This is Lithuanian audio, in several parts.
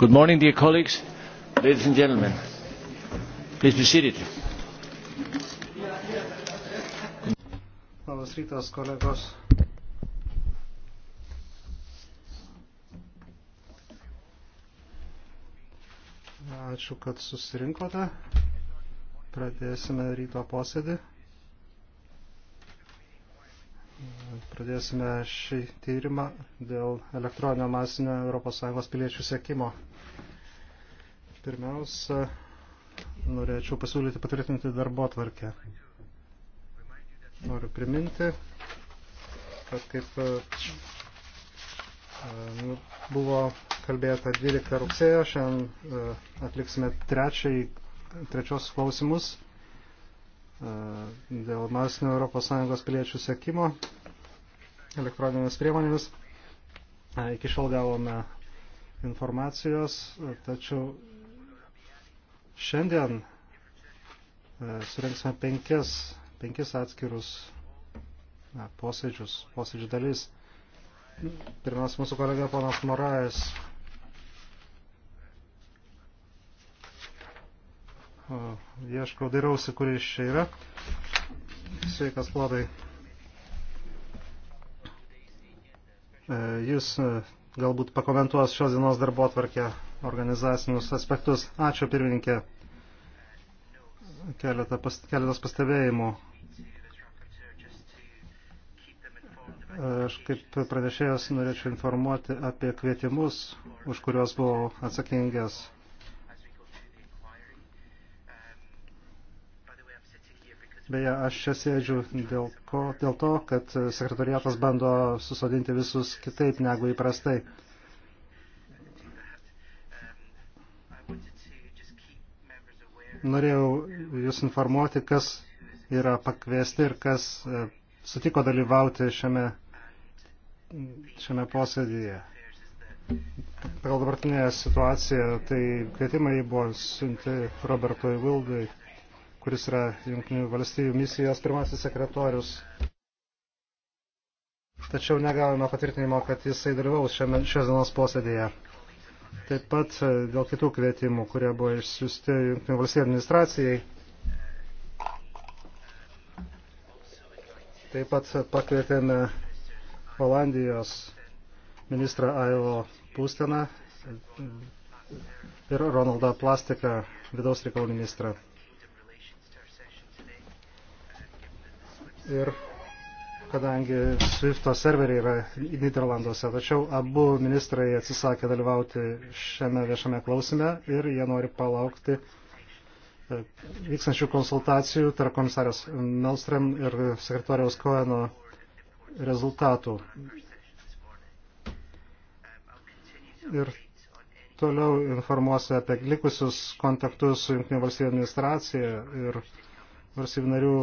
Good morning, dear colleagues, ladies and gentlemen. Please be seated. Labas rytas, kolegos. Ačiū, kad susirinkote. Pradėsime ryto posėdį. pradėsime šį tyrimą dėl elektroninio masinio ES piliečių sėkimo. Pirmiausia, norėčiau pasiūlyti patvirtinti darbo tvarkę. Noriu priminti, kad kaip e, nu, buvo kalbėta 12 rugsėjo, šiandien e, atliksime trečiai, trečios klausimus e, dėl masinio ES piliečių sekimo elektroninėmis priemonėmis. Iki šiol gavome informacijos, tačiau šiandien surinksime penkis, penkis atskirus posėdžius, posėdžių dalis. Pirmiausia, mūsų kolega ponas Morais ieškau, dairausi, kur jis čia yra. Sveikas, Vladai. E, Jūs e, galbūt pakomentuos šios dienos darbo atvarkę organizacinius aspektus. Ačiū pirmininkė. Keletą pas, keletas pastebėjimų. E, aš kaip pranešėjas norėčiau informuoti apie kvietimus, už kuriuos buvau atsakingas Beje, aš čia sėdžiu dėl, ko, dėl to, kad sekretariatas bando susodinti visus kitaip negu įprastai. Norėjau Jūs informuoti, kas yra pakviesti ir kas e, sutiko dalyvauti šiame, šiame posėdėje. Pagal dabartinę situaciją, tai kvietimai buvo siunti Robertui Vildui kuris yra Junktinių valstybių misijos pirmasis sekretorius. Tačiau negavome patvirtinimo, kad jisai dalyvaus šiame, šios dienos posėdėje. Taip pat e, dėl kitų kvietimų, kurie buvo išsiusti Junktinių valstybių administracijai. Taip pat pakvietėme Olandijos ministrą Ailo Pūsteną ir Ronaldą Plastiką, vidaus reikalų ministrą. ir kadangi Swifto serveriai yra Niderlanduose, tačiau abu ministrai atsisakė dalyvauti šiame viešame klausime ir jie nori palaukti e, vykstančių konsultacijų tarp komisarės Melstrem ir sekretoriaus Koeno rezultatų. Ir toliau informuosiu apie likusius kontaktus su Junktinių valstybių administracija ir valstybių narių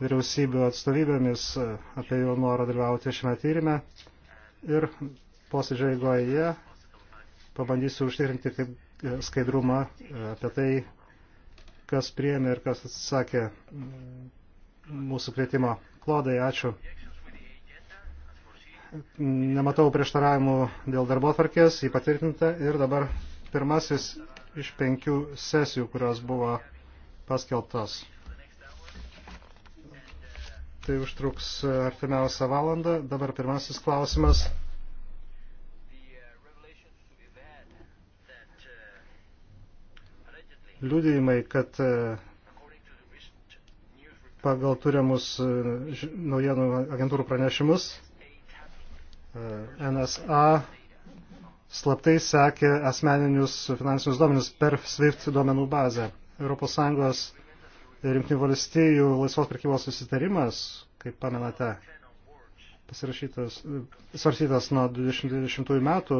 vyriausybių atstovybėmis e, apie jo norą dalyvauti šiame tyrime. Ir posėdžio eigoje pabandysiu užtikrinti kaip e, skaidrumą e, apie tai, kas priėmė ir kas atsisakė mūsų kvietimo. Klodai, ačiū. Nematau prieštaravimų dėl darbo tvarkės, jį patvirtinta ir dabar pirmasis iš penkių sesijų, kurios buvo paskelbtas tai užtruks e, artimiausią valandą. Dabar pirmasis klausimas. Liudijimai, kad e, pagal turiamus e, naujienų agentūrų pranešimus NSA slaptai sekė asmeninius finansinius duomenis per SWIFT duomenų bazę. ES ir Junktinių valstijų laisvos prekybos susitarimas, kaip pamenate, pasirašytas, svarstytas nuo 2020 metų,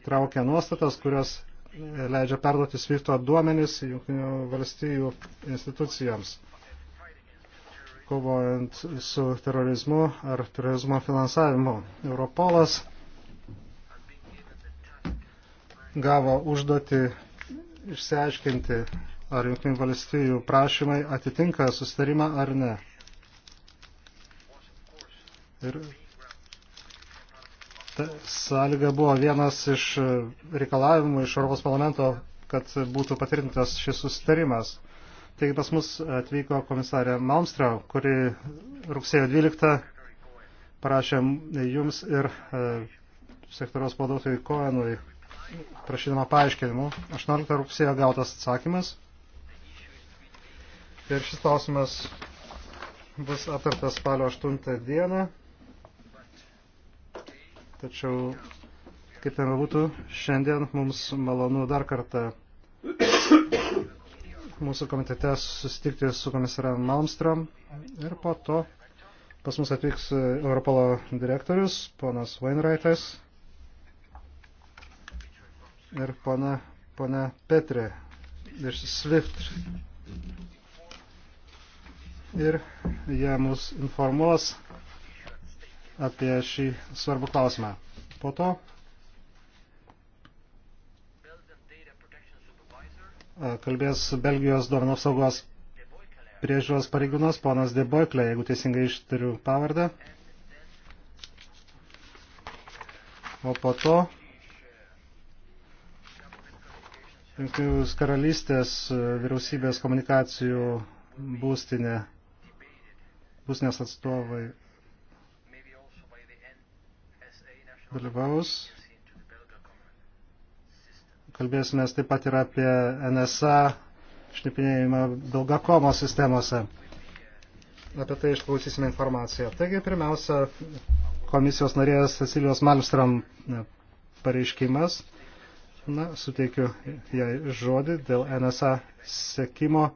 įtraukia nuostatas, kurios leidžia perduoti SWIFT'o duomenis Junktinių valstijų institucijoms, kovojant su terorizmu ar terorizmo finansavimu. Europolas gavo užduoti išsiaiškinti, ar Junktinių valstijų prašymai atitinka sustarimą ar ne. Ir ta sąlyga buvo vienas iš reikalavimų iš Europos parlamento, kad būtų patvirtintas šis susitarimas. Taigi pas mus atvyko komisarė Malmstra, kuri rugsėjo 12 parašė jums ir e, sektoriaus padotojui Koenui prašydama paaiškinimų. 18 rugsėjo gautas atsakymas. Ir šis klausimas bus aptartas spalio 8 dieną. Tačiau, kaip ten būtų, šiandien mums malonu dar kartą mūsų komitete susitikti su komisare Malmstrom ir po to pas mus atvyks Europolo direktorius, ponas Wainwrightas ir pana, pana Petrė iš SWIFT. Ir jie mus informuos apie šį svarbų klausimą. Po to kalbės Belgijos duomenų apsaugos priežiūros pareigūnas ponas Deboiklė, jeigu teisingai ištariu pavardę. O po to Junktinės karalystės vyriausybės komunikacijų būstinė, būstinės atstovai dalyvaus. Kalbėsime taip pat ir apie NSA šnipinėjimą Belgakomo sistemose. Apie tai išklausysime informaciją. Taigi, pirmiausia, komisijos narės Cecilijos Malmstram pareiškimas. Na, suteikiu jai žodį dėl NSA sekimo,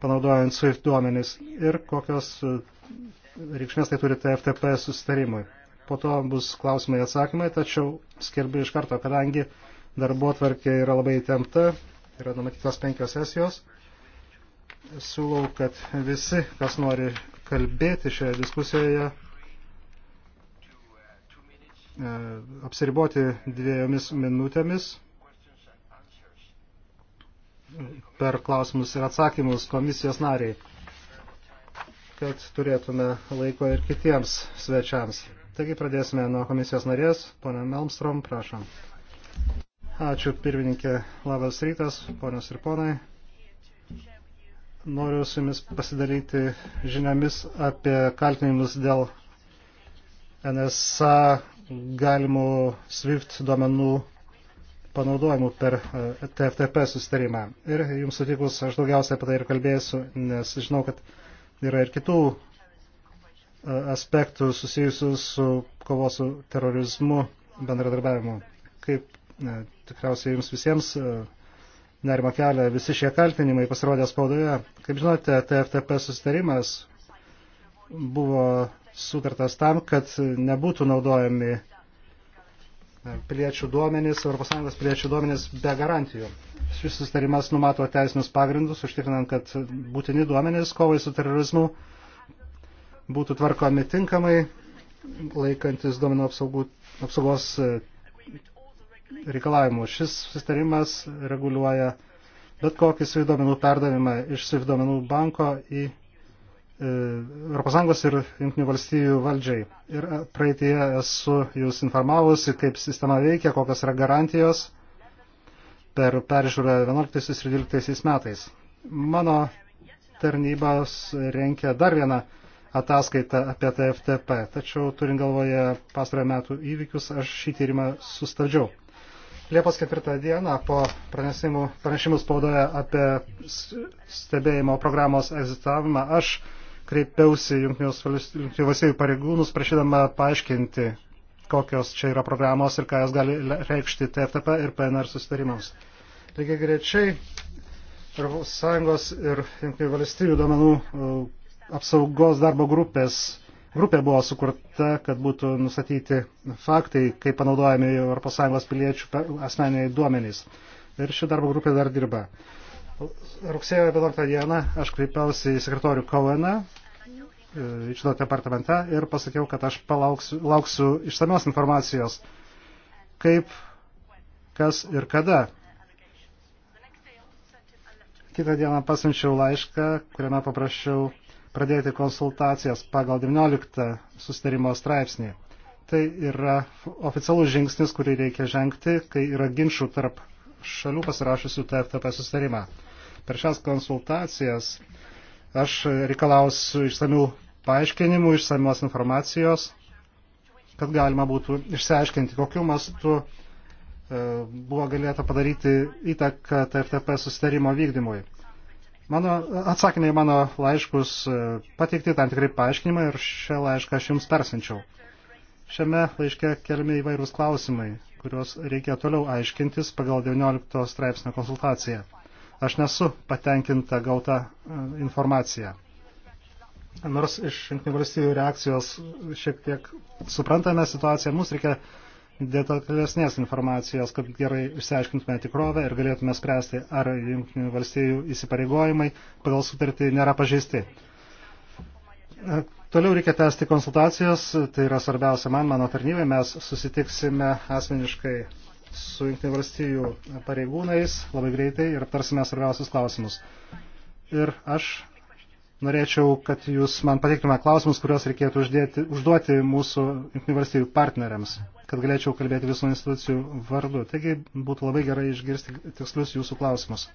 panaudojant SWIFT duomenis ir kokios reikšmės tai turi TFTP susitarimui po to bus klausimai atsakymai, tačiau skirbiu iš karto, kadangi darbo atvarkė yra labai įtempta, yra numatytos penkios sesijos, siūlau, kad visi, kas nori kalbėti šioje diskusijoje, e, apsiriboti dviejomis minutėmis per klausimus ir atsakymus komisijos nariai, kad turėtume laiko ir kitiems svečiams. Taigi pradėsime nuo komisijos narės. Pone Melmstrom, prašom. Ačiū pirmininkė, labas rytas, ponios ir ponai. Noriu su jumis pasidalyti žiniomis apie kaltinimus dėl NSA galimų SWIFT duomenų panaudojimų per e, TFTP sustarimą. Ir jums sutikus, aš daugiausiai apie tai ir kalbėsiu, nes žinau, kad yra ir kitų aspektų susijusių su kovos su terorizmu bendradarbiavimu. Kaip ne, tikriausiai jums visiems nerima kelia visi šie kaltinimai pasirodė spaudoje. Kaip žinote, TFTP susitarimas buvo sutartas tam, kad nebūtų naudojami piliečių duomenys, ES piliečių duomenys be garantijų. Šis sustarimas numato teisinius pagrindus, užtikrinant, kad būtini duomenys kovai su terorizmu būtų tvarkomi tinkamai, laikantis duomenų apsaugų, apsaugos e, reikalavimų. Šis sustarimas reguliuoja bet kokį SWIFT duomenų perdavimą iš SWIFT duomenų banko į ES ir Junktinių valstybių valdžiai. Ir e, praeitie esu jūs informavusi, kaip sistema veikia, kokios yra garantijos per peržiūrą 11 ir 12 metais. Mano tarnybos renkia dar vieną ataskaitą apie TFTP, tačiau turint galvoje pastarojo metų įvykius, aš šį tyrimą sustabdžiau. Liepos 4 dieną po pranešimų spaudoje apie stebėjimo programos egzistavimą aš kreipiausi Junktinių valstybių pareigūnus prašydama paaiškinti, kokios čia yra programos ir ką jas gali reikšti TFTP ir PNR susitarimams. Lygiai grečiai Sąjungos ir Junktinių valstybių duomenų apsaugos darbo grupės, grupė buvo sukurta, kad būtų nustatyti faktai, kaip panaudojami ES piliečių asmeniai duomenys. Ir ši darbo grupė dar dirba. Rugsėjo 11 dieną aš kreipiausi į sekretorių Coveną e, išdo departamente ir pasakiau, kad aš palauksiu, lauksiu išsamios informacijos, kaip, kas ir kada. Kitą dieną pasiunčiau laišką, kuriame paprašiau pradėti konsultacijas pagal 19 susitarimo straipsnį. Tai yra oficialus žingsnis, kurį reikia žengti, kai yra ginčių tarp šalių pasirašusių TFTP susitarimą. Per šias konsultacijas aš reikalausiu išsamių paaiškinimų, išsamios informacijos, kad galima būtų išsiaiškinti, kokiu mastu e, buvo galėta padaryti įtaką TFTP susitarimo vykdymui. Mano atsakymai mano laiškus e, pateikti tam tikrai paaiškinimai ir šią laišką aš jums persinčiau. Šiame laiške keliami įvairūs klausimai, kuriuos reikia toliau aiškintis pagal 19 straipsnio konsultaciją. Aš nesu patenkinta gauta e, informacija. Nors iš jungtinių valstybių reakcijos šiek tiek suprantame situaciją, mums reikia detalesnės informacijos, kad gerai išsiaiškintume tikrovę ir galėtume spręsti, ar jungtinių valstybių įsipareigojimai pagal sutartį nėra pažeisti. E, toliau reikia tęsti konsultacijos, tai yra svarbiausia man, mano tarnybai, mes susitiksime asmeniškai su jungtinių valstybių pareigūnais labai greitai ir aptarsime svarbiausius klausimus. Ir aš norėčiau, kad jūs man pateiktume klausimus, kuriuos reikėtų uždėti, užduoti mūsų jungtinių valstybių partneriams kad galėčiau kalbėti visų institucijų vardu. Taigi būtų labai gerai išgirsti tikslius jūsų klausimus.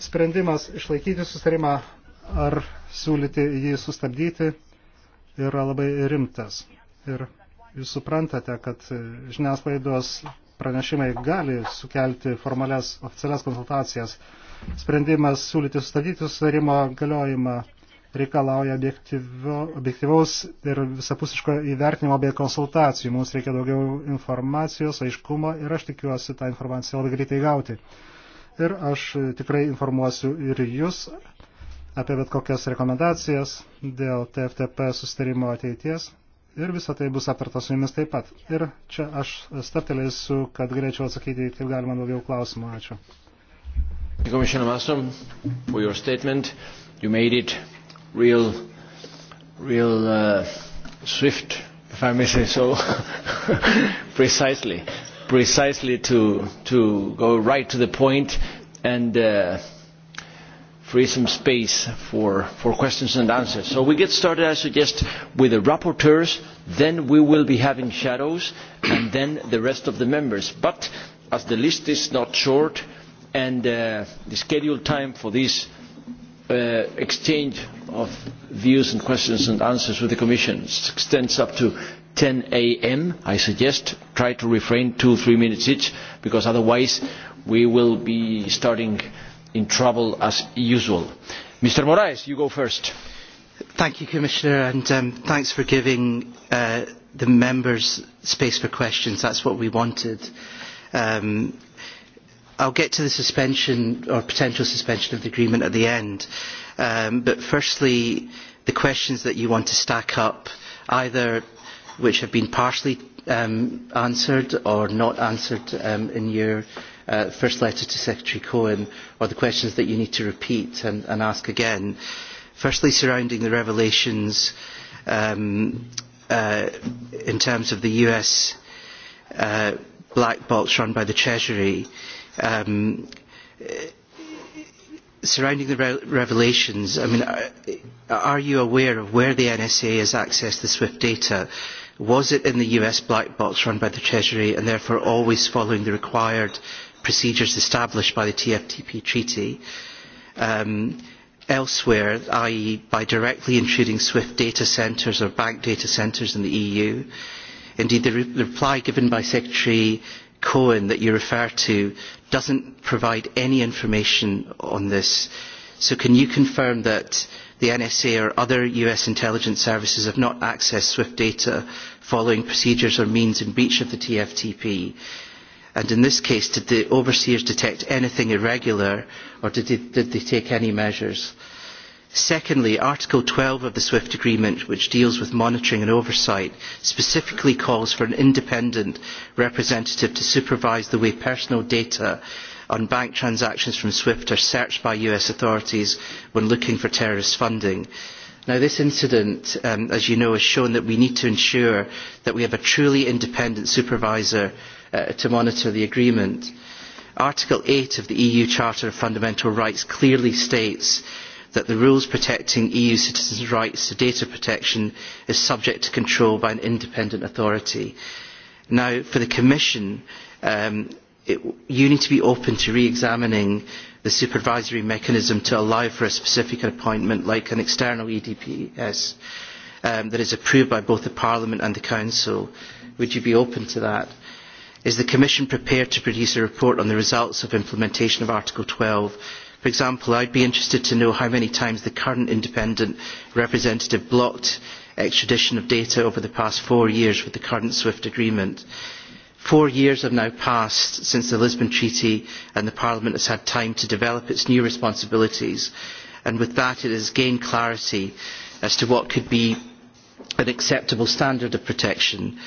Sprendimas išlaikyti sustarimą ar siūlyti jį sustabdyti yra labai rimtas. Ir jūs suprantate, kad žiniasklaidos pranešimai gali sukelti formalias oficialias konsultacijas. Sprendimas siūlyti sustabdyti sustarimo galiojimą reikalauja objektyvaus ir visapusiško įvertinimo bei konsultacijų. Mums reikia daugiau informacijos, aiškumo ir aš tikiuosi tą informaciją labai greitai gauti. Ir aš tikrai informuosiu ir jūs apie bet kokias rekomendacijas dėl TFTP sustarimo ateities. Ir visą tai bus aptarta su jumis taip pat. Ir čia aš staptelėsiu, kad greičiau atsakyti, kaip galima daugiau klausimų. Ačiū. Commissioner Malmström, for your statement, you made it real, real uh, swift, if I may say so, precisely, precisely to to go right to the point and. Uh, free some space for, for questions and answers. So we get started, I suggest, with the rapporteurs, then we will be having shadows, and then the rest of the members. But as the list is not short, and uh, the scheduled time for these uh, exchange of views and questions and answers with the Commission extends up to 10 a.m. I suggest try to refrain two, three minutes each, because otherwise we will be starting in trouble as usual. Mr. Moraes, you go first. Thank you, Commissioner, and um, thanks for giving uh, the members space for questions. That's what we wanted. Um, I'll get to the suspension or potential suspension of the agreement at the end. Um, but firstly, the questions that you want to stack up, either which have been partially um, answered or not answered um, in your uh, first letter to Secretary Cohen, or the questions that you need to repeat and, and ask again. Firstly, surrounding the revelations um, uh, in terms of the US uh, black box run by the Treasury. Uh, um, surrounding the re- revelations, I mean, are, are you aware of where the NSA has accessed the SWIFT data? Was it in the US black box run by the Treasury and therefore always following the required procedures established by the TFTP treaty? Um, elsewhere, i.e. by directly intruding SWIFT data centres or bank data centres in the EU. Indeed, the, re- the reply given by Secretary Cohen that you refer to doesn't provide any information on this. So can you confirm that the NSA or other US intelligence services have not accessed SWIFT data following procedures or means in breach of the TFTP? And in this case, did the overseers detect anything irregular or did they, did they take any measures? Uh, secondly article twelve of the swift agreement which deals with monitoring and oversight specifically calls for an independent representative to supervise the way personal data on bank transactions from swift are searched by us authorities when looking for terrorist funding. Now, this incident, um, as you know, has shown that we need to ensure that we have a truly independent supervisor uh, to monitor the agreement. Article 8 of the EU Charter of Fundamental Rights clearly states that the rules protecting EU citizens' rights to data protection is subject to control by an independent authority. Now, for the Commission, um, it, you need to be open to re-examining the supervisory mechanism to allow for a specific appointment like an external EDPS um, that is approved by both the Parliament and the Council. Would you be open to that? Is the Commission prepared to produce a report on the results of implementation of Article 12 For example, I'd be interested to know how many times the current independent representative blocked extradition of data over the past four years with the current SWIFT agreement. Four years have now passed since the Lisbon Treaty and the Parliament has had time to develop its new responsibilities and with that it has gained clarity as to what could be an acceptable standard of protection.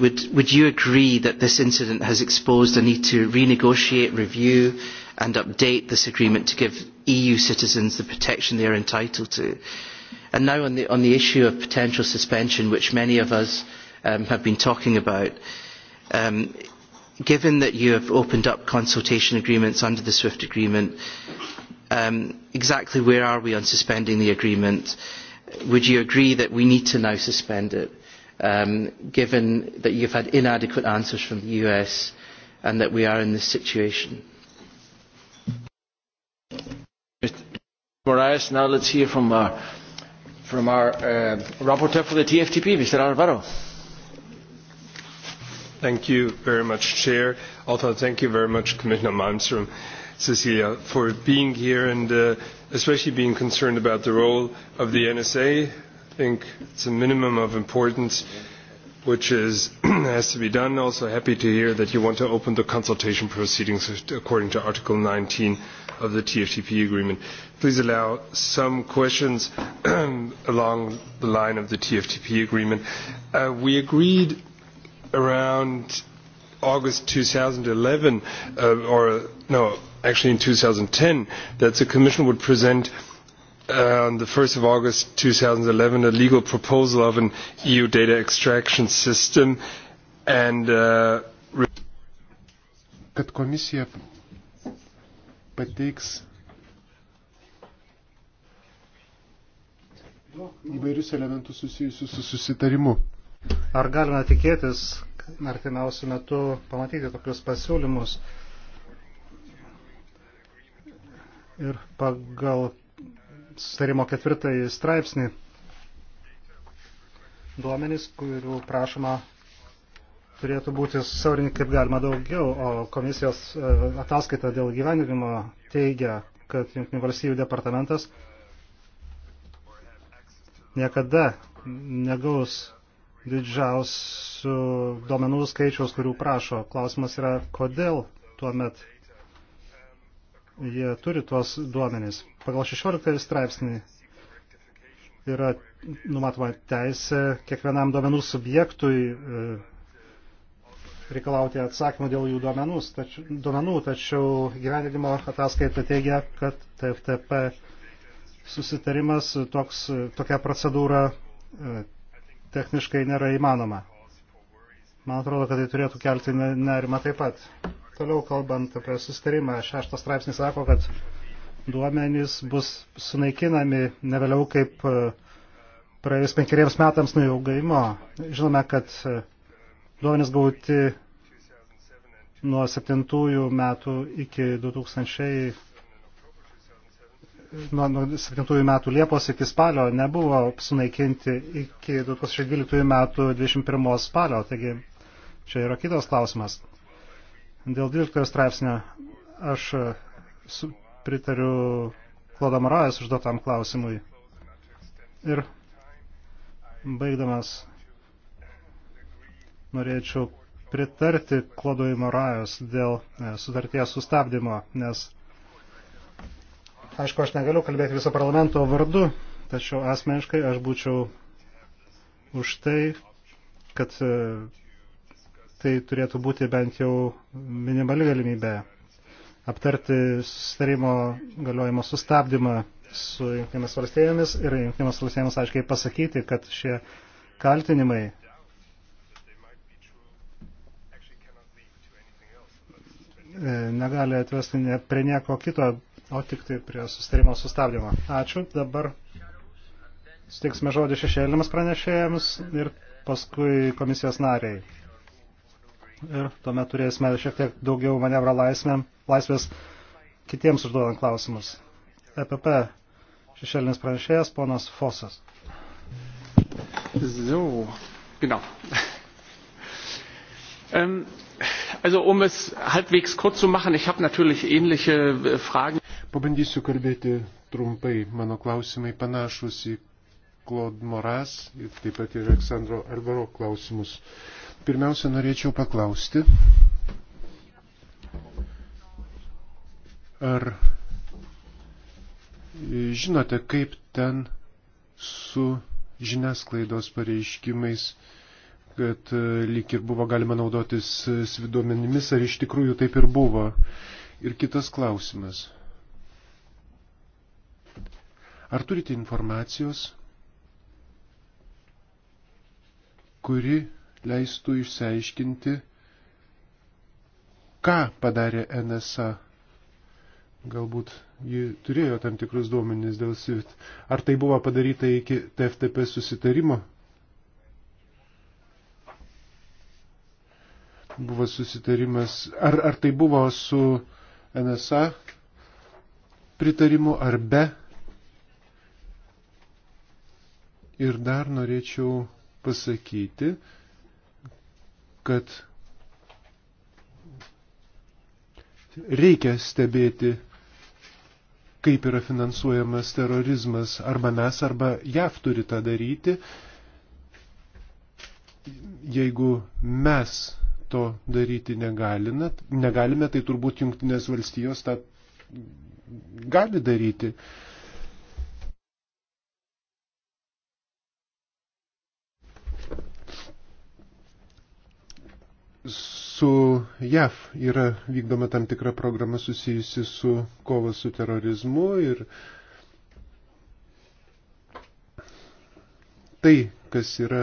Would, would you agree that this incident has exposed a need to renegotiate, review and update this agreement to give EU citizens the protection they are entitled to. And now on the, on the issue of potential suspension, which many of us um, have been talking about, um, given that you have opened up consultation agreements under the SWIFT agreement, um, exactly where are we on suspending the agreement? Would you agree that we need to now suspend it, um, given that you've had inadequate answers from the US and that we are in this situation? Moraes, now let's hear from our, uh, from our uh, rapporteur for the TFTP, Mr. Alvaro. Thank you very much, Chair. Also, thank you very much, Commissioner Malmström, Cecilia, for being here and uh, especially being concerned about the role of the NSA. I think it's a minimum of importance which is, has to be done. Also happy to hear that you want to open the consultation proceedings according to Article 19 of the TFTP agreement. Please allow some questions along the line of the TFTP agreement. Uh, we agreed around August 2011, uh, or no, actually in 2010, that the Commission would present uh, on the 1st of August 2011 a legal proposal of an EU data extraction system and uh, kad komisija pateiks įvairius elementus susijusius su susitarimu. Ar galime tikėtis artimiausių metų pamatyti tokius pasiūlymus ir pagal susitarimo ketvirtąjį straipsnį duomenys, kurių prašoma turėtų būti susiaurinti kaip galima daugiau, o komisijos e, ataskaita dėl gyvenimo teigia, kad Junktinių valstybių departamentas niekada negaus didžiausių duomenų skaičiaus, kurių prašo. Klausimas yra, kodėl tuomet jie turi tuos duomenys. Pagal 16 straipsnį yra numatoma teisė kiekvienam duomenų subjektui e, reikalauti atsakymų dėl jų duomenų, tačiau, duomenų, tačiau gyvenimo ataskaita teigia, kad TFTP susitarimas toks, tokia procedūra e, techniškai nėra įmanoma. Man atrodo, kad tai turėtų kelti nerimą taip pat. Toliau kalbant apie susitarimą, šeštas straipsnis sako, kad duomenys bus sunaikinami ne vėliau kaip e, praėjus penkeriems metams nuo jų gavimo. Žinome, kad e, duomenys gauti nuo 7 metų iki 2000, nuo, nuo 7 metų Liepos iki spalio nebuvo sunaikinti iki 2012 metų 21 spalio, taigi čia yra kitas klausimas. Dėl 12 straipsnio aš su, pritariu Klodo Marajas užduotam klausimui. Ir baigdamas norėčiau pritarti Klodui Morajos dėl e, sutarties sustabdymo, nes, aišku, aš negaliu kalbėti viso parlamento vardu, tačiau asmeniškai aš būčiau už tai, kad e, tai turėtų būti bent jau minimali galimybė aptarti sustarimo galiojimo sustabdymą su Junktinėmis valstybėmis ir Junktinėmis valstybėmis aiškiai pasakyti, kad šie kaltinimai E, negali atvesti ne prie nieko kito, o tik tai prie sustarimo sustabdymo. Ačiū. Dabar suteiksime žodį šešėlimas pranešėjams ir paskui komisijos nariai. Ir tuomet turėsime šiek tiek daugiau manevro laisvė, laisvės kitiems užduodant klausimus. EPP šešėlinis pranešėjas ponas Fosas. So, genau. ähm, Also, um es halbwegs kurz zu machen, ich habe natürlich ähnliche äh, Fragen. Pabandysiu kalbėti trumpai. Mano klausimai panašus į Claude Moras ir taip pat ir Aleksandro Alvaro klausimus. Pirmiausia, norėčiau paklausti, ar žinote, kaip ten su žiniasklaidos pareiškimais kad e, lyg ir buvo galima naudotis e, sviduomenimis, ar iš tikrųjų taip ir buvo. Ir kitas klausimas. Ar turite informacijos, kuri leistų išsiaiškinti, ką padarė NSA? Galbūt ji turėjo tam tikrus duomenys dėl SWIFT. Ar tai buvo padaryta iki TFTP susitarimo? buvo susitarimas, ar, ar tai buvo su NSA pritarimu ar be. Ir dar norėčiau pasakyti, kad reikia stebėti, kaip yra finansuojamas terorizmas. Arba mes, arba JAV turi tą daryti. Jeigu mes to daryti negalime, negalime tai turbūt jungtinės valstijos tą gali daryti. su JAV yra vykdoma tam tikra programa susijusi su kova su terorizmu ir tai, kas yra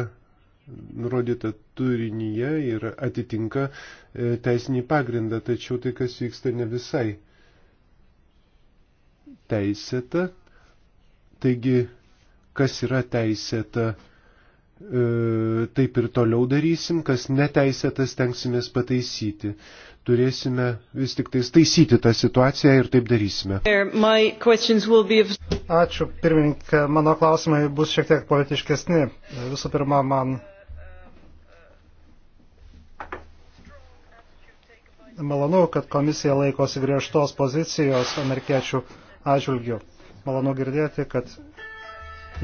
nurodyta turinyje ir atitinka e, teisinį pagrindą, tačiau tai, kas vyksta ne visai teisėta. Taigi, kas yra teisėta, e, taip ir toliau darysim, kas neteisėtas tenksimės pataisyti. Turėsime vis tik tais taisyti tą situaciją ir taip darysime. Ačiū, pirmininkė. Mano klausimai bus šiek tiek politiškesni. Visų pirma, man malonu, kad komisija laikosi griežtos pozicijos amerikiečių atžvilgių. Malonu girdėti, kad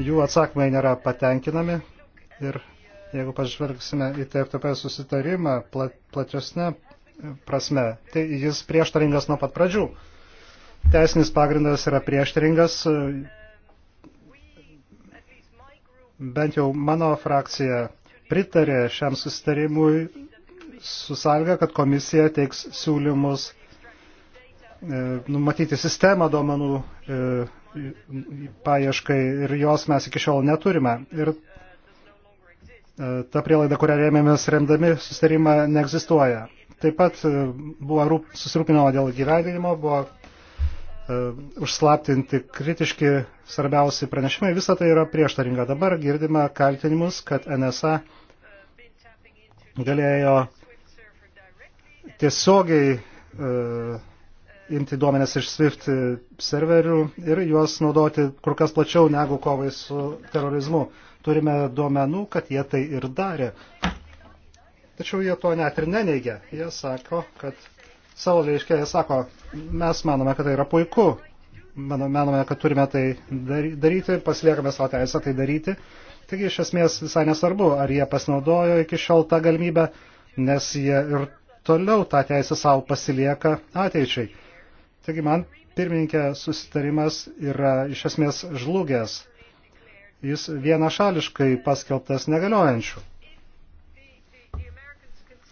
jų atsakymai nėra patenkinami ir jeigu pažvelgsime į TFTP susitarimą plat, platesnė prasme, tai jis prieštaringas nuo pat pradžių. Teisinis pagrindas yra prieštaringas. Bent jau mano frakcija pritarė šiam susitarimui su sąlyga, kad komisija teiks siūlymus e, numatyti sistemą duomenų e, paieškai ir jos mes iki šiol neturime. Ir e, ta prielaida, kurią rėmėmės remdami susitarimą, neegzistuoja. Taip pat buvo susirūpinama dėl gyvendinimo, buvo užslaptinti kritiški svarbiausi pranešimai. Visa tai yra prieštaringa. Dabar girdime kaltinimus, kad NSA galėjo tiesiogiai uh, imti duomenės iš SWIFT e, serverių ir juos naudoti kur kas plačiau negu kovai su terorizmu. Turime duomenų, kad jie tai ir darė. Tačiau jie to net ir neneigia. Jie sako, kad savo laiškė, jie sako, mes manome, kad tai yra puiku. Manome, kad turime tai daryti, pasiliekame savo teisę tai daryti. Taigi iš esmės visai nesvarbu, ar jie pasinaudojo iki šiol tą galimybę, nes jie ir toliau tą teisę savo pasilieka ateičiai. Taigi man pirmininkė susitarimas yra iš esmės žlugęs. Jis vienašališkai paskelbtas negaliojančių.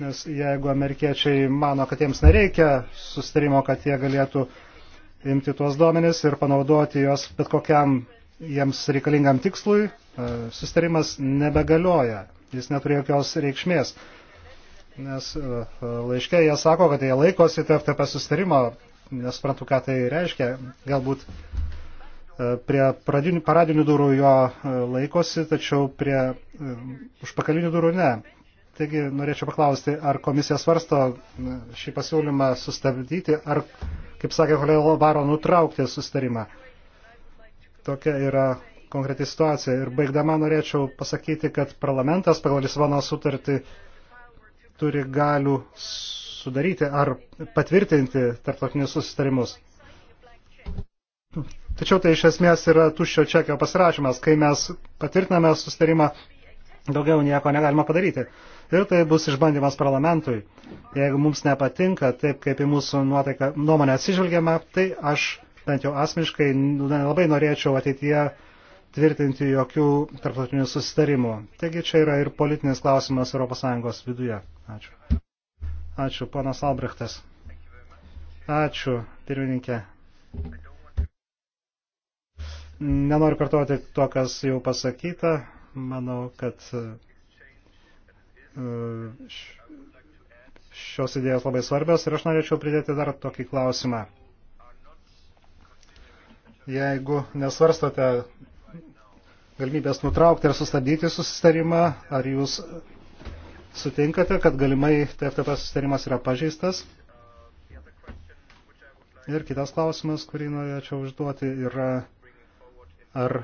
Nes jeigu amerikiečiai mano, kad jiems nereikia susitarimo, kad jie galėtų imti tuos duomenis ir panaudoti juos bet kokiam jiems reikalingam tikslui, e, susitarimas nebegalioja. Jis neturi jokios reikšmės nes e, e, laiškė jie sako, kad jie laikosi TFTP sustarimo, nesprantu, ką tai reiškia. Galbūt e, prie pradinių, paradinių durų jo laikosi, tačiau prie užpakalinių durų ne. Taigi norėčiau paklausti, ar komisija svarsto šį pasiūlymą sustabdyti, ar, kaip sakė kolega Baro, nutraukti sustarimą. Tokia yra konkreti situacija. Ir baigdama norėčiau pasakyti, kad parlamentas pagal Lisvono sutartį turi galių sudaryti ar patvirtinti tarptautinius susitarimus. Tačiau tai iš esmės yra tuščio čekio pasirašymas. Kai mes patvirtiname susitarimą, daugiau nieko negalima padaryti. Ir tai bus išbandymas parlamentui. Jeigu mums nepatinka, taip kaip į mūsų nuotaiką, nuomonę atsižvelgiama, tai aš bent jau asmeniškai nelabai norėčiau ateityje tvirtinti jokių tarptautinių susitarimų. Taigi čia yra ir politinis klausimas ES viduje. Ačiū. Ačiū, ponas Albrechtas. Ačiū, pirmininkė. Nenoriu kartuoti to, kas jau pasakyta. Manau, kad e, šios idėjos labai svarbios ir aš norėčiau pridėti dar tokį klausimą. Jeigu nesvarstote galimybės nutraukti ir sustabdyti susitarimą, ar jūs sutinkate, kad galimai TFTP susitarimas yra pažeistas? Ir kitas klausimas, kurį norėčiau užduoti, yra ar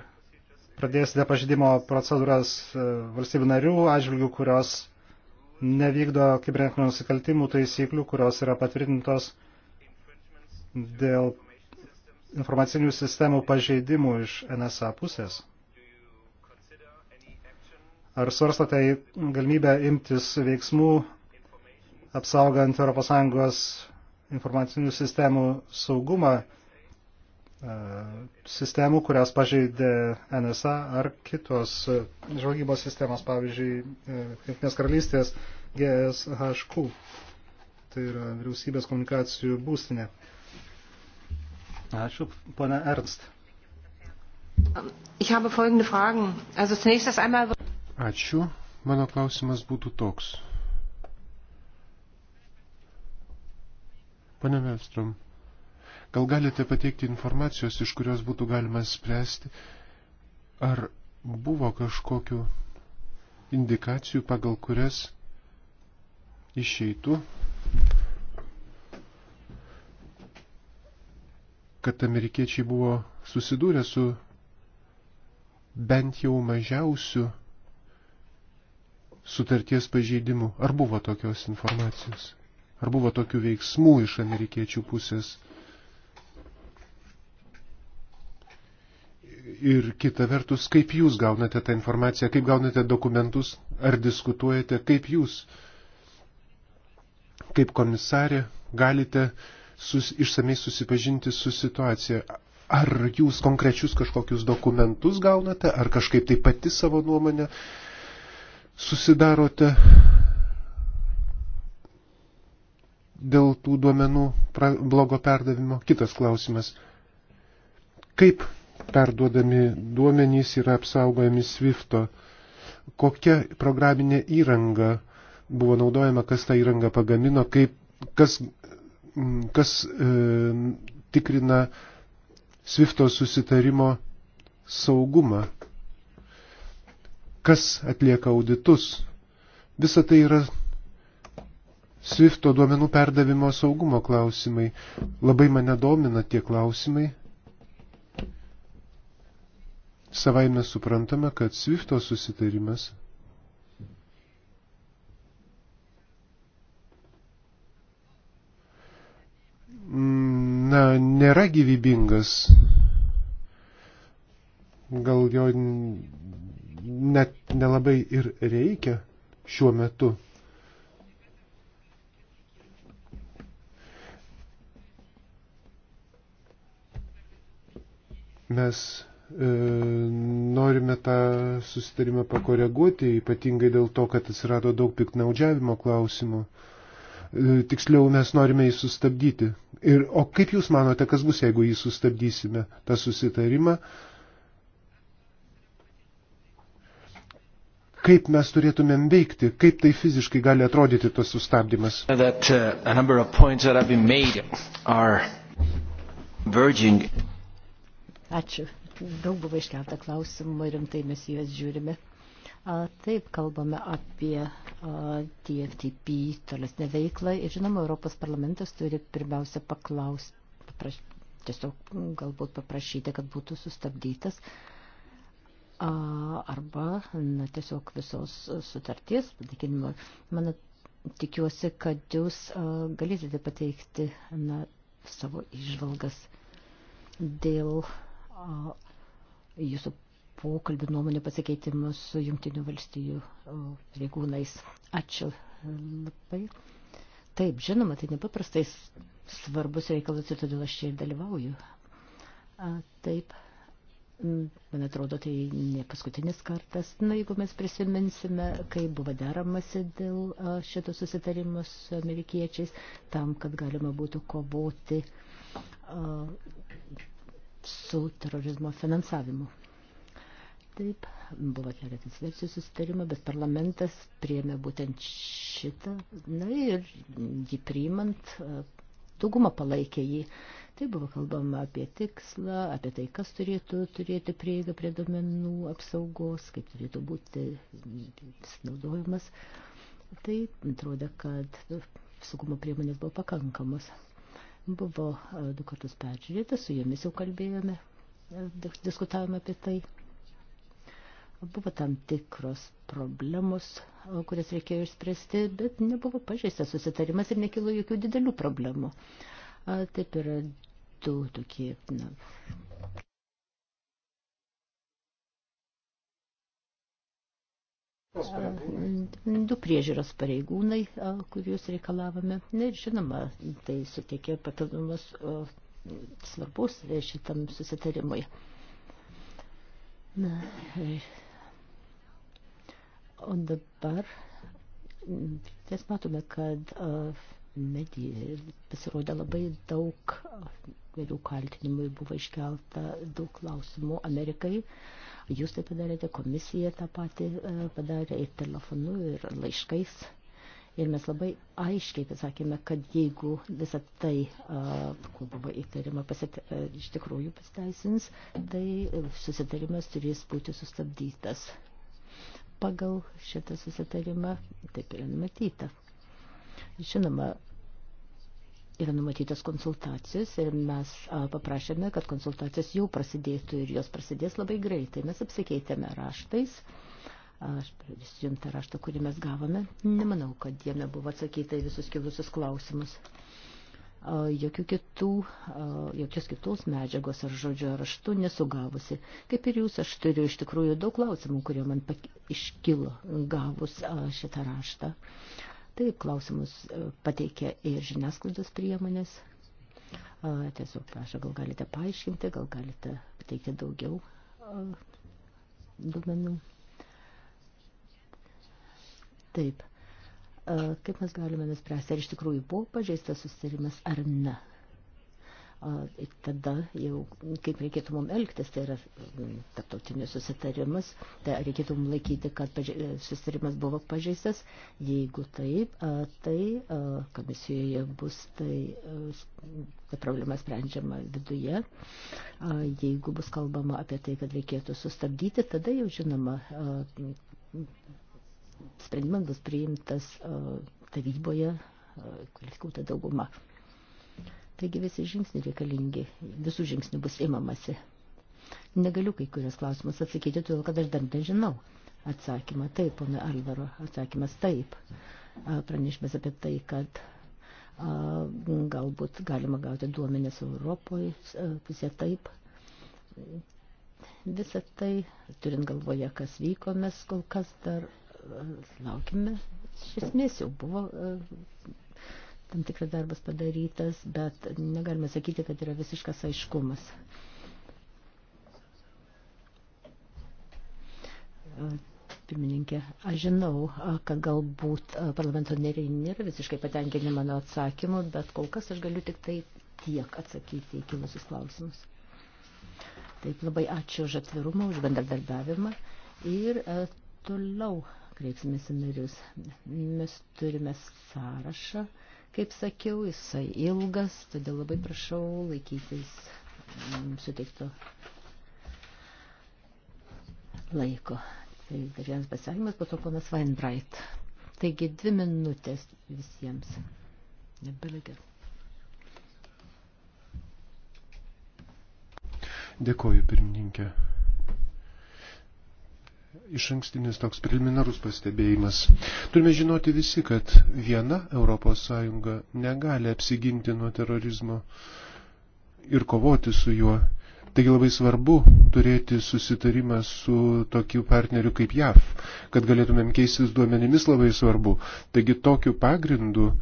pradėsite pažydimo procedūras e, valstybių narių atžvilgių, kurios nevykdo kibernetinių nusikaltimų taisyklių, kurios yra patvirtintos dėl informacinių sistemų pažeidimų iš NSA pusės. Ar svarstate galimybę imtis veiksmų apsaugant ES informacinių sistemų saugumą, e, sistemų, kurias pažeidė NSA ar kitos e, žvalgybos sistemos, pavyzdžiui, e, Junktinės karalystės GSHQ, tai yra vyriausybės komunikacijų būstinė. Ačiū, ponia Ernst. Ich habe folgende Fragen. Also zunächst erst einmal Ačiū. Mano klausimas būtų toks. Pane Mestrom, gal galite pateikti informacijos, iš kurios būtų galima spręsti, ar buvo kažkokiu indikacijų, pagal kurias išeitų, kad amerikiečiai buvo susidūrę su bent jau mažiausiu sutarties pažeidimų. Ar buvo tokios informacijos? Ar buvo tokių veiksmų iš amerikiečių pusės? Ir kita vertus, kaip jūs gaunate tą informaciją, kaip gaunate dokumentus, ar diskutuojate, kaip jūs, kaip komisarė, galite sus, išsamei susipažinti su situacija. Ar jūs konkrečius kažkokius dokumentus gaunate, ar kažkaip tai pati savo nuomonę uh, susidarote dėl tų duomenų blogo perdavimo? Kitas klausimas. Kaip perduodami duomenys yra apsaugojami Swifto? Kokia programinė įranga buvo naudojama, kas tą įrangą pagamino, kaip, kas, mm, kas e, tikrina Swifto susitarimo saugumą? kas atlieka auditus. Visa tai yra Swifto duomenų perdavimo saugumo klausimai. Labai mane domina tie klausimai. Savai mes suprantame, kad Swifto susitarimas na, nėra gyvybingas. Gal jo net nelabai ir reikia šiuo metu. Mes e, norime tą susitarimą pakoreguoti, ypatingai dėl to, kad atsirado daug piknaudžiavimo klausimų. E, tiksliau, mes norime jį sustabdyti. Ir, o kaip Jūs manote, kas bus, jeigu jį sustabdysime, tą susitarimą? E, kaip mes turėtumėm veikti, kaip tai fiziškai gali atrodyti tas sustabdymas. That, uh, Ačiū. Daug buvo iškeltą klausimų, rimtai mes juos žiūrime. A, taip, kalbame apie a, TFTP tolesnę veiklą ir žinoma, Europos parlamentas turi pirmiausia paklausti, papraš, tiesiog galbūt paprašyti, kad būtų sustabdytas. A, arba na, tiesiog visos sutarties patikinimo. Man tikiuosi, kad jūs galėsite pateikti na, savo išvalgas dėl jūsų pokalbių nuomonių pasikeitimus su Junktinių valstijų pareigūnais. Ačiū labai. Taip, žinoma, tai nepaprastai svarbus reikalas ir todėl aš čia ir dalyvauju. A, taip man atrodo, tai ne paskutinis kartas. Na, jeigu mes prisiminsime, kai buvo deramasi dėl šito susitarimo su amerikiečiais, tam, kad galima būtų kovoti su terorizmo finansavimu. Taip, buvo keletas versijų susitarimo, bet parlamentas priėmė būtent šitą. Na ir jį priimant dauguma palaikė jį. Tai buvo kalbama apie tikslą, apie tai, kas turėtų turėti prieigą prie domenų apsaugos, kaip turėtų būti naudojimas. Tai atrodo, kad saugumo priemonės buvo pakankamos. Buvo du kartus peržiūrėta, su jomis jau kalbėjome, diskutavome apie tai. Buvo tam tikros problemos, kurias reikėjo išspręsti, bet nebuvo pažeistas susitarimas ir nekilo jokių didelių problemų. A, taip yra du tokie. Na, Du priežiūros pareigūnai, kuriuos reikalavome. Na ir žinoma, tai suteikė papildomas svarbus e, šitam susitarimui. Na, e, O dabar mes matome, kad medijai pasirodė labai daug vėliau kaltinimui, buvo iškelta daug klausimų Amerikai. Jūs tai padarėte, komisija tą patį padarė ir telefonu, ir laiškais. Ir mes labai aiškiai pasakėme, kad jeigu visą tai, kol buvo įtarima, pasite, iš tikrųjų pasiteisins, tai susitarimas turės būti sustabdytas pagal šitą susitarimą taip yra numatyta. Žinoma, yra numatytas konsultacijos ir mes paprašėme, kad konsultacijos jau prasidėtų ir jos prasidės labai greitai. Mes apsikeitėme raštais. Aš prisijusiu jums tą raštą, kurį mes gavome. Nemanau, kad jame buvo atsakyta į visus kilusius klausimus jokių kitų, jokios kitos medžiagos ar žodžio raštų nesugavusi. Kaip ir jūs, aš turiu iš tikrųjų daug klausimų, kurie man iškilo gavus šitą raštą. Taip, klausimus pateikė ir žiniasklaidos priemonės. Tiesiog, prašau, gal galite paaiškinti, gal galite pateikti daugiau duomenų. Taip kaip mes galime nuspręsti, ar iš tikrųjų buvo pažeistas susitarimas ar ne. Ir tada jau kaip reikėtų mum elgtis, tai yra tarptautinis susitarimas, tai reikėtų mum laikyti, kad e, susitarimas buvo pažeistas. Jeigu taip, tai komisijoje bus tai, tai problema sprendžiama viduje. Jeigu bus kalbama apie tai, kad reikėtų sustabdyti, tada jau žinoma sprendimas bus priimtas e, taryboje e, kvalifikuota dauguma. Taigi visi žingsniai reikalingi, visų žingsnių bus imamasi. Negaliu kai kurias klausimus atsakyti, todėl kad aš dar nežinau. Atsakymą taip, ponai Alvaro, atsakymas taip. E, pranešimas apie tai, kad a, galbūt galima gauti duomenės Europoje, pusė taip. Visą tai, turint galvoje, kas vyko, mes kol kas dar laukime, iš esmės jau buvo e, tam tikras darbas padarytas, bet negalime sakyti, kad yra visiškas aiškumas. E, pirmininkė, aš žinau, e, kad galbūt parlamento nariai nėra visiškai patenkinti mano atsakymu, bet kol kas aš galiu tik tai tiek atsakyti į kilusius klausimus. Taip, labai ačiū už atvirumą, už bendradarbiavimą ir toliau kreipsimės į narius. Mes turime sąrašą, kaip sakiau, jisai ilgas, todėl labai prašau laikytis suteikto laiko. Tai dar vienas pasisakymas, po to ponas Weinbreit. Taigi dvi minutės visiems. Nebelikia. Dėkoju, pirmininkė iš ankstinis toks preliminarus pastebėjimas. Turime žinoti visi, kad viena ES negali apsiginti nuo terorizmo ir kovoti su juo. Taigi labai svarbu turėti susitarimą su tokiu partneriu kaip JAV, kad galėtumėm keistis duomenimis labai svarbu. Taigi tokiu pagrindu e,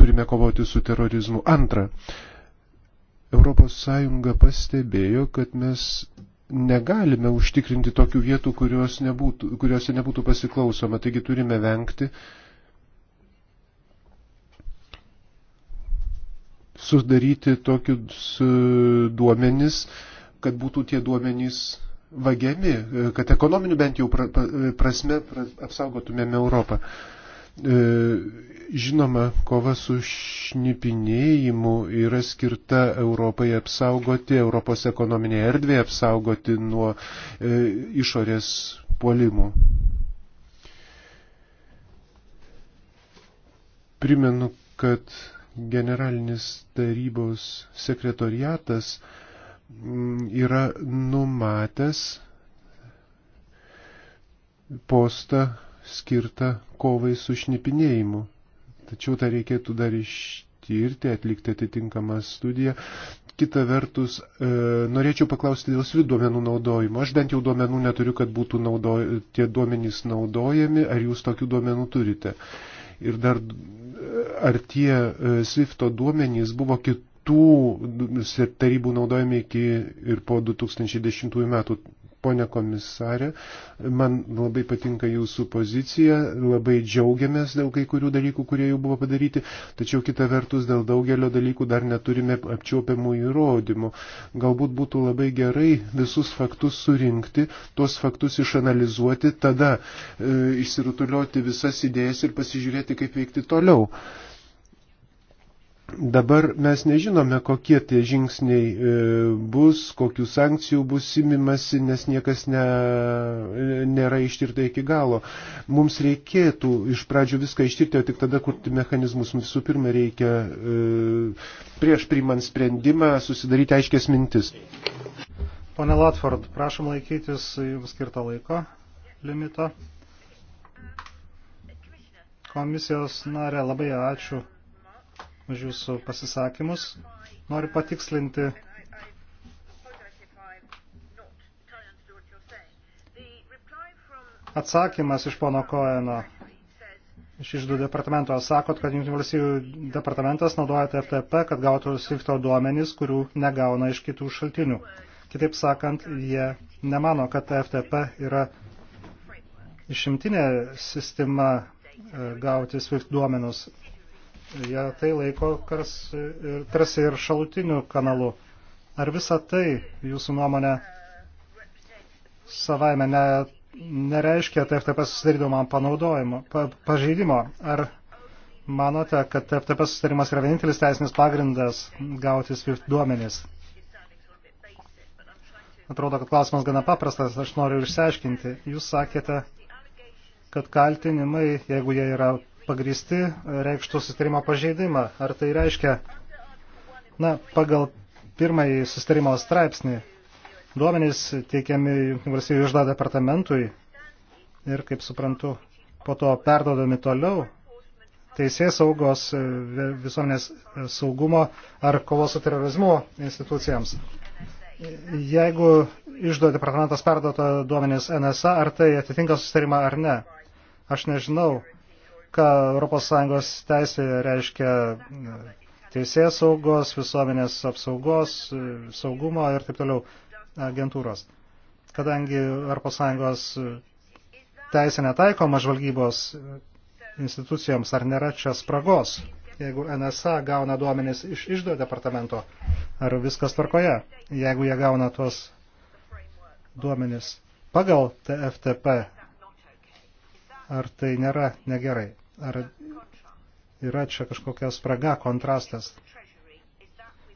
turime kovoti su terorizmu. Antra, ES pastebėjo, kad mes negalime užtikrinti tokių vietų, kurios nebūtų, kuriuose nebūtų pasiklausoma, taigi turime vengti sudaryti tokius e, duomenis, kad būtų tie duomenys vagiami, e, kad ekonominių bent jau e, prasme apsaugotumėme Europą. E, žinoma, kova su šnipinėjimu yra skirta Europai apsaugoti, Europos ekonominėje erdvėje apsaugoti nuo e, išorės puolimų. Primenu, kad generalinis tarybos sekretoriatas mm, yra numatęs postą skirta kovai su šnipinėjimu. Tačiau tą reikėtų dar ištirti, atlikti atitinkamą studiją. Kita vertus, e, norėčiau paklausti dėl SWIFT duomenų naudojimo. Aš bent jau duomenų neturiu, kad būtų naudoj, tie duomenys naudojami, ar jūs tokių duomenų turite. Ir dar, e, ar tie e, SWIFTO duomenys buvo kitų tarybų naudojami iki ir po 2010 metų Pone komisarė, man labai patinka jūsų pozicija, labai džiaugiamės dėl kai kurių dalykų, kurie jau buvo padaryti, tačiau kita vertus dėl daugelio dalykų dar neturime apčiopiamų įrodymų. Galbūt būtų labai gerai visus faktus surinkti, tuos faktus išanalizuoti, tada e, išsirutulioti visas idėjas ir pasižiūrėti, kaip veikti toliau. E, Dabar mes nežinome, kokie tie žingsniai e, bus, kokių sankcijų bus simimasi, nes niekas ne, nėra ištirta iki galo. Mums reikėtų iš pradžių viską ištirti, o tik tada kurti mechanizmus. Visų pirma, reikia e, prieš priimant sprendimą susidaryti aiškės mintis. Pone Latford, prašom laikytis jums skirto laiko limito. Komisijos narė, labai ačiū už jūsų pasisakymus. Noriu patikslinti atsakymas iš pono Koeno. Iš išdų departamento sakot, kad Junktinių valstybių departamentas naudoja TFTP, kad gautų SWIFTO duomenys, kurių negauna iš kitų šaltinių. Kitaip sakant, jie nemano, kad TFTP yra išimtinė sistema e, gauti SWIFT duomenus ja tai laiko kars, ir, tarsi ir šalutiniu kanalu. Ar visa tai, jūsų nuomonė, savaime ne, nereiškia TFTP susidarydomą panaudojimo, pa, pažeidimo? Ar manote, kad TFTP susitarimas yra vienintelis teisinis pagrindas gauti SWIFT duomenys? Atrodo, kad klausimas gana paprastas, aš noriu išsiaiškinti. Jūs sakėte, kad kaltinimai, jeigu jie yra pagristi reikštų sustarimo pažeidimą. Ar tai reiškia, na, pagal pirmąjį sustarimo straipsnį duomenys teikiami valstybių išda departamentui ir, kaip suprantu, po to perdodami toliau teisės saugos e, visuomenės e, saugumo ar kovos su terorizmu institucijams. Jeigu išdo departamentas perduota duomenys NSA, ar tai atitinka susitarimą ar ne? Aš nežinau, ką ES teisėje reiškia e, teisės saugos, visuomenės apsaugos, e, saugumo ir taip toliau agentūros. Kadangi ES teisė netaikoma žvalgybos institucijoms, ar nėra čia spragos, jeigu NSA gauna duomenis iš išdo departamento, ar viskas tvarkoje, jeigu jie gauna tuos duomenis pagal TFTP, ar tai nėra negerai. Ar yra čia kažkokia spraga, kontrastas?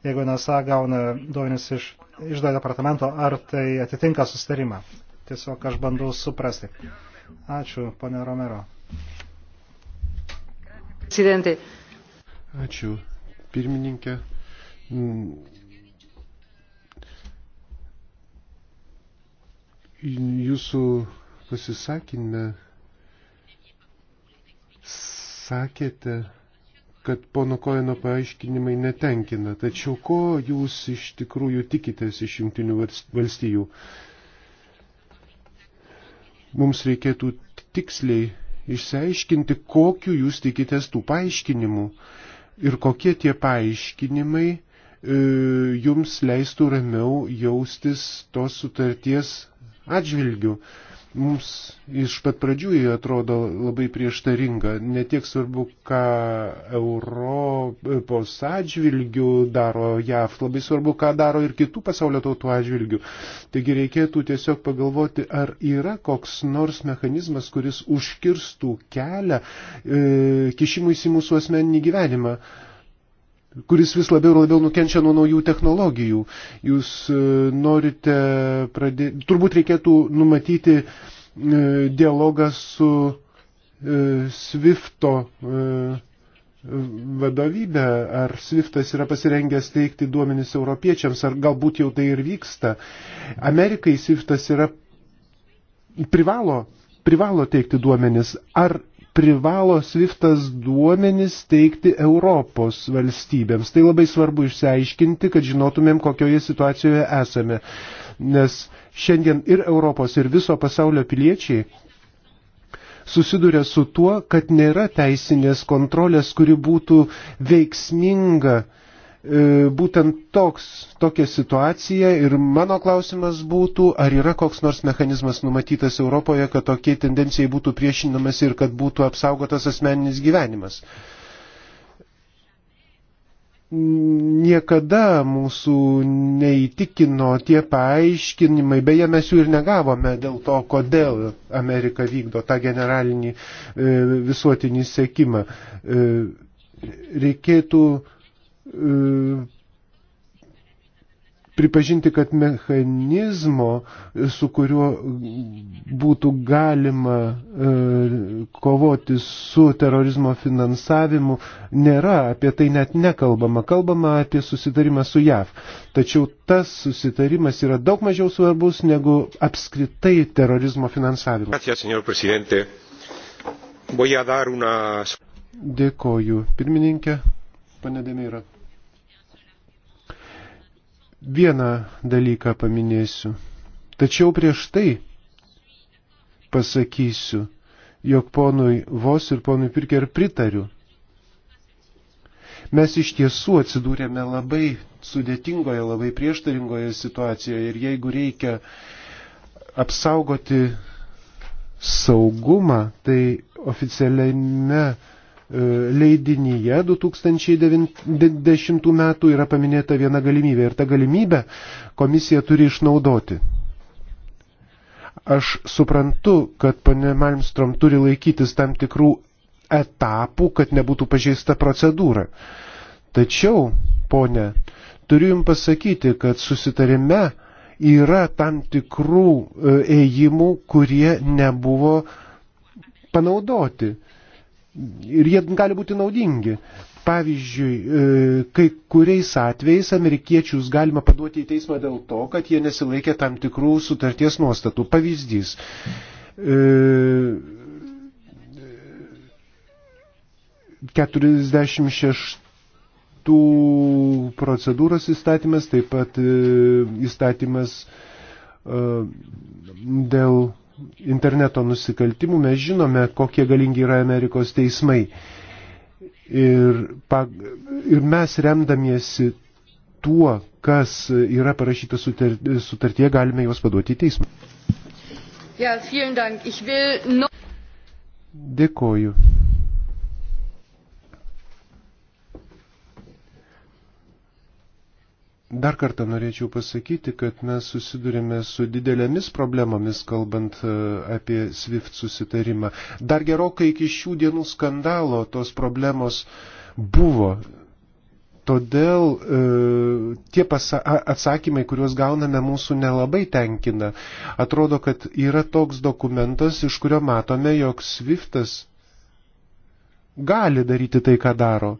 Jeigu NSA gauna duomenis iš išdo departamento, ar tai atitinka susitarimą? Tiesiog aš bandau suprasti. Ačiū, ponė Romero. Presidente. Ačiū, pirmininkė. Mm. Jūsų pasisakymė sakėte, kad pono Koeno paaiškinimai netenkina. Tačiau ko jūs iš tikrųjų tikitės iš jungtinių valstijų? Mums reikėtų tiksliai išsiaiškinti, kokiu jūs tikitės tų paaiškinimų ir kokie tie paaiškinimai e, jums leistų ramiau jaustis tos sutarties atžvilgių. E, mums iš pat pradžių jie atrodo labai prieštaringa. Netiek svarbu, ką Europos atžvilgių daro JAV, labai svarbu, ką daro ir kitų pasaulio tautų atžvilgių. Taigi reikėtų tiesiog pagalvoti, ar yra koks nors mechanizmas, kuris užkirstų kelią e, kišimui į mūsų asmeninį gyvenimą. E, kuris vis labiau ir labiau nukenčia nuo naujų technologijų. Jūs e, norite pradėti, turbūt reikėtų numatyti e, dialogą su e, Swifto vadovybė, ar Swiftas yra pasirengęs teikti duomenis europiečiams, ar galbūt jau tai ir vyksta. Amerikai Swiftas yra privalo, privalo teikti duomenis, ar privalo Swiftas duomenis teikti Europos valstybėms. Tai labai svarbu išsiaiškinti, kad žinotumėm, kokioje situacijoje esame. Nes šiandien ir Europos, ir viso pasaulio piliečiai susiduria su tuo, kad nėra teisinės kontrolės, kuri būtų veiksminga E, būtent toks, tokia situacija ir mano klausimas būtų, ar yra koks nors mechanizmas numatytas Europoje, kad tokiai tendencijai būtų priešinamas ir kad būtų apsaugotas asmeninis gyvenimas. Niekada mūsų neįtikino tie paaiškinimai, beje mes jų ir negavome dėl to, kodėl Amerika vykdo tą generalinį e, visuotinį sekimą. E, reikėtų e, E, pripažinti, kad mechanizmo, su kuriuo būtų galima e, kovoti su terorizmo finansavimu, nėra, apie tai net nekalbama. Kalbama apie susitarimą su JAV. Tačiau tas susitarimas yra daug mažiau svarbus negu apskritai terorizmo finansavimas. Dėkoju, pirmininkė, panedėmė yra. Vieną dalyką paminėsiu. Tačiau prieš tai pasakysiu, jog ponui Vos ir ponui Pirker pritariu. Mes iš tiesų atsidūrėme labai sudėtingoje, labai prieštaringoje situacijoje ir jeigu reikia apsaugoti saugumą, tai oficialiame E, leidinyje 2010 metų yra paminėta viena galimybė ir tą galimybę komisija turi išnaudoti. Aš suprantu, kad pane Malmstrom turi laikytis tam tikrų etapų, kad nebūtų pažeista procedūra. Tačiau, ponė, turiu Jums pasakyti, kad susitarime yra tam tikrų e, ėjimų, kurie nebuvo panaudoti ir jie gali būti naudingi. Pavyzdžiui, e, kai kuriais atvejais amerikiečius galima paduoti į teismą dėl to, kad jie nesilaikė tam tikrų sutarties nuostatų. Pavyzdys. E, 46 procedūros įstatymas, taip pat e, įstatymas e, dėl interneto nusikaltimų, mes žinome, kokie galingi yra Amerikos teismai. Ir, pag, ir mes remdamiesi tuo, kas yra parašyta sutartie, galime juos paduoti į teismą. Ja, Dėkoju. Dar kartą norėčiau pasakyti, kad mes susidurime su didelėmis problemomis, kalbant e, apie SWIFT susitarimą. Dar gerokai iki šių dienų skandalo tos problemos buvo. Todėl e, tie atsakymai, kuriuos gauname, mūsų nelabai tenkina. Atrodo, kad yra toks dokumentas, iš kurio matome, jog SWIFTas gali daryti tai, ką daro.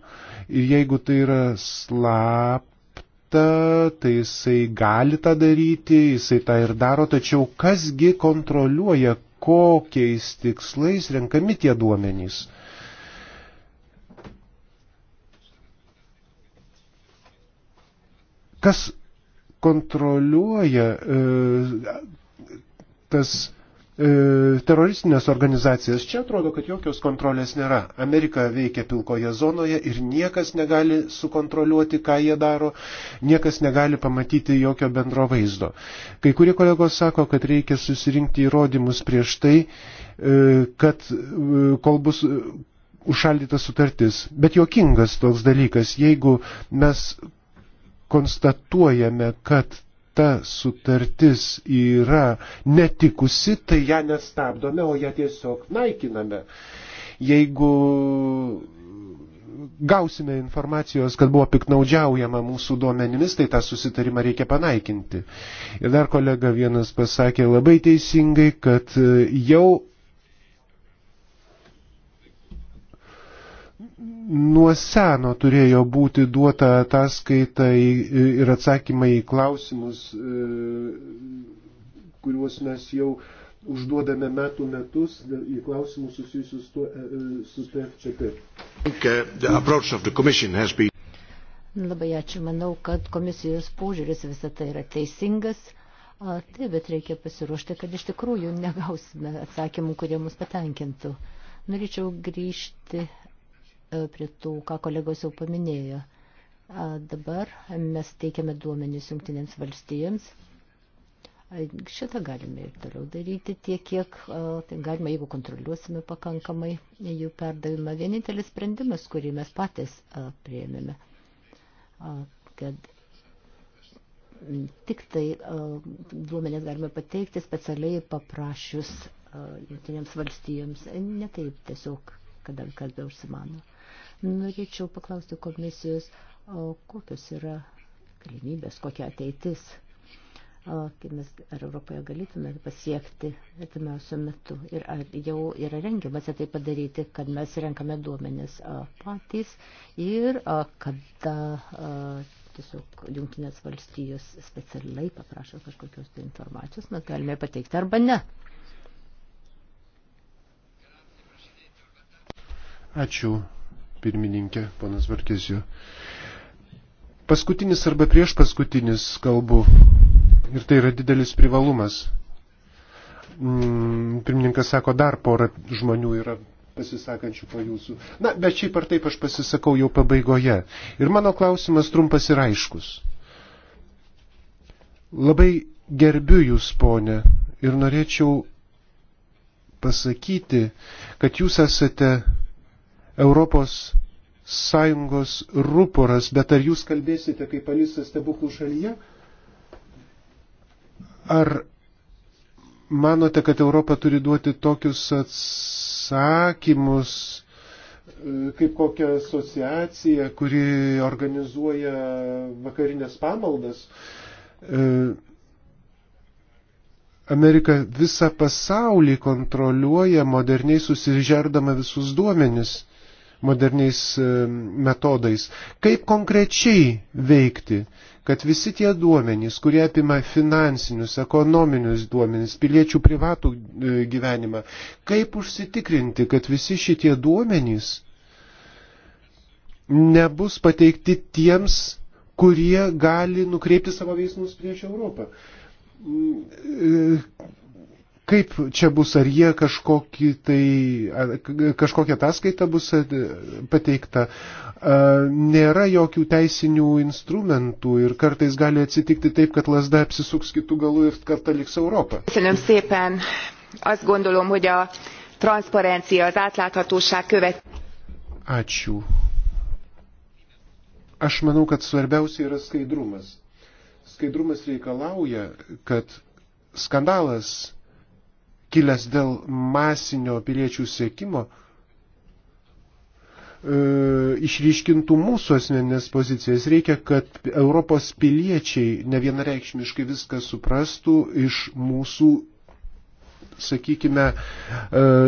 Ir jeigu tai yra slap tai jisai gali tą daryti, jisai tą ir daro, tačiau kasgi kontroliuoja, kokiais tikslais renkami tie duomenys. Kas kontroliuoja e, tas E, teroristinės organizacijas. Čia atrodo, kad jokios kontrolės nėra. Amerika veikia pilkoje zonoje ir niekas negali sukontroliuoti, ką jie daro, niekas negali pamatyti jokio bendro vaizdo. Kai kurie kolegos sako, kad reikia susirinkti įrodymus prieš tai, e, kad e, kol bus užšaldyta sutartis. Bet jokingas toks dalykas, jeigu mes konstatuojame, kad ta sutartis yra netikusi, tai ją nestabdome, o ją tiesiog naikiname. Jeigu gausime informacijos, kad buvo piknaudžiaujama mūsų duomenimis, tai tą susitarimą reikia panaikinti. Ir dar kolega vienas pasakė labai teisingai, kad jau nuo seno turėjo būti duota ataskaita ir atsakymai į klausimus, e, kuriuos mes jau užduodame metų metus į klausimus susijusius su e, e, TFCP. Labai ačiū, manau, kad komisijos požiūris visą tai yra teisingas. A, taip, bet reikia pasiruošti, kad iš tikrųjų negausime atsakymų, kurie mus patenkintų. Norėčiau grįžti E, prie tų, ką kolegos jau paminėjo. Dabar mes teikiame duomenys jungtinėms valstijams. Šitą galime ir toliau daryti tiek, kiek tai galima, jeigu kontroliuosime pakankamai jų perdavimą. Vienintelis sprendimas, kurį mes patys prieimėme, kad tik tai duomenės galime pateikti specialiai paprašius jungtinėms valstijoms, ne taip tiesiog, kada kas be užsimano. Norėčiau paklausti komisijos, o kokios yra galimybės, kokia ateitis, kaip mes ar Europoje galėtume pasiekti artimiausiu metu ir ar jau yra rengiamasi tai padaryti, kad mes renkame duomenis patys ir kada tiesiog Junktinės valstijos specialiai paprašo kažkokios tai informacijos, mes galime pateikti arba ne. Ačiū, pirmininkė, ponas Varkizijų. Paskutinis arba prieš paskutinis kalbu. Ir tai yra didelis privalumas. Mm, pirmininkas sako, dar porą žmonių yra pasisakančių po jūsų. Na, bet šiaip ar taip aš pasisakau jau pabaigoje. Ir mano klausimas trumpas ir aiškus. Labai gerbiu jūs, ponė, ir norėčiau pasakyti, kad jūs esate Europos Sąjungos ruporas, bet ar jūs kalbėsite kaip Alisa stebuklų šalyje? Ar manote, kad Europa turi duoti tokius atsakymus, e, kaip kokia asociacija, kuri organizuoja vakarinės pamaldas? E, Amerika visą pasaulį kontroliuoja moderniai susižerdama visus duomenis moderniais e, metodais. Kaip konkrečiai veikti, kad visi tie duomenys, kurie apima finansinius, ekonominius duomenys, piliečių privatų e, gyvenimą, kaip užsitikrinti, kad visi šitie duomenys nebus pateikti tiems, kurie gali nukreipti savo veiksmus prieš Europą. Mm, e, Kaip čia bus, ar jie kažkokį tai, kažkokią ataskaitą bus e, pateikta? E, nėra jokių teisinių instrumentų ir kartais gali atsitikti taip, kad lasda apsisuks kitų galų ir kartą liks Europą. Köszönöm szépen. Azt gondolom, hogy a transzparencia, az átláthatóság követ. Ačiū. Aš manau, kad svarbiausia yra skaidrumas. Skaidrumas reikalauja, kad skandalas kilęs dėl masinio piliečių sėkimo, e, išryškintų mūsų asmeninės pozicijas. Reikia, kad Europos piliečiai ne vienareikšmiškai viską suprastų iš mūsų, sakykime, e,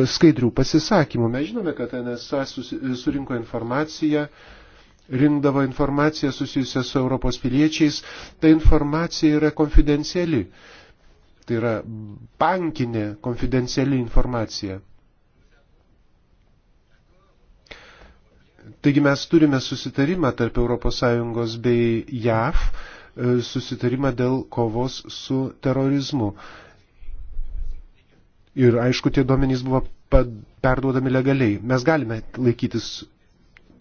skaidrių pasisakymų. Mes žinome, kad NSA surinko informaciją, rinkdavo informaciją susijusią su Europos piliečiais. Ta informacija yra konfidenciali. Tai yra bankinė konfidenciali informacija. Taigi mes turime susitarimą tarp ES bei JAV, e, susitarimą dėl kovos su terorizmu. Ir aišku, tie duomenys buvo perduodami legaliai. Mes galime laikytis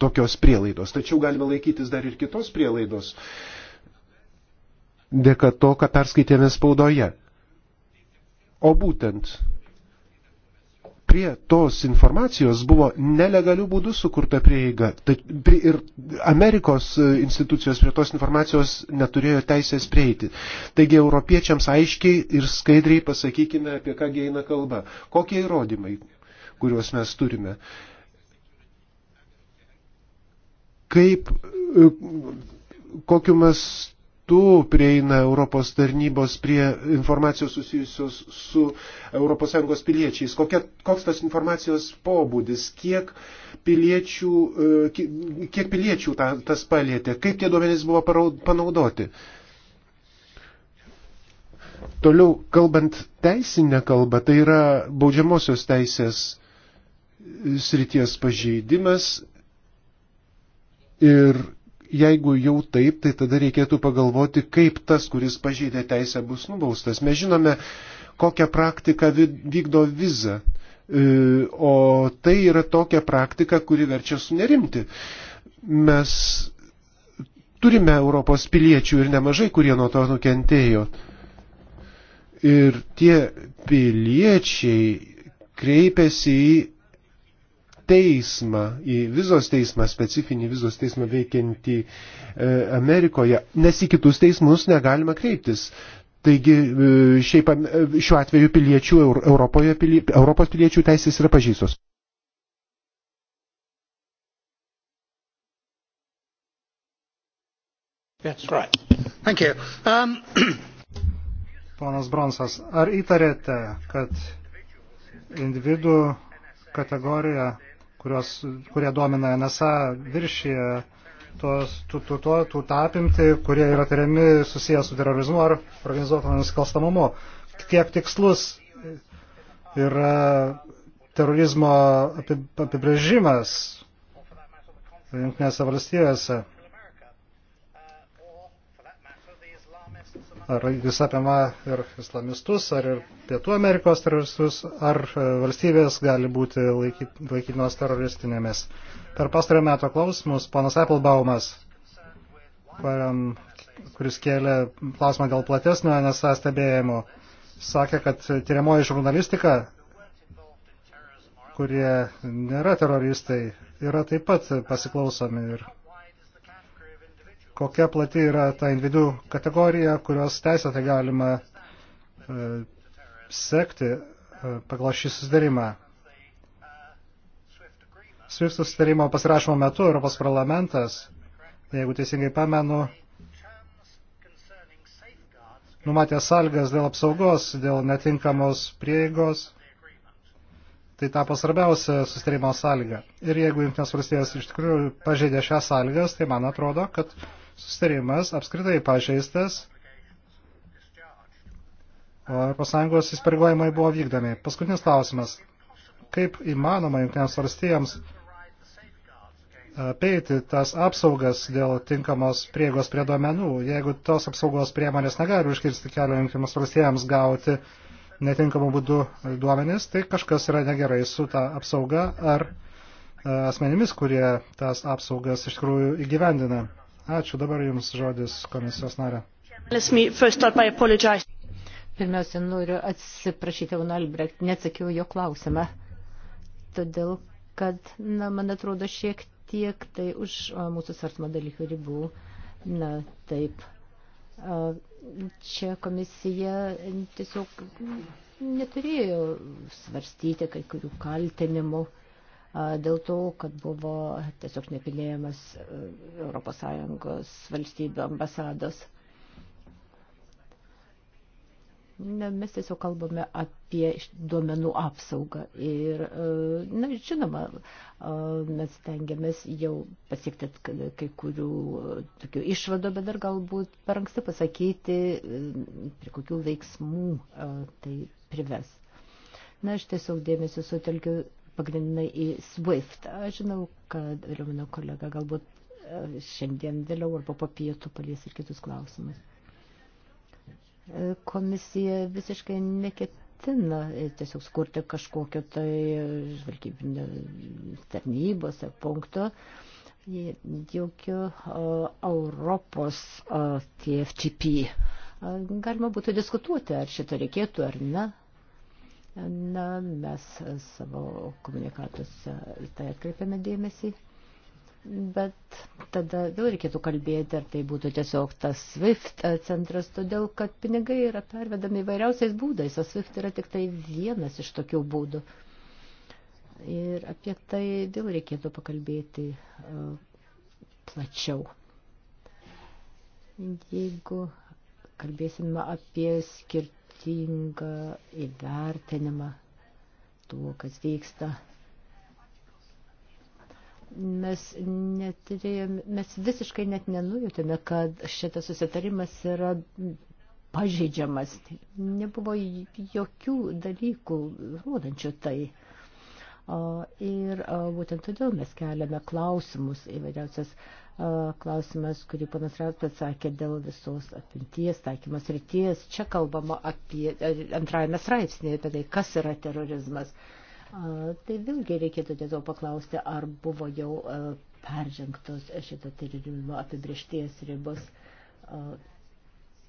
tokios prielaidos, tačiau galime laikytis dar ir kitos prielaidos, dėka to, ką perskaitėme spaudoje. O būtent prie tos informacijos buvo nelegalių būdų sukurta prieiga. Ir Amerikos e, institucijos prie tos informacijos neturėjo teisės prieiti. Taigi europiečiams aiškiai ir skaidriai pasakykime, apie ką eina kalba. Kokie įrodymai, kuriuos mes turime. Kaip, e, kokiu mes metu prieina Europos tarnybos prie informacijos susijusios su ES piliečiais? Kokia, koks tas informacijos pobūdis? Kiek piliečių, e, kiek piliečių ta, tas palėtė? Kaip tie duomenys buvo panaudoti? Toliau, kalbant teisinę kalbą, tai yra baudžiamosios teisės srities pažeidimas ir jeigu jau taip, tai tada reikėtų pagalvoti, kaip tas, kuris pažeidė teisę, bus nubaustas. Mes žinome, kokią praktiką vykdo viza, e, o tai yra tokia praktika, kuri verčia sunerimti. Mes turime Europos piliečių ir nemažai, kurie nuo to nukentėjo. Ir tie piliečiai kreipiasi į teismą, į vizos teismą, specifinį vizos teismą veikiantį e, Amerikoje, nes į kitus teismus negalima kreiptis. Taigi e, šiaip, e, šiuo atveju piliečių, Europoje, pilie, Europos piliečių teisės yra pažįstos. That's right. Thank you. Um... Ponas Bronsas, ar įtarėte, kad individų kategorija kurios, kurie domina NSA viršyje tos, tų, tų, tų, tų tapimti, kurie yra tariami susijęs su terorizmu ar organizuotų nusikalstamumu. Kiek tikslus yra terorizmo apibrėžimas Junktinėse valstijose. ar jis apima ir islamistus, ar ir Pietų Amerikos teroristus, ar e, valstybės gali būti laikytinos teroristinėmis. Per pastarojo meto klausimus ponas Applebaumas, kuris kėlė klausimą dėl platesnio NSA stebėjimo, sakė, kad tyriamoji žurnalistika, kurie nėra teroristai, yra taip pat pasiklausomi ir kokia plati yra ta individų kategorija, kurios teisę tai galima e, sekti e, pagal šį susidarimą. SWIFT susitarimo pasirašymo metu Europos parlamentas, jeigu teisingai pamenu, numatė salgas dėl apsaugos, dėl netinkamos prieigos. Tai tapo svarbiausia sustarimo sąlyga. Ir jeigu Junktinės valstijos iš tikrųjų pažeidė šią sąlygas, tai man atrodo, kad sustarimas apskritai pažeistas, o ES įsipareigojimai buvo vykdomi. Paskutinis klausimas. Kaip įmanoma jungtinėms valstijams apeiti e, tas apsaugas dėl tinkamos prieigos prie duomenų, jeigu tos apsaugos priemonės negali užkirsti kelio jungtinėms valstijams gauti netinkamų būdų duomenis, tai kažkas yra negerai su ta apsauga ar e, asmenimis, kurie tas apsaugas iš tikrųjų įgyvendina. Ačiū dabar Jums žodis komisijos narė. Pirmiausia, noriu atsiprašyti, Vano Albrecht, neatsakiau jo klausimą. Todėl, kad, na, man atrodo, šiek tiek tai už mūsų svartmo dalykų ribų. Na, taip. Čia komisija tiesiog neturėjo svarstyti kai kurių kaltinimų dėl to, kad buvo tiesiog nepilėjamas ES valstybių ambasados. Na, mes tiesiog kalbame apie duomenų apsaugą ir, e, na, žinoma, e, mes tengiamės jau pasiekti kai kurių e, tokių išvadų, bet dar galbūt per anksti pasakyti, prie kokių veiksmų tai prives. Na, aš tiesiog dėmesį sutelkiu pagrindinai į SWIFT. Aš žinau, kad ir mano kolega galbūt e, šiandien vėliau arba po pietų palies ir kitus klausimus. E, komisija visiškai neketina e, tiesiog skurti kažkokio tai žvalgybinio tarnybos ar punkto jokio Europos TFTP. Galima būtų diskutuoti, ar šito reikėtų ar ne, Na, mes savo komunikatuose tai atkreipiame dėmesį. Bet tada vėl reikėtų kalbėti, ar tai būtų tiesiog tas SWIFT e, centras, todėl kad pinigai yra pervedami įvairiausiais būdais, o SWIFT yra tik tai vienas iš tokių būdų. Ir apie tai vėl reikėtų pakalbėti e, plačiau. Jeigu kalbėsime apie skirtingą kryptingą įvertinimą to, kas vyksta. Mes, neturėjom, mes visiškai net nenujutėme, kad šitas susitarimas yra pažeidžiamas. Nebuvo jokių dalykų rodančių tai. Ir būtent todėl mes keliame klausimus įvairiausias uh, klausimas, kurį panas Rastas sakė dėl visos apimties, taikymas ryties. Čia kalbama apie e, antrajame straipsnėje, apie tai, kas yra terorizmas. Tai vėlgi reikėtų tiesiog paklausti, ar buvo jau e, peržengtos šito terorizmo apibriešties ribos.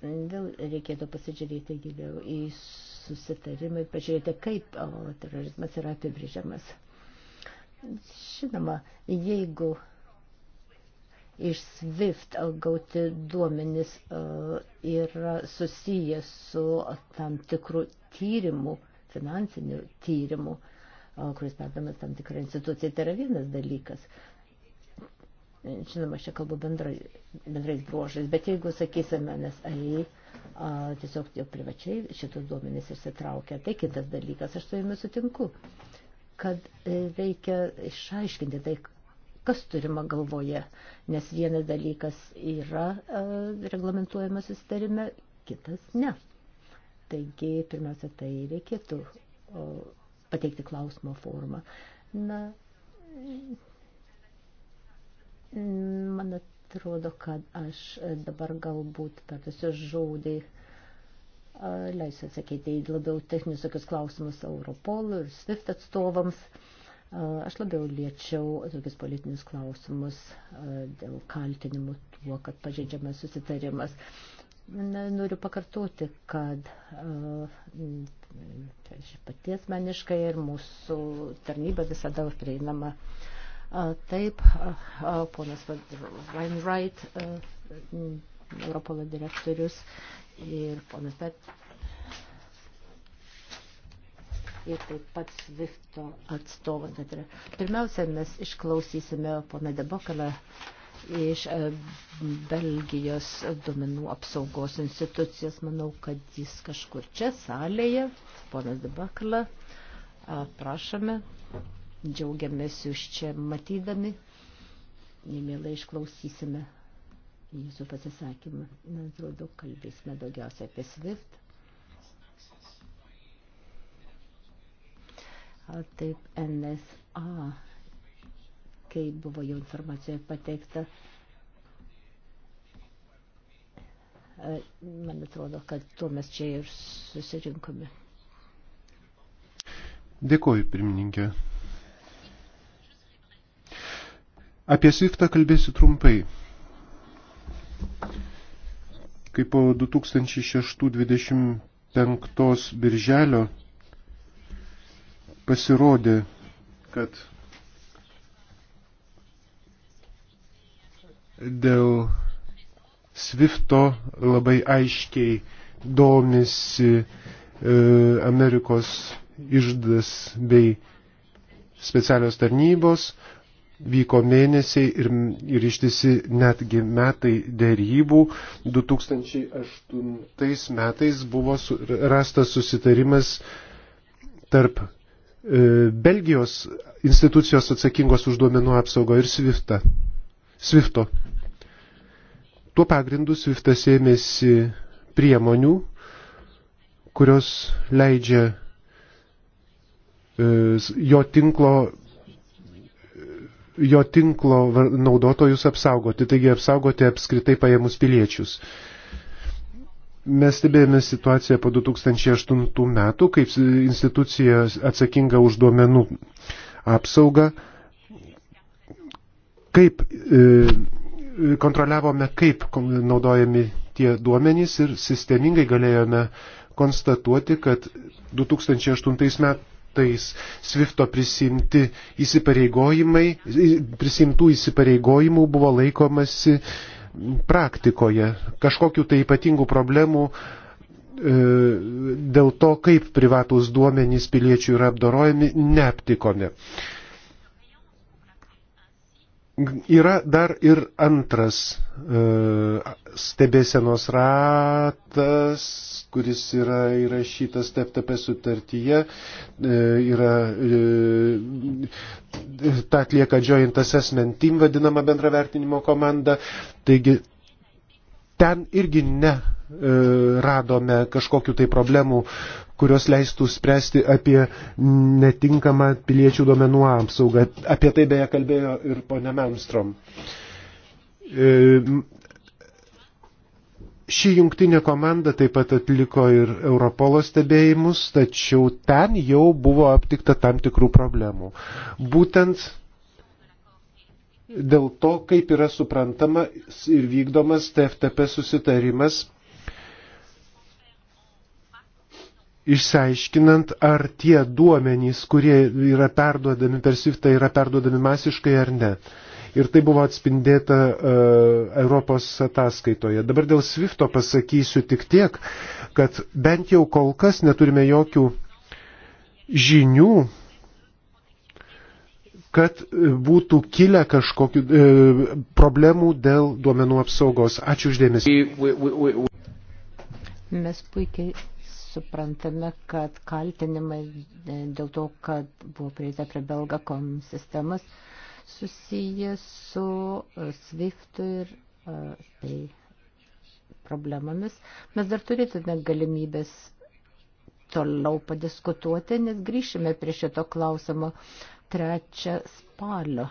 Vėl reikėtų pasižiūrėti giliau į susitarimą ir pažiūrėti, kaip terorizmas yra apibrėžiamas. Žinoma, jeigu uh, iš SWIFT gauti duomenys e, yra susijęs su tam tikru tyrimu, finansiniu tyrimu, e, kuris perdamas tam tikrą instituciją. Tai yra vienas dalykas. Žinoma, aš čia kalbu bendrai, bendrais bruožais, bet jeigu, sakysime, NSA a, tiesiog jau privačiai šitus duomenys išsitraukia, tai kitas dalykas, aš su jumis sutinku, kad reikia išaiškinti tai, kas turima galvoje, nes vienas dalykas yra e, reglamentuojamas susitarime, kitas ne. Taigi, pirmiausia, tai reikėtų o, pateikti klausimo formą. Na, man atrodo, kad aš dabar galbūt per visus žodį leisiu atsakyti į labiau techninius tokius klausimus Europolų ir SWIFT atstovams. Uh, Aš labiau liečiau tokius politinius klausimus e, dėl kaltinimų tuo, kad pažeidžiamas susitarimas. Noriu pakartoti, kad e, pati asmeniškai ir mūsų tarnyba visada prieinama. E, taip, ponas Weinreit, Europolo direktorius ir ponas Bet ir taip pat Svifto atstovas. Pirmiausia, mes išklausysime poną Debokalą iš e, Belgijos duomenų apsaugos institucijos. Manau, kad jis kažkur čia salėje. Ponas Debakla, prašome. Džiaugiamės jūs čia matydami. Nemėlai išklausysime jūsų pasisakymą. Man atrodo, kalbėsime daugiausia apie SWIFT. Taip, NSA, kai buvo jau informacija pateikta, man atrodo, kad tuo mes čia ir susirinkome. Dėkoju, pirmininkė. Apie Swiftą kalbėsiu trumpai. Kaip po 2006-25 birželio pasirodė, kad dėl Svifto labai aiškiai domisi e, Amerikos išdas bei specialios tarnybos, vyko mėnesiai ir, ir ištisi netgi metai dėrybų. 2008 metais buvo rastas susitarimas tarp E, Belgijos institucijos atsakingos už duomenų apsaugą ir Swiftą. Swifto. Tuo pagrindu Swiftas ėmėsi priemonių, kurios leidžia e, jo tinklo jo tinklo naudotojus apsaugoti, taigi apsaugoti apskritai paėmus piliečius. Mes stebėjome situaciją po 2008 metų, kaip institucija atsakinga už duomenų apsaugą, kaip e, kontroliavome, kaip naudojami tie duomenys ir sistemingai galėjome konstatuoti, kad 2008 metais Svifto prisimti įsipareigojimai, prisimtų įsipareigojimų buvo laikomasi praktikoje, kažkokių tai ypatingų problemų e, dėl to, kaip privatus duomenys piliečių yra apdorojami, neaptikome. Yra dar ir antras e, stebėsenos ratas, kuris yra įrašytas TFTP sutartyje, e, yra, e, tą atlieka Joint Assessment Team vadinama bendra vertinimo komanda, taigi ten irgi ne e, radome kažkokiu tai problemų, kurios leistų spręsti apie netinkamą piliečių duomenų apsaugą. Apie tai beje kalbėjo ir ponė Memstrom. Ši jungtinė komanda taip pat atliko ir Europolo stebėjimus, tačiau ten jau buvo aptikta tam tikrų problemų. Būtent dėl to, kaip yra suprantama ir vykdomas TFTP susitarimas, išsiaiškinant, ar tie duomenys, kurie yra perduodami per SWIFT, tai yra perduodami masiškai ar ne. Uh, Ir tai buvo atspindėta uh, Europos ataskaitoje. Dabar dėl Swifto pasakysiu tik tiek, kad bent jau kol kas neturime jokių žinių kad e, būtų kilę kažkokių e, uh, problemų dėl duomenų apsaugos. Ačiū uždėmesį. Mes puikiai suprantame, kad kaltinimai e, dėl to, kad buvo prieita prie belga kom sistemas, susijęs su e, SWIFT ir e, tai problemomis. Mes dar turėtume galimybės toliau padiskutuoti, nes grįšime prie šito klausimo 3 spalio.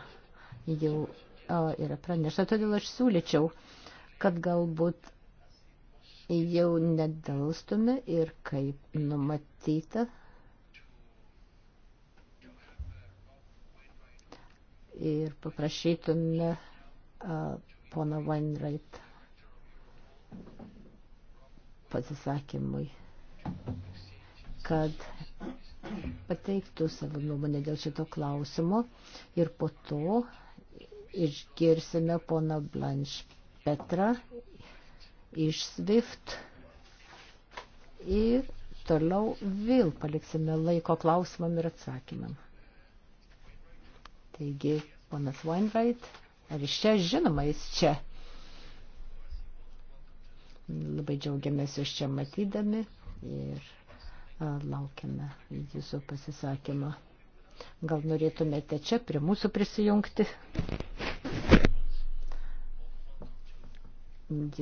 Jau e, yra pranešta, todėl aš siūlyčiau, kad galbūt jau nedalstume ir kaip numatyta ir paprašytume pono Weinreit pasisakymui, kad pateiktų savo nuomonę dėl šito klausimo ir po to išgirsime pono Blanche Petrą iš SWIFT ir toliau vėl paliksime laiko klausimam ir atsakymam. Taigi, ponas Weinreit, ar iš čia žinoma jis čia? Labai džiaugiamės jūs čia matydami ir laukiame jūsų pasisakymą. Gal norėtumėte čia prie mūsų prisijungti?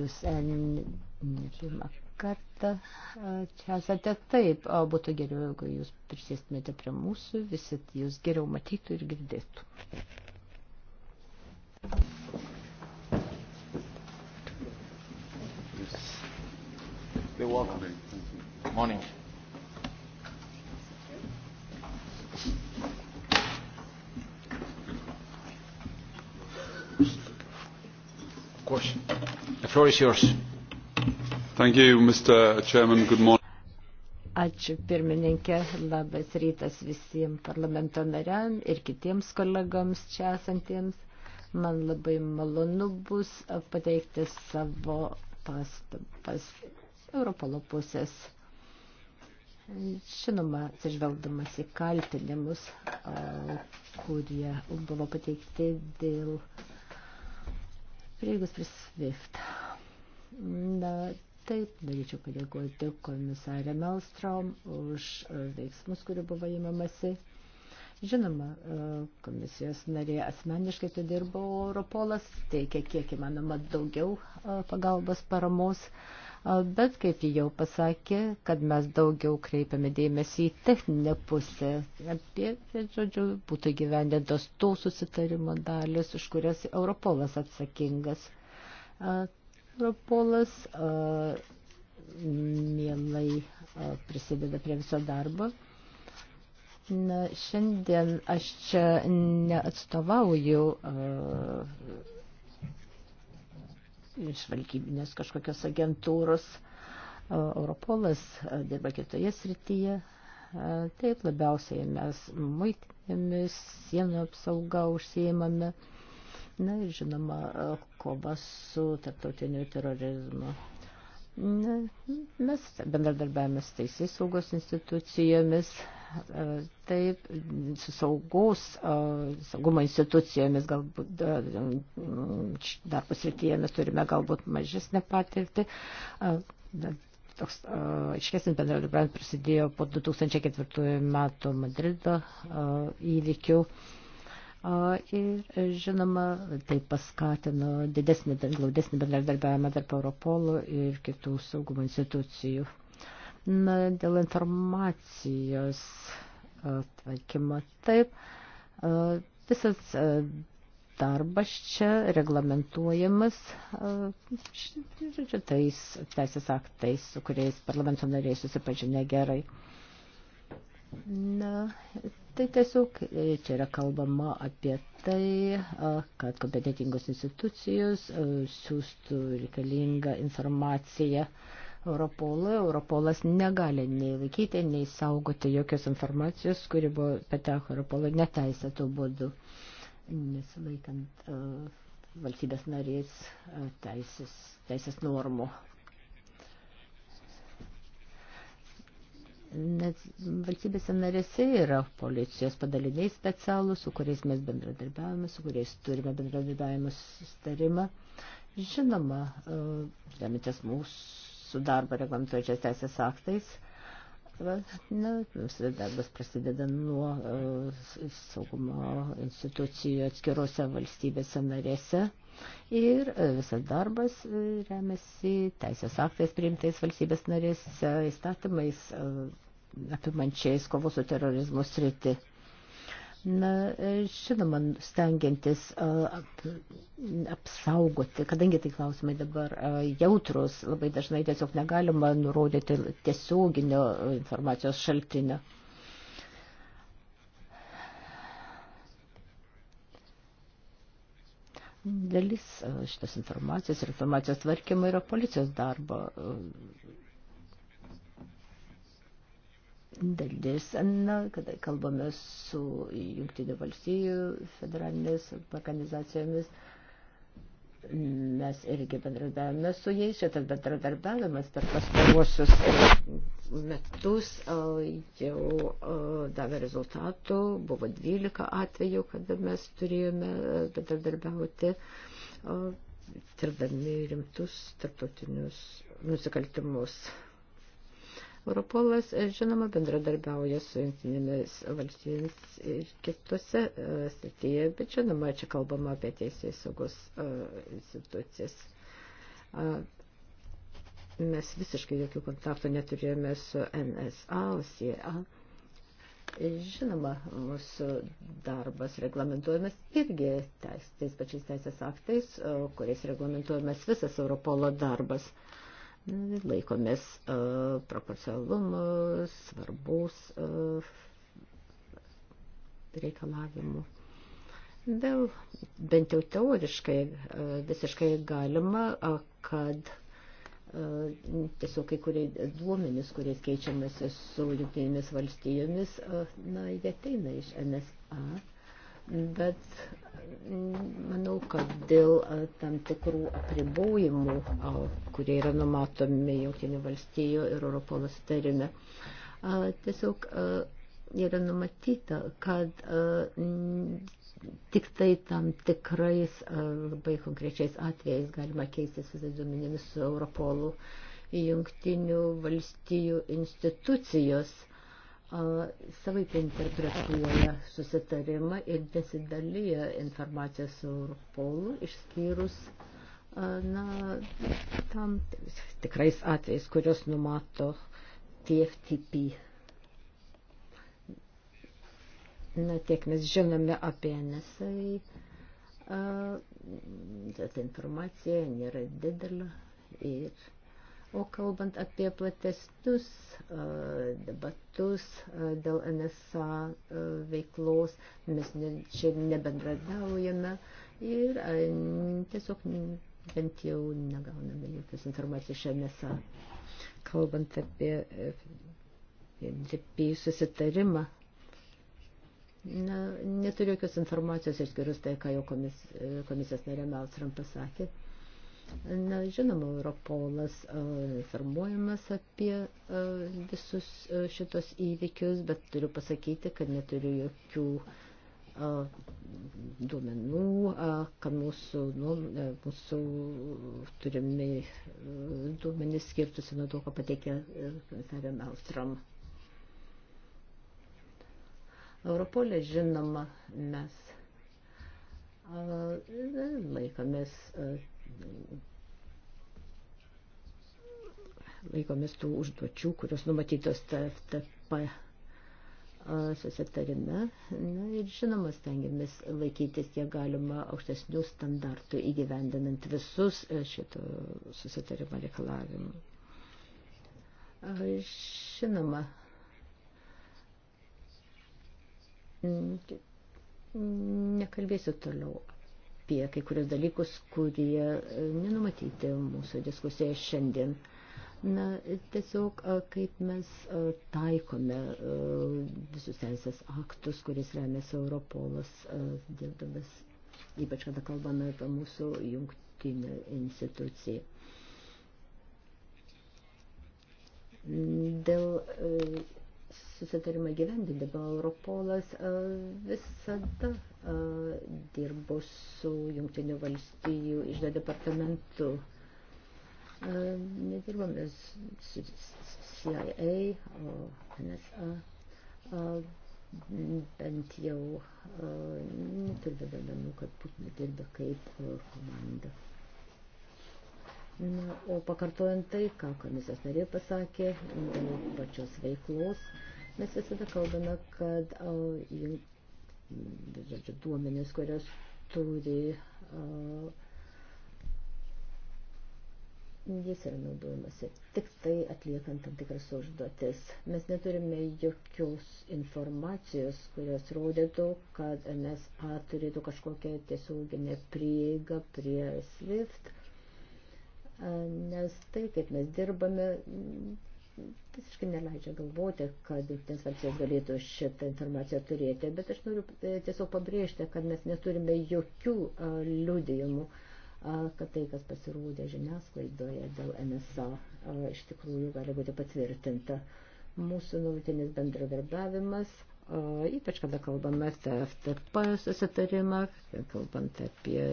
Jūs e, ne pirmą kartą čia esate taip, o būtų geriau, jeigu jūs prisėstumėte prie mūsų, visi jūs geriau matytų ir girdėtų. You're welcome. Morning. Morning. Of course. The floor is yours. Thank you, Mr. Chairman. Good morning. Ačiū pirmininkė, labas rytas visiems parlamento nariam ir kitiems kolegoms čia esantiems. Man labai malonu bus pateikti savo pastabas Europolo pusės. Žinoma, atsižvelgdamas į kaltinimus, kurie buvo pateikti dėl prieigos prie SWIFT. Na, Taip, norėčiau padėkoti komisarė Melstrom už e, veiksmus, kurių buvo įmamasi. Žinoma, e, komisijos narė asmeniškai tai dirbo Europolas, teikia kiek įmanoma daugiau e, pagalbos paramos, bet kaip jau pasakė, kad mes daugiau kreipiame dėmesį į techninę pusę, apie, tai, žodžiu, būtų gyvendintos tų susitarimo dalis, už kurias Europolas atsakingas. Europolas mielai prisideda prie viso darbo. Na, šiandien aš čia neatstovauju iš valgybinės kažkokios agentūros. Europolas dirba kitoje srityje. Taip, labiausiai mes muitinėmis, sienų apsauga užsiemame. Na ir žinoma, kova su tarptautiniu terorizmu. Mes bendradarbiavame su teisės saugos institucijomis, taip, su saugos, saugumo institucijomis, galbūt darbo srityje mes turime galbūt mažesnę patirtį. Toks aiškesnis bendradarbiavimas prasidėjo po 2004 metų Madrido įvykių. Ir žinoma, tai paskatino didesnį, glaudesnį bendradarbiavimą tarp Europolo ir kitų saugumo institucijų. Na, dėl informacijos tvarkymo taip, visas darbas čia reglamentuojamas šitais teisės aktais, su kuriais parlamento nariai susipažinę gerai. Na, tai tiesiog e, čia yra kalbama apie tai, e, kad kompetentingos institucijos e, siūstų reikalingą informaciją Europolui. Europolas negali nei laikyti, nei saugoti jokios informacijos, kuri buvo pateko Europolui neteisėtų būdų, nesilaikant valstybės narės teisės, teisės normų. Nes valstybėse narėse yra policijos padaliniai specialūs, su kuriais mes bendradarbiavame, su kuriais turime bendradarbiavimo sustarimą. Žinoma, e, remintis mūsų darbą reglamentuojančias teisės aktais, Na, darbas prasideda nuo e, saugumo institucijų atskirose valstybėse narėse ir e, visas darbas e, remiasi teisės aktais priimtais valstybės narės įstatymais e, apimančiais kovos su terorizmu sritį. Na, žinoma, stengiantis ap, apsaugoti, kadangi tai klausimai dabar jautrus, labai dažnai tiesiog negalima nurodyti tiesioginio informacijos šaltinio. dalis e, šitos informacijos ir informacijos tvarkymo yra policijos darbo e, dalis, na, kada kalbame su Junktinių valstybių federalinės organizacijomis, mes irgi bendradavome su jais, šitas bendradarbiavimas per pastaruosius metus jau davė rezultatų, buvo 12 atvejų, kada mes turėjome bendradarbiauti, tirdami rimtus tarptautinius nusikaltimus. Europolas, e, žinoma, bendradarbiauja su jungtinėmis valstybėmis ir kitose e, srityje, bet žinoma, čia kalbama apie teisės saugos e, institucijas. Mes visiškai jokių kontaktų neturėjome su NSA, CIA. Žinoma, mūsų darbas reglamentuojamas irgi teis, tais pačiais teisės aktais, kuriais reglamentuojamas visas Europolo darbas. Laikomės uh, proporcionalumo, svarbus uh, reikalavimų. Dėl bent jau teoriškai uh, visiškai galima, uh, kad uh, E, tiesiog kai kurie duomenys, kuriais keičiamasi su jungtinėmis valstijomis, e, na, jie ateina iš NSA, bet manau, kad dėl e, tam tikrų apribojimų, kurie yra numatomi jungtinių valstijų ir Europolo sutarime, tiesiog yra numatyta, kad tik tai tam tikrais e, labai konkrečiais atvejais galima keistis visais duomenimis su Europolu. Jungtinių valstijų institucijos e, savaip interpretuoja susitarimą ir nesidalyja informaciją su Europolu, išskyrus e, na, tam tikrais atvejais, kurios numato TFTP Na, tiek mes žinome apie NSA. Ta informacija nėra didelė. Ir, o kalbant apie platesnius debatus dėl NSA veiklos, mes ne, čia nebendradaujame ir tiesiog bent jau negauname jokios informacijos iš NSA. Kalbant apie, apie susitarimą Na, neturiu jokios informacijos išskyrus tai, ką jau komis, komisijos narė Melstram pasakė. Na, žinoma, Europolas informuojamas apie a, visus a, šitos įvykius, bet turiu pasakyti, kad neturiu jokių a, duomenų, kad mūsų, nu, mūsų turimi duomenys skirtusi nuo to, ką pateikė komisarė Melstram. Europolė, žinoma, mes e, laikomės, laikomės tų užduočių, kurios numatytos TFTP susitarime. Na, ir žinoma, stengiamės laikytis kiek galima aukštesnių standartų įgyvendinant visus e, šito susitarimo reikalavimų. Žinoma, Mm, tai, mm, nekalbėsiu toliau apie kai kurios dalykus, kurie e, nenumatyti mūsų diskusijoje šiandien. Na, tiesiog kaip mes taikome visus teisės aktus, kuris remiasi Europolas dirbdamas, ypač kada kalbame apie mūsų jungtinę instituciją. Dėl e, susitarimą gyvendindama Europolas e, visada e, dirbo su Junktinių valstijų išdo departamentu. E, nedirbame su CIA, o NSA bent jau neturime duomenų, kad Putina dirba kaip komanda. Na, o pakartojant tai, ką komisijos narė pasakė, dėl pačios veiklos, Mes visada kalbame, kad o, žodžiu, duomenės, kurios turi, o, jis yra naudojamasi tik tai atliekant tam tikras užduotis. Mes neturime jokios informacijos, kurios rodytų, kad NSA turėtų kažkokią tiesioginę prieigą prie SWIFT nes tai, kaip mes dirbame, visiškai neleidžia galvoti, kad jungtinės valstijos galėtų šitą informaciją turėti, bet aš noriu e, tiesiog pabrėžti, kad mes neturime jokių e, liudijimų, e, kad tai, kas pasirodė žiniasklaidoje dėl NSA, iš tikrųjų gali būti patvirtinta. Mūsų nuolatinis bendradarbiavimas, ypač kada kalbame apie FTP susitarimą, kalbant apie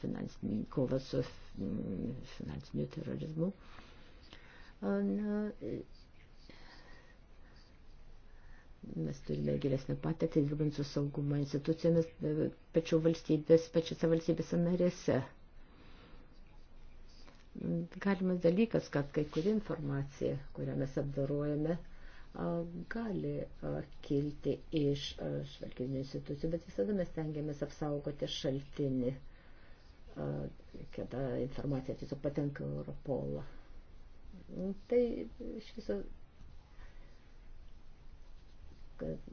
finansinį kovą su mm, finansiniu terorizmu. Uh, Na, e, mes turime geresnę patirtį dirbant su saugumo institucijomis pačių valstybės, pačiose valstybėse narėse. Galimas dalykas, kad kai kuri informacija, kurią mes apdarojame, gali kilti iš žvalgybinių institucijų, bet visada mes tengiamės apsaugoti šaltinį, kada informacija tiesiog patenka Europolą. Tai iš viso, kad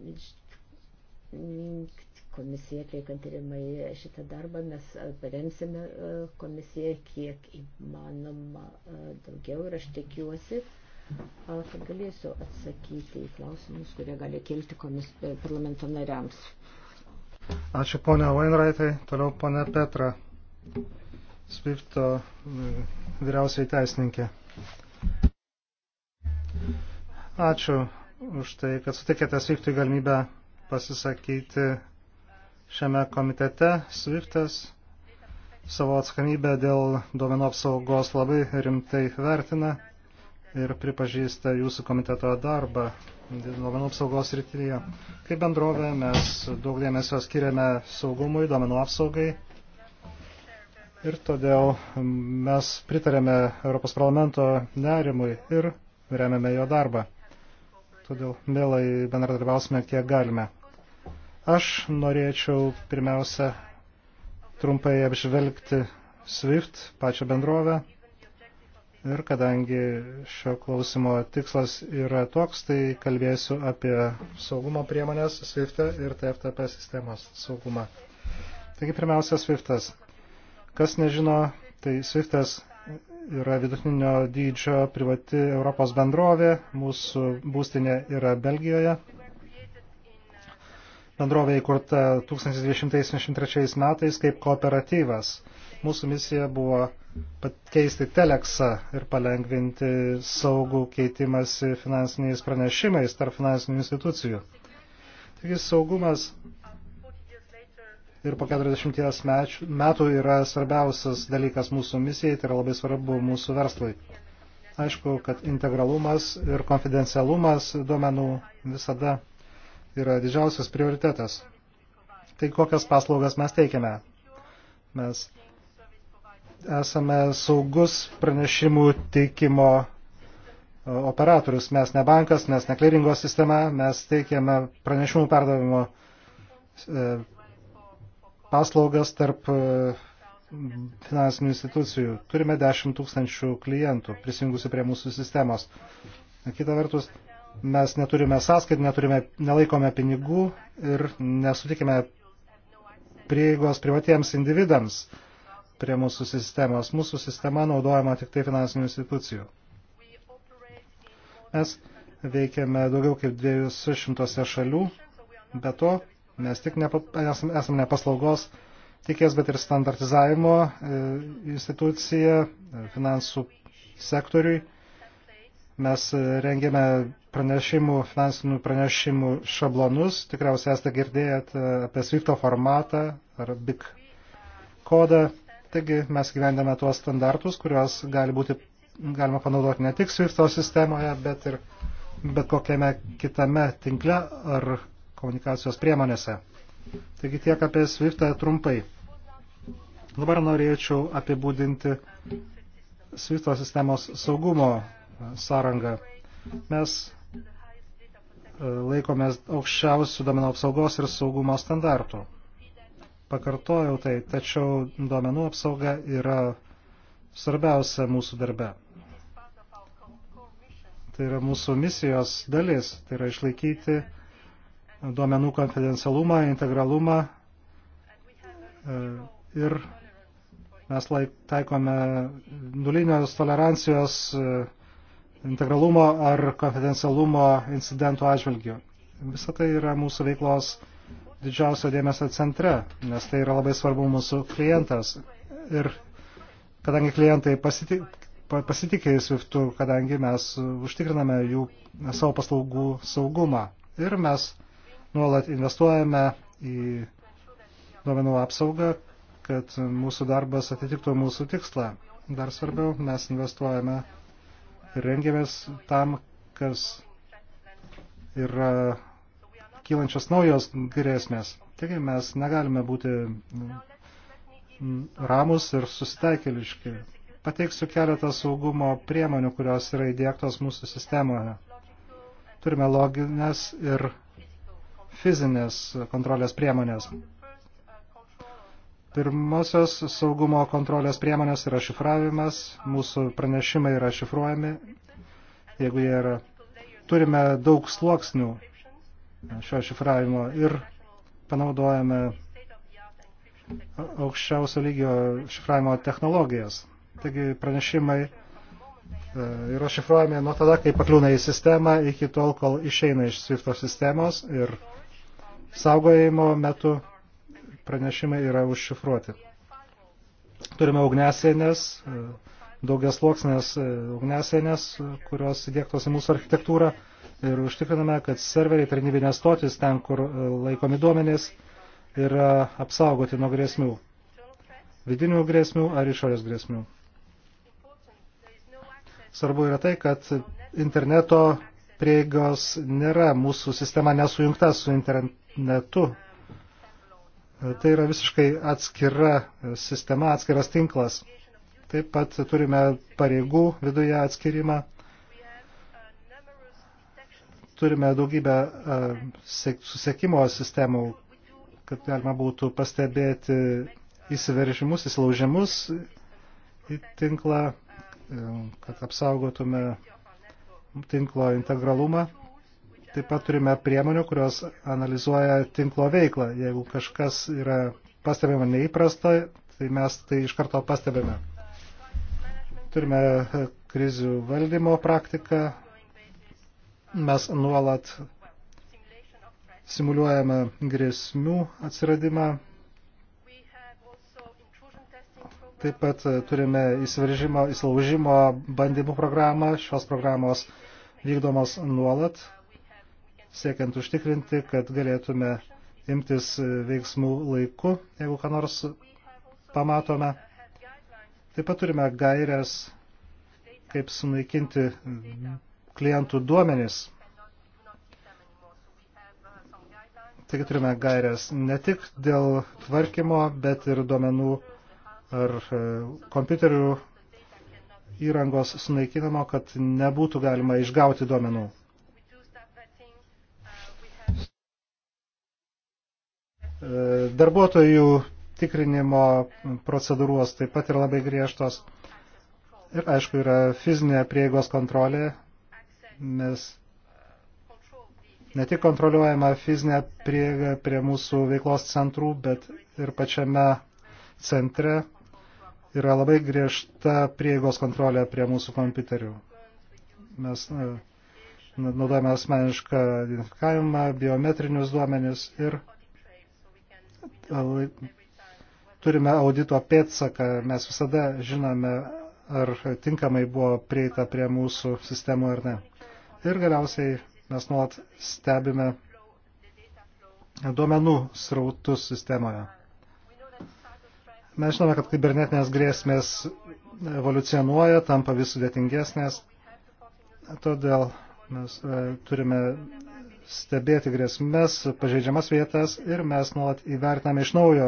komisija atliekant tyrimai šitą darbą, mes paremsime komisiją kiek įmanoma daugiau ir aš tikiuosi, kad galėsiu atsakyti į klausimus, kurie gali kilti komis, e, parlamento nariams. Ačiū ponia Wainwrightai, toliau ponia Petra, Svifto vyriausiai teisininkė. Ačiū už tai, kad sutikėte Swiftui galimybę pasisakyti šiame komitete. Swiftas savo atsakomybę dėl duomenų apsaugos labai rimtai vertina ir pripažįsta jūsų komiteto darbą duomenų apsaugos rytyje. Kaip bendrovė mes daug dėmesio skiriame saugumui, duomenų apsaugai ir todėl mes pritarėme Europos parlamento nerimui ir remiame jo darbą todėl mielai bendradarbiausime, kiek galime. Aš norėčiau pirmiausia trumpai apžvelgti SWIFT, pačią bendrovę. Ir kadangi šio klausimo tikslas yra toks, tai kalbėsiu apie saugumo priemonės SWIFT e ir TFTP sistemos saugumą. Taigi pirmiausia SWIFT'as. Kas nežino, tai SWIFT'as yra vidutinio dydžio privati Europos bendrovė, mūsų būstinė yra Belgijoje. Bendrovė įkurta 1973 metais kaip kooperatyvas. Mūsų misija buvo pakeisti teleksą ir palengvinti saugų keitimąsi finansiniais pranešimais tarp finansinių institucijų. Taigi saugumas ir po 40 metų yra svarbiausias dalykas mūsų misijai, tai yra labai svarbu mūsų verslui. Aišku, kad integralumas ir konfidencialumas duomenų visada yra didžiausias prioritetas. Tai kokias paslaugas mes teikiame? Mes esame saugus pranešimų teikimo e, operatorius. Mes ne bankas, mes ne kliringo sistema, mes teikiame pranešimų perdavimo e, paslaugas tarp e, finansinių institucijų. Turime 10 tūkstančių klientų prisijungusių prie mūsų sistemos. Kita vertus, mes neturime sąskaitų, neturime, nelaikome pinigų ir nesutikime prieigos privatiems individams prie mūsų sistemos. Mūsų sistema naudojama tik tai finansinių institucijų. Mes veikiame daugiau kaip 200 šalių, be to Mes tik ne, esam, esam ne paslaugos tikės, bet ir standartizavimo e, institucija e, finansų sektoriui. Mes e, rengėme pranešimų, finansinių pranešimų šablonus. Tikriausiai esate girdėjęs apie Swifto formatą ar BIC kodą. Taigi mes gyvendame tuos standartus, kuriuos gali būti, galima panaudoti ne tik Swifto sistemoje, bet ir bet kokiame kitame tinkle ar komunikacijos priemonėse. Taigi tiek apie SWIFTą trumpai. Dabar norėčiau apibūdinti SWIFTO sistemos saugumo sąrangą. Mes e, laikomės aukščiausių domenų apsaugos ir saugumo standartų. Pakartojau tai, tačiau domenų apsauga yra svarbiausia mūsų darbe. Tai yra mūsų misijos dalis, tai yra išlaikyti duomenų konfidencialumą, integralumą e, ir mes laik, taikome nulinės tolerancijos e, integralumo ar konfidencialumo incidentų atžvilgių. Visą tai yra mūsų veiklos didžiausio dėmesio centre, nes tai yra labai svarbu mūsų klientas. Ir kadangi klientai pasitik, pasitikė Swiftu, kadangi mes užtikriname jų savo paslaugų saugumą. Ir mes nuolat investuojame į duomenų apsaugą, kad mūsų darbas atitiktų mūsų tikslą. Dar svarbiau, mes investuojame ir rengiamės tam, kas yra kylančios naujos grėsmės. Taigi mes negalime būti ramus ir susitaikeliški. Pateiksiu keletą saugumo priemonių, kurios yra įdėktos mūsų sistemoje. Turime loginės ir fizinės kontrolės priemonės. Pirmosios saugumo kontrolės priemonės yra šifravimas, mūsų pranešimai yra šifruojami, jeigu jie yra. Turime daug sluoksnių šio šifravimo ir panaudojame aukščiausio lygio šifravimo technologijas. Taigi pranešimai e, yra šifruojami nuo tada, kai pakliūna į sistemą, iki tol, kol išeina iš SWIFT sistemos ir saugojimo metu pranešimai yra užšifruoti. Turime ugnesienės, daugias luoksnės ugnesienės, kurios įdėktos į mūsų architektūrą ir užtikriname, kad serveriai tarnybinės stotis ten, kur laikomi duomenys, yra apsaugoti nuo grėsmių. Vidinių grėsmių ar išorės grėsmių. Svarbu yra tai, kad interneto prieigos nėra, mūsų sistema nesujungta su internetu netu. Tai yra visiškai atskira sistema, atskiras tinklas. Taip pat turime pareigų viduje atskirimą. Turime daugybę susiekimo sistemų, kad galima būtų pastebėti įsiveržimus, įsilaužimus į tinklą, kad apsaugotume tinklo integralumą. Taip pat turime priemonių, kurios analizuoja tinklo veiklą. Jeigu kažkas yra pastebima neįprasta, tai mes tai iš karto pastebime. Turime e, krizių valdymo praktiką. Mes nuolat simuliuojame grėsmių atsiradimą. Taip pat e, turime įsiveržimo, įsilaužimo bandymų programą. Šios programos vykdomos nuolat siekiant užtikrinti, kad galėtume imtis veiksmų laiku, jeigu ką nors pamatome. Taip pat turime gairias, kaip sunaikinti klientų duomenis. Taigi turime gairias ne tik dėl tvarkymo, bet ir duomenų ar e, kompiuterių įrangos sunaikinimo, kad nebūtų galima išgauti duomenų. Darbuotojų tikrinimo procedūros taip pat yra labai griežtos. Ir aišku, yra fizinė prieigos kontrolė, nes ne tik kontroliuojama fizinė prieiga prie mūsų veiklos centrų, bet ir pačiame centre yra labai griežta prieigos kontrolė prie mūsų kompiuterių. Mes e, naudojame asmenišką identifikavimą, biometrinius duomenis ir turime audito pėtsaką, mes visada žinome, ar tinkamai buvo prieita prie mūsų sistemų ar ne. Ir galiausiai mes nuolat stebime duomenų srautus sistemoje. Mes žinome, kad kibernetinės grėsmės evoliucionuoja, tampa vis sudėtingesnės, todėl mes e, turime stebėti grėsmes, pažeidžiamas vietas ir mes nuolat įvertiname iš naujo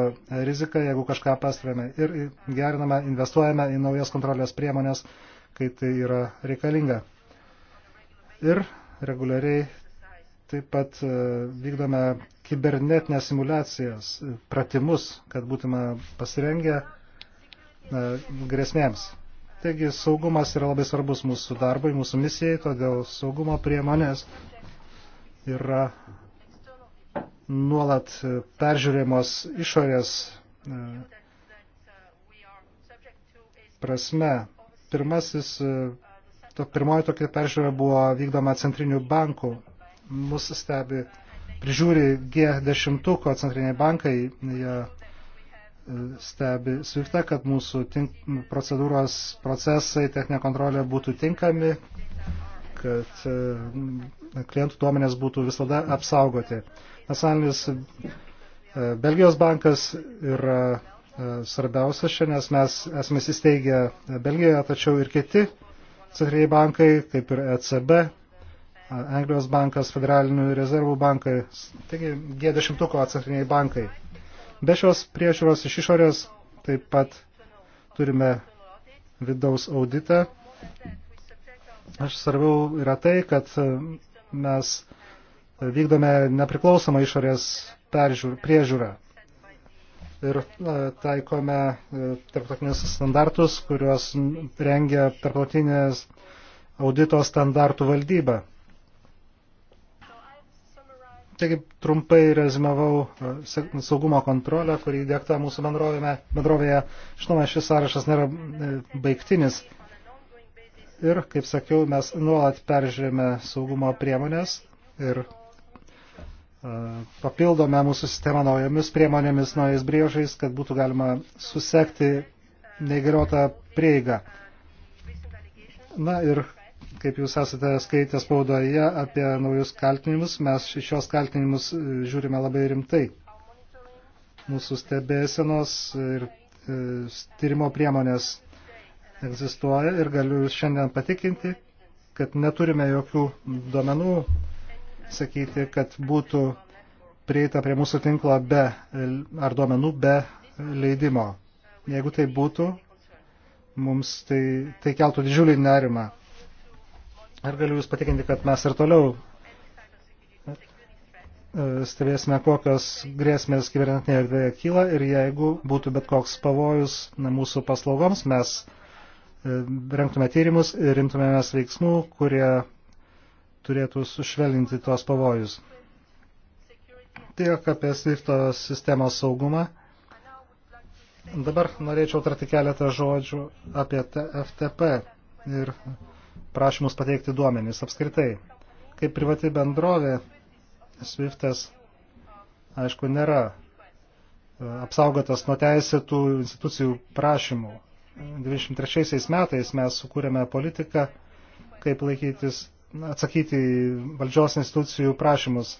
riziką, jeigu kažką pastarėme ir geriname, investuojame į naujas kontrolės priemonės, kai tai yra reikalinga. Ir reguliariai taip pat e, vykdome kibernetinės simulacijas, pratimus, kad būtume pasirengę e, grėsmėms. Taigi saugumas yra labai svarbus mūsų darbui, mūsų misijai, todėl saugumo priemonės yra nuolat peržiūrėmos išorės e, prasme. Pirmasis, e, to, pirmoji tokia peržiūra buvo vykdoma centrinių bankų. Mus stebi, prižiūri G10 centriniai bankai, jie e, stebi sviftą, kad mūsų tink, procedūros procesai, techninė kontrolė būtų tinkami, kad e, klientų duomenės būtų visada apsaugoti. Nacionalinis e, Belgijos bankas yra e, svarbiausias šiandien, nes mes esame įsteigę Belgijoje, tačiau ir kiti centriniai bankai, kaip ir ECB, Anglijos bankas, Federalinių rezervų bankai, taigi G10 centriniai bankai. Be šios priežiūros iš išorės taip pat turime vidaus auditą Aš svarbiau yra tai, kad mes vykdome nepriklausomą išorės peržiūr, priežiūrą ir e, taikome e, tarptautinius standartus, kuriuos rengia tarptautinės audito standartų valdyba. Taigi trumpai rezimavau e, saugumo kontrolę, kurį dėkta mūsų bendrovėje. Žinoma, šis sąrašas nėra baigtinis. Ir, kaip sakiau, mes nuolat peržiūrėme saugumo priemonės ir e, papildome mūsų sistemą naujomis priemonėmis, naujais briežais, kad būtų galima susekti neįgaliotą prieigą. Na ir, kaip jūs esate skaitę spaudoje apie naujus kaltinimus, mes šios kaltinimus e, žiūrime labai rimtai. Mūsų stebėsenos ir e, tyrimo priemonės egzistuoja ir galiu jūs šiandien patikinti, kad neturime jokių duomenų sakyti, kad būtų prieita prie mūsų tinklo be, ar duomenų be leidimo. Jeigu tai būtų, mums tai, tai keltų didžiulį nerimą. Ar galiu Jūs patikinti, kad mes ir toliau e, stebėsime, kokios grėsmės kibernetinėje erdvėje kyla ir jeigu būtų bet koks pavojus na, mūsų paslaugoms, mes rengtume tyrimus ir rimtumėmės veiksmų, kurie turėtų sušvelninti tuos pavojus. Tiek apie SWIFTO sistemos saugumą. Dabar norėčiau tarti keletą žodžių apie FTP ir prašymus pateikti duomenys apskritai. Kaip privati bendrovė, SWIFT'as, aišku, nėra e, apsaugotas nuo teisėtų institucijų prašymų. 23 metais mes sukūrėme politiką, kaip laikytis, atsakyti valdžios institucijų prašymus.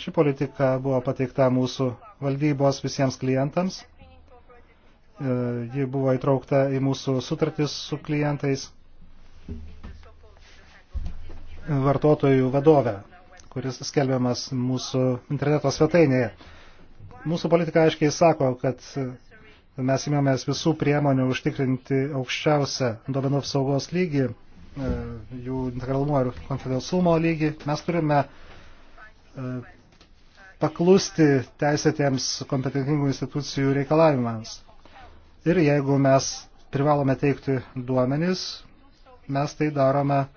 Ši politika buvo pateikta mūsų valdybos visiems klientams. E, ji buvo įtraukta į mūsų sutartis su klientais vartotojų vadovę, kuris skelbiamas mūsų interneto svetainėje. Mūsų politika aiškiai sako, kad mes imamės visų priemonių užtikrinti aukščiausią duomenų apsaugos lygį, e, jų integralumo ir konfidencialumo lygį. Mes turime e, paklusti teisėtiems kompetentingų institucijų reikalavimams. Ir jeigu mes privalome teikti duomenys, mes tai darome e,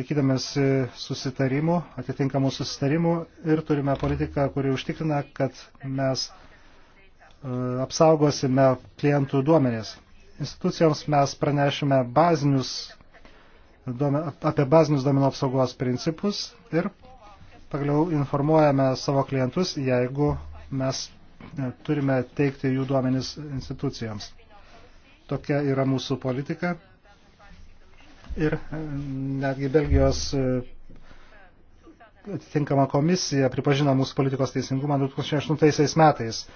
laikydamėsi susitarimų, atitinkamų susitarimų ir turime politiką, kuri užtikrina, kad mes apsaugosime klientų duomenės. Institucijoms mes pranešime bazinius, apie bazinius duomenų apsaugos principus ir pagaliau informuojame savo klientus, jeigu mes e, turime teikti jų duomenis institucijoms. Tokia yra mūsų politika. Ir e, netgi Belgijos e, atitinkama komisija pripažino mūsų politikos teisingumą 2008 metais.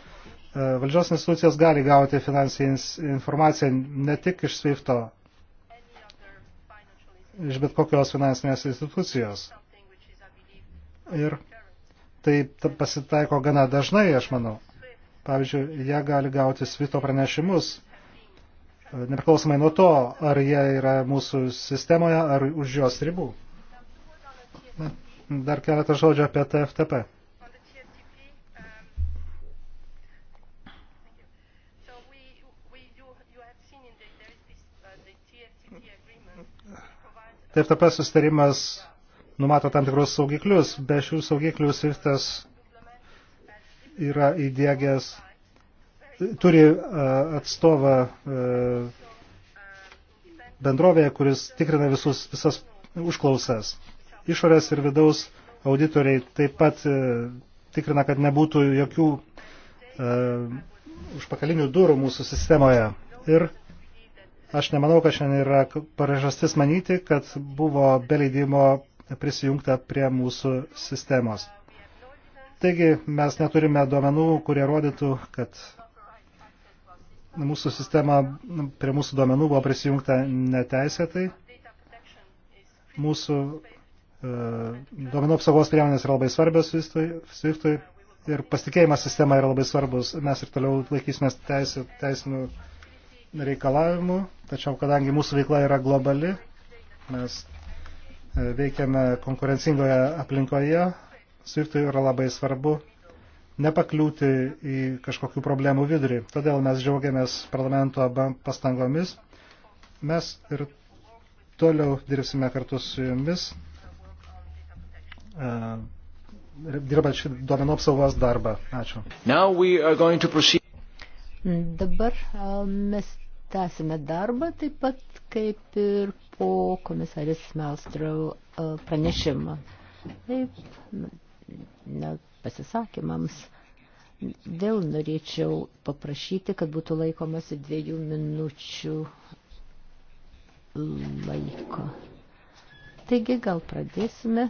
E, valdžios institucijos gali gauti finansinį informaciją ne tik iš SWIFT'o, iš bet kokios finansinės institucijos. Ir tai pasitaiko gana dažnai, aš manau. Pavyzdžiui, jie gali gauti SWIFT'o pranešimus, e, nepriklausomai nuo to, ar jie yra mūsų sistemoje ar už jos ribų. Dar keletą žodžių apie TFTP. TFTP sustarimas numato tam tikrus saugiklius. Be šių saugiklių SWIFT'as yra įdėgęs, turi atstovą bendrovėje, kuris tikrina visus, visas užklausas. Išorės ir vidaus auditoriai taip pat e, tikrina, kad nebūtų jokių užpakalinių durų mūsų sistemoje. Ir Aš nemanau, kad šiandien yra priežastis manyti, kad buvo be leidimo prisijungta prie mūsų sistemos. Taigi mes neturime duomenų, kurie rodytų, kad mūsų sistema prie mūsų duomenų buvo prisijungta neteisėtai. Mūsų e, duomenų apsaugos priemonės yra labai svarbios SWIFTui ir pasitikėjimas sistema yra labai svarbus. Mes ir toliau laikysimės teisinių reikalavimų, tačiau kadangi mūsų veikla yra globali, mes e, veikiame konkurencingoje aplinkoje, Swiftui yra labai svarbu nepakliūti į kažkokių problemų vidurį. Todėl mes džiaugiamės parlamento pastangomis. Mes ir toliau dirbsime kartu su jumis, e, dirbant šį duomenų apsaugos darbą. Ačiū. Dabar mes tęsime darbą taip pat kaip ir po komisarės Melstrau pranešimą. Taip, ne, pasisakymams. Vėl norėčiau paprašyti, kad būtų laikomasi dviejų minučių laiko. Taigi gal pradėsime.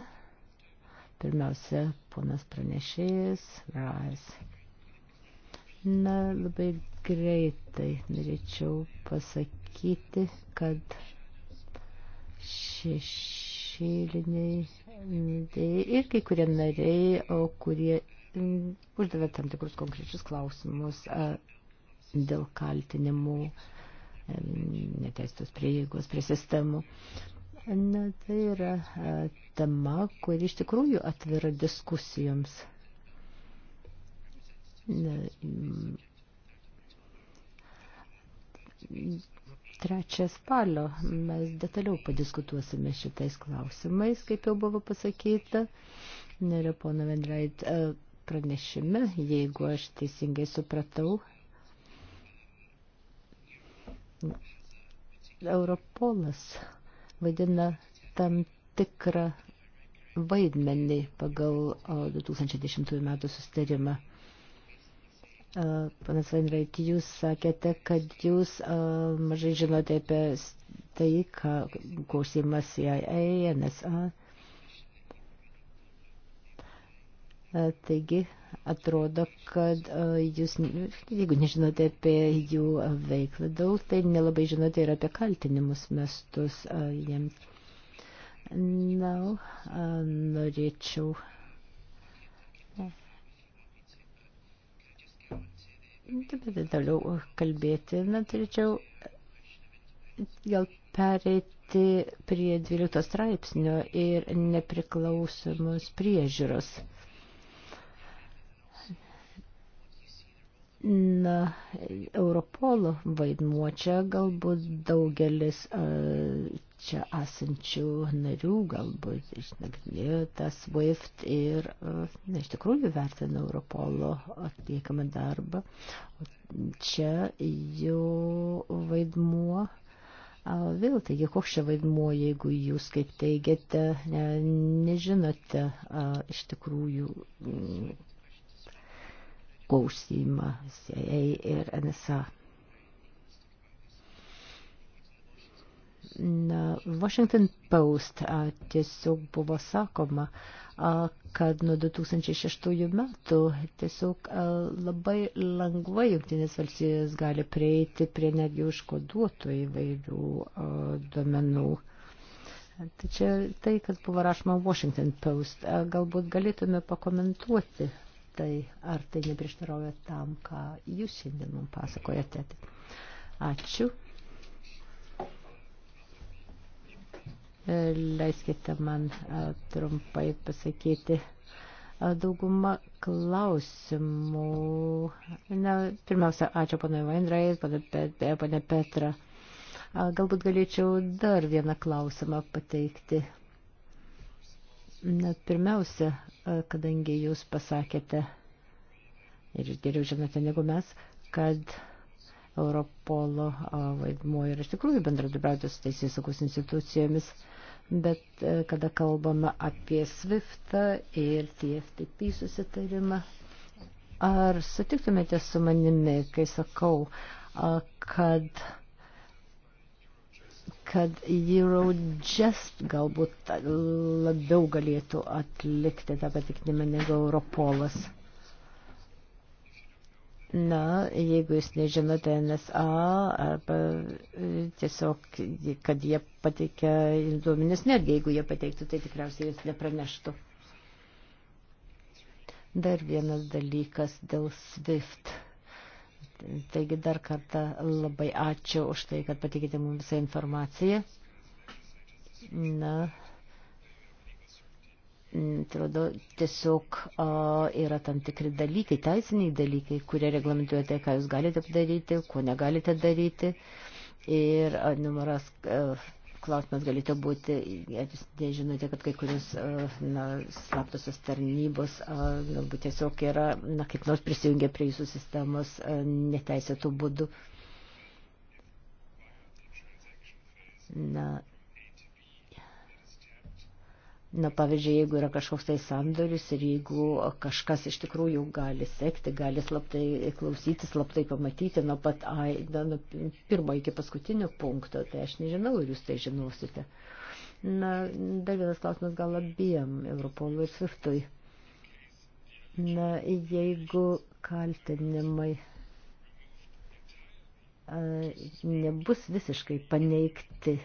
Pirmiausia, ponas pranešėjas, Rais. Na, labai greitai norėčiau pasakyti, kad šešėliniai ir kai kurie nariai, o kurie uždavė tam tikrus konkrečius klausimus a, dėl kaltinimų, neteistos prieigos prie sistemų. Na, tai yra a, tema, kuri iš tikrųjų atvira diskusijoms. Trečią spalio mes detaliau padiskutuosime šitais klausimais, kaip jau buvo pasakyta. Nėra pono Vendrait e, pranešime, jeigu aš teisingai supratau. Europolas vaidina tam tikrą vaidmenį pagal 2010 metų sustarimą. Panas Venraiti, jūs sakėte, kad jūs mažai žinote apie tai, ką klausimas CIA, NSA. Taigi, atrodo, kad jūs, jeigu nežinote apie jų veiklą daug, tai nelabai žinote ir apie kaltinimus mestus jiems. Na, norėčiau. Yeah. Dabar toliau kalbėti, na, turėčiau gal pereiti prie 12 straipsnio ir nepriklausomos priežiūros. Na, Europolo vaidmuo čia galbūt daugelis čia esančių narių, galbūt išnagrinėjo tą SWIFT ir na, e, iš tikrųjų vertino Europolo atliekamą darbą. Čia jo vaidmuo. Vėl, taigi, koks čia vaidmuo, jeigu jūs, kaip teigiate, ne, nežinote a, iš tikrųjų, m, ko užsima CIA ir NSA. Washington Post tiesiog buvo sakoma, kad nuo 2006 metų tiesiog labai lengvai jungtinės valstijos gali prieiti prie netgi užkoduotų įvairių duomenų. Tai čia tai, kas buvo rašoma Washington Post. Galbūt galėtume pakomentuoti tai, ar tai neprieštarauja tam, ką jūs šiandien mums pasakojate. Ačiū. Leiskite man trumpai pasakyti. Dauguma klausimų. Na, pirmiausia, ačiū panai Vaindrai, panai e, Petra. Galbūt galėčiau dar vieną klausimą pateikti. Na, pirmiausia, kadangi jūs pasakėte, ir geriau žinote negu mes, kad Europolo vaidmuo ir iš tikrųjų bendradarbiauti su teisėsaugos institucijomis. Bet e, kada kalbame apie SWIFT ir TFTP susitarimą, ar sutiktumėte su manimi, kai sakau, kad kad Eurojust galbūt labiau galėtų atlikti tą patikrinimą negu Europolas. Na, jeigu jūs nežinote NSA arba e, tiesiog, kad jie pateikia duomenis, netgi jeigu jie pateiktų, tai tikriausiai jūs nepraneštų. Dar vienas dalykas dėl SWIFT. Taigi dar kartą labai ačiū už tai, kad patikite mums visą informaciją. Na, Mm, Atrodo, tai tiesiog a, yra tam tikri dalykai, teisiniai dalykai, kurie reglamentuoja tai, ką jūs galite padaryti, ko negalite daryti. Ir a, numaras a, klausimas galite būti, jūs nežinote, kad kai kurios na, slaptosios tarnybos galbūt tiesiog yra, na, kaip nors prisijungia prie jūsų sistemos neteisėtų būdų. Na, Na, pavyzdžiui, jeigu yra kažkoks tai sandoris ir jeigu kažkas iš tikrųjų gali sekti, gali slaptai klausyti, slaptai pamatyti nuo pat ai, da, nuo pirmo iki paskutinio punkto, tai aš nežinau, ar jūs tai žinosite. Na, dar vienas klausimas gal abiem Europolui ir Swiftui. Na, jeigu kaltinimai nebus visiškai paneigti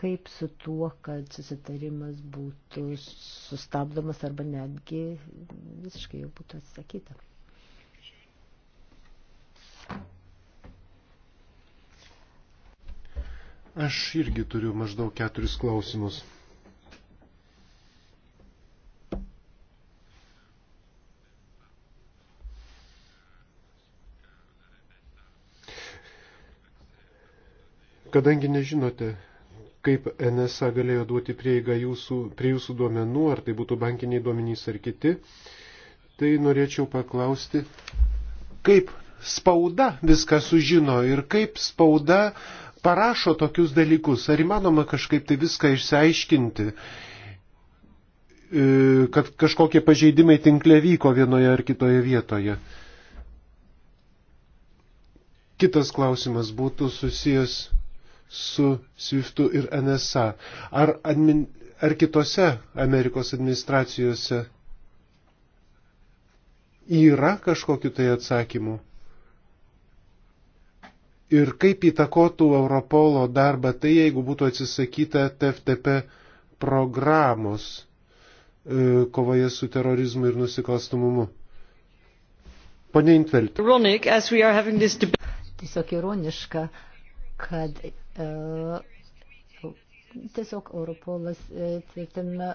kaip su tuo, kad susitarimas būtų sustabdomas arba netgi visiškai jau būtų atsisakyta. Aš irgi turiu maždaug keturis klausimus. Kadangi nežinote, kaip NSA galėjo duoti prieigą jūsų, prie jūsų duomenų, ar tai būtų bankiniai duomenys ar kiti, tai norėčiau paklausti, kaip spauda viską sužino ir kaip spauda parašo tokius dalykus, ar įmanoma kažkaip tai viską išsiaiškinti, e, kad kažkokie pažeidimai tinkle vyko vienoje ar kitoje vietoje. Kitas klausimas būtų susijęs su SWIFTu ir NSA? Ar, admin, ar kitose Amerikos administracijose yra kažkokiu tai atsakymu? Ir kaip įtakotų Europolo darbą tai, jeigu būtų atsisakyta TFTP programos e, kovoje su terorizmu ir nusikalstumumu? Pone Intvelt. Tiesiog ironiška, kad E, tiesiog Europolas e, tvirtina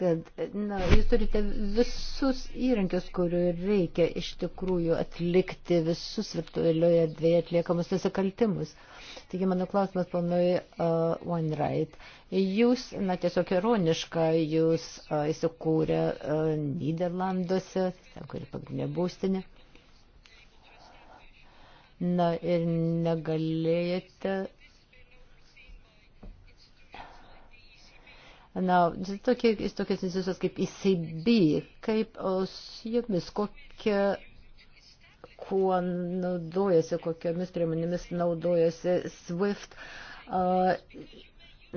kad na, jūs turite visus įrankius, kurių reikia iš tikrųjų atlikti visus virtualioje erdvėje atliekamus nusikaltimus. Taigi mano klausimas ponui uh, Wainwright. Jūs, na tiesiog ironiška, jūs uh, įsikūrė uh, Niderlanduose, ten kuri pagrindinė būstinė. Uh, Na ir negalėjote. Na, tokie, tokios institucijos kaip ECB, kaip su jomis, kokia, kuo naudojasi, kokiomis priemonėmis naudojasi SWIFT, a,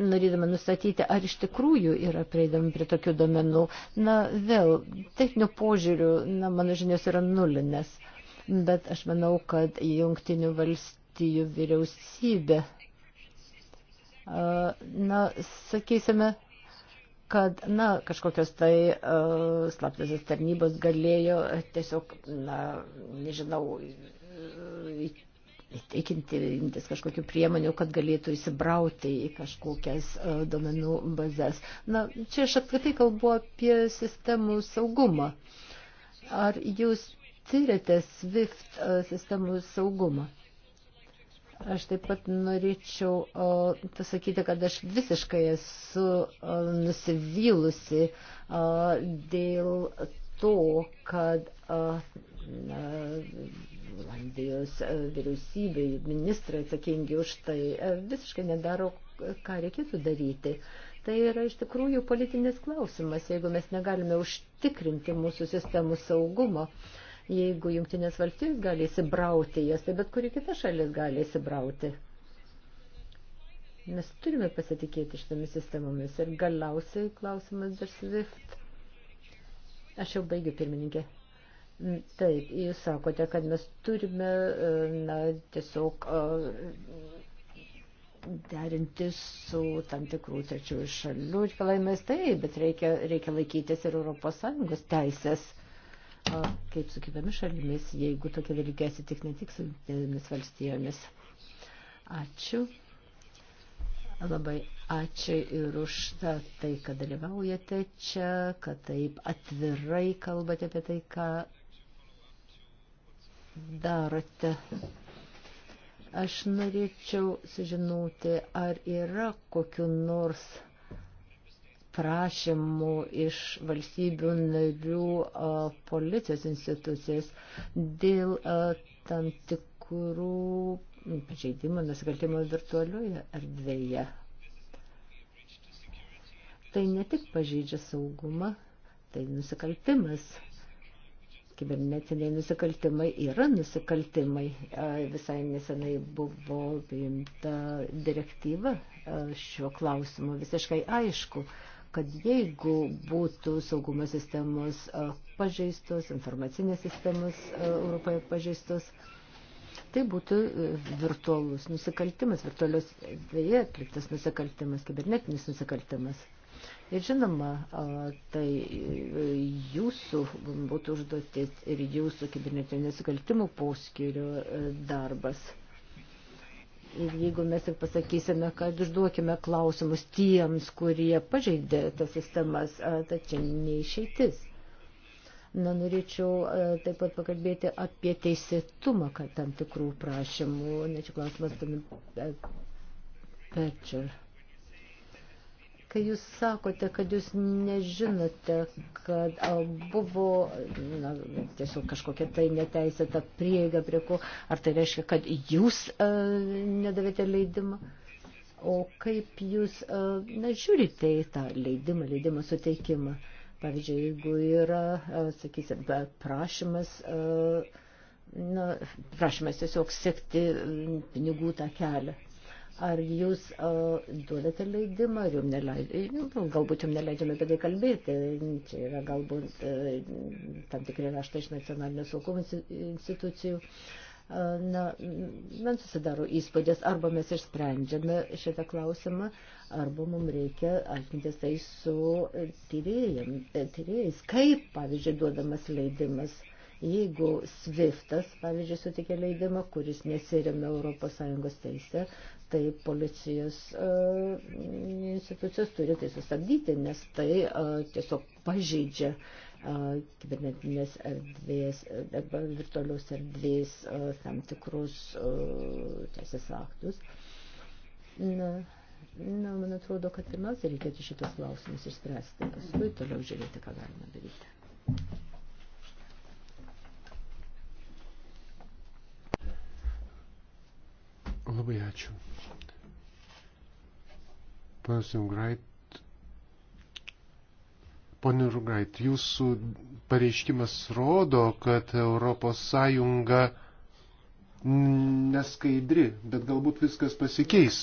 norėdama nustatyti, ar iš tikrųjų yra prieidami prie tokių domenų. Na, vėl, techninių požiūrių, na, mano žinios yra nulinės. A, bet aš manau, kad jungtinių valstijų vyriausybė, na, sakysime, kad, na, kažkokios tai uh, slaptosios tarnybos galėjo tiesiog, na, nežinau, įtikinti imtis kažkokių priemonių, kad galėtų įsibrauti į kažkokias uh, domenų bazės. Na, čia aš apskritai kalbu apie sistemų saugumą. Ar jūs tyrėte SWIFT e, sistemų saugumą. Aš taip pat norėčiau o, pasakyti, kad aš visiškai esu o, nusivylusi o, dėl to, kad o, na, Olandijos e, vyriausybė, ministrai atsakingi už tai e, visiškai nedaro, ką reikėtų daryti. Tai yra iš tikrųjų politinis klausimas, jeigu mes negalime užtikrinti mūsų sistemų saugumo. O, Jeigu jungtinės valstijos gali įsibrauti jas, tai bet kuri kita šalis gali įsibrauti. Mes turime pasitikėti šitomis sistemomis. Ir galiausiai klausimas dar SWIFT. Aš jau baigiu, pirmininkė. Mm, taip, jūs sakote, kad mes turime e, na, tiesiog e, derinti su tam tikrų trečiųjų šalių reikalavimais, taip, bet reikia, reikia laikytis ir ES teisės kaip su kitomis šalimis, jeigu tokie dalykai atsitik ne tik su jungtinėmis valstijomis. Ačiū. Labai ačiū ir už tą, tai, kad dalyvaujate čia, kad taip atvirai kalbate apie tai, ką darote. Aš norėčiau sužinoti, ar yra kokiu nors prašymų iš valstybių narių policijos institucijas dėl tam tikrų pažeidimų nusikaltimų virtualioje erdvėje. Tai ne tik pažeidžia saugumą, tai nusikaltimas. Kibernetiniai nusikaltimai yra nusikaltimai. Visai nesenai buvo priimta direktyva šiuo klausimu visiškai aišku kad jeigu būtų saugumo sistemos pažeistos, informacinės sistemos Europoje pažeistos, tai būtų e, virtualus nusikaltimas, virtualios vėje atliktas nusikaltimas, kibernetinis nusikaltimas. Ir žinoma, tai e, jūsų būtų užduotis ir jūsų kibernetinių nusikaltimų poskyrio e, darbas. Ir jeigu mes ir pasakysime, kad užduokime klausimus tiems, kurie pažeidė tas sistemas, tai čia neišeitis. Na, norėčiau taip pat pakalbėti apie teisėtumą, kad tam tikrų prašymų, nečiau klausimas, Pečer. Kai jūs sakote, kad jūs nežinote, kad buvo na, tiesiog kažkokia tai neteisėta prieiga prie ko, ar tai reiškia, kad jūs a, nedavėte leidimą? O kaip jūs a, na, žiūrite į tą leidimą, leidimo suteikimą? Pavyzdžiui, jeigu yra, a, sakysim, prašymas. A, na, prašymas tiesiog sekti pinigų tą kelią. Ar jūs uh, duodate leidimą, ar jums neleidžiama, nu, galbūt jums neleidžiama apie tai kalbėti, čia yra galbūt uh, tam tikri raštai iš nacionalinio saugumo institucijų. Uh, na, man susidaro įspūdės, arba mes išsprendžiame šitą klausimą, arba mums reikia aiškintis tai su e, tyrėjais. Kaip, pavyzdžiui, duodamas leidimas uh, jeigu Sviftas, pavyzdžiui, sutikė leidimą, kuris nesirėmė ES teisę, tai policijos e, institucijos turi tai sustabdyti, nes tai e, tiesiog pažeidžia e, kibernetinės erdvės arba virtualios erdvės tam tikrus teisės aktus. Na, na, man atrodo, kad pirmiausia reikėtų šitos klausimus išspręsti, paskui toliau žiūrėti, ką galima daryti. Labai ačiū. Panas Jungrait, ponė Rugait, jūsų pareiškimas rodo, kad Europos Sąjunga neskaidri, bet galbūt viskas pasikeis.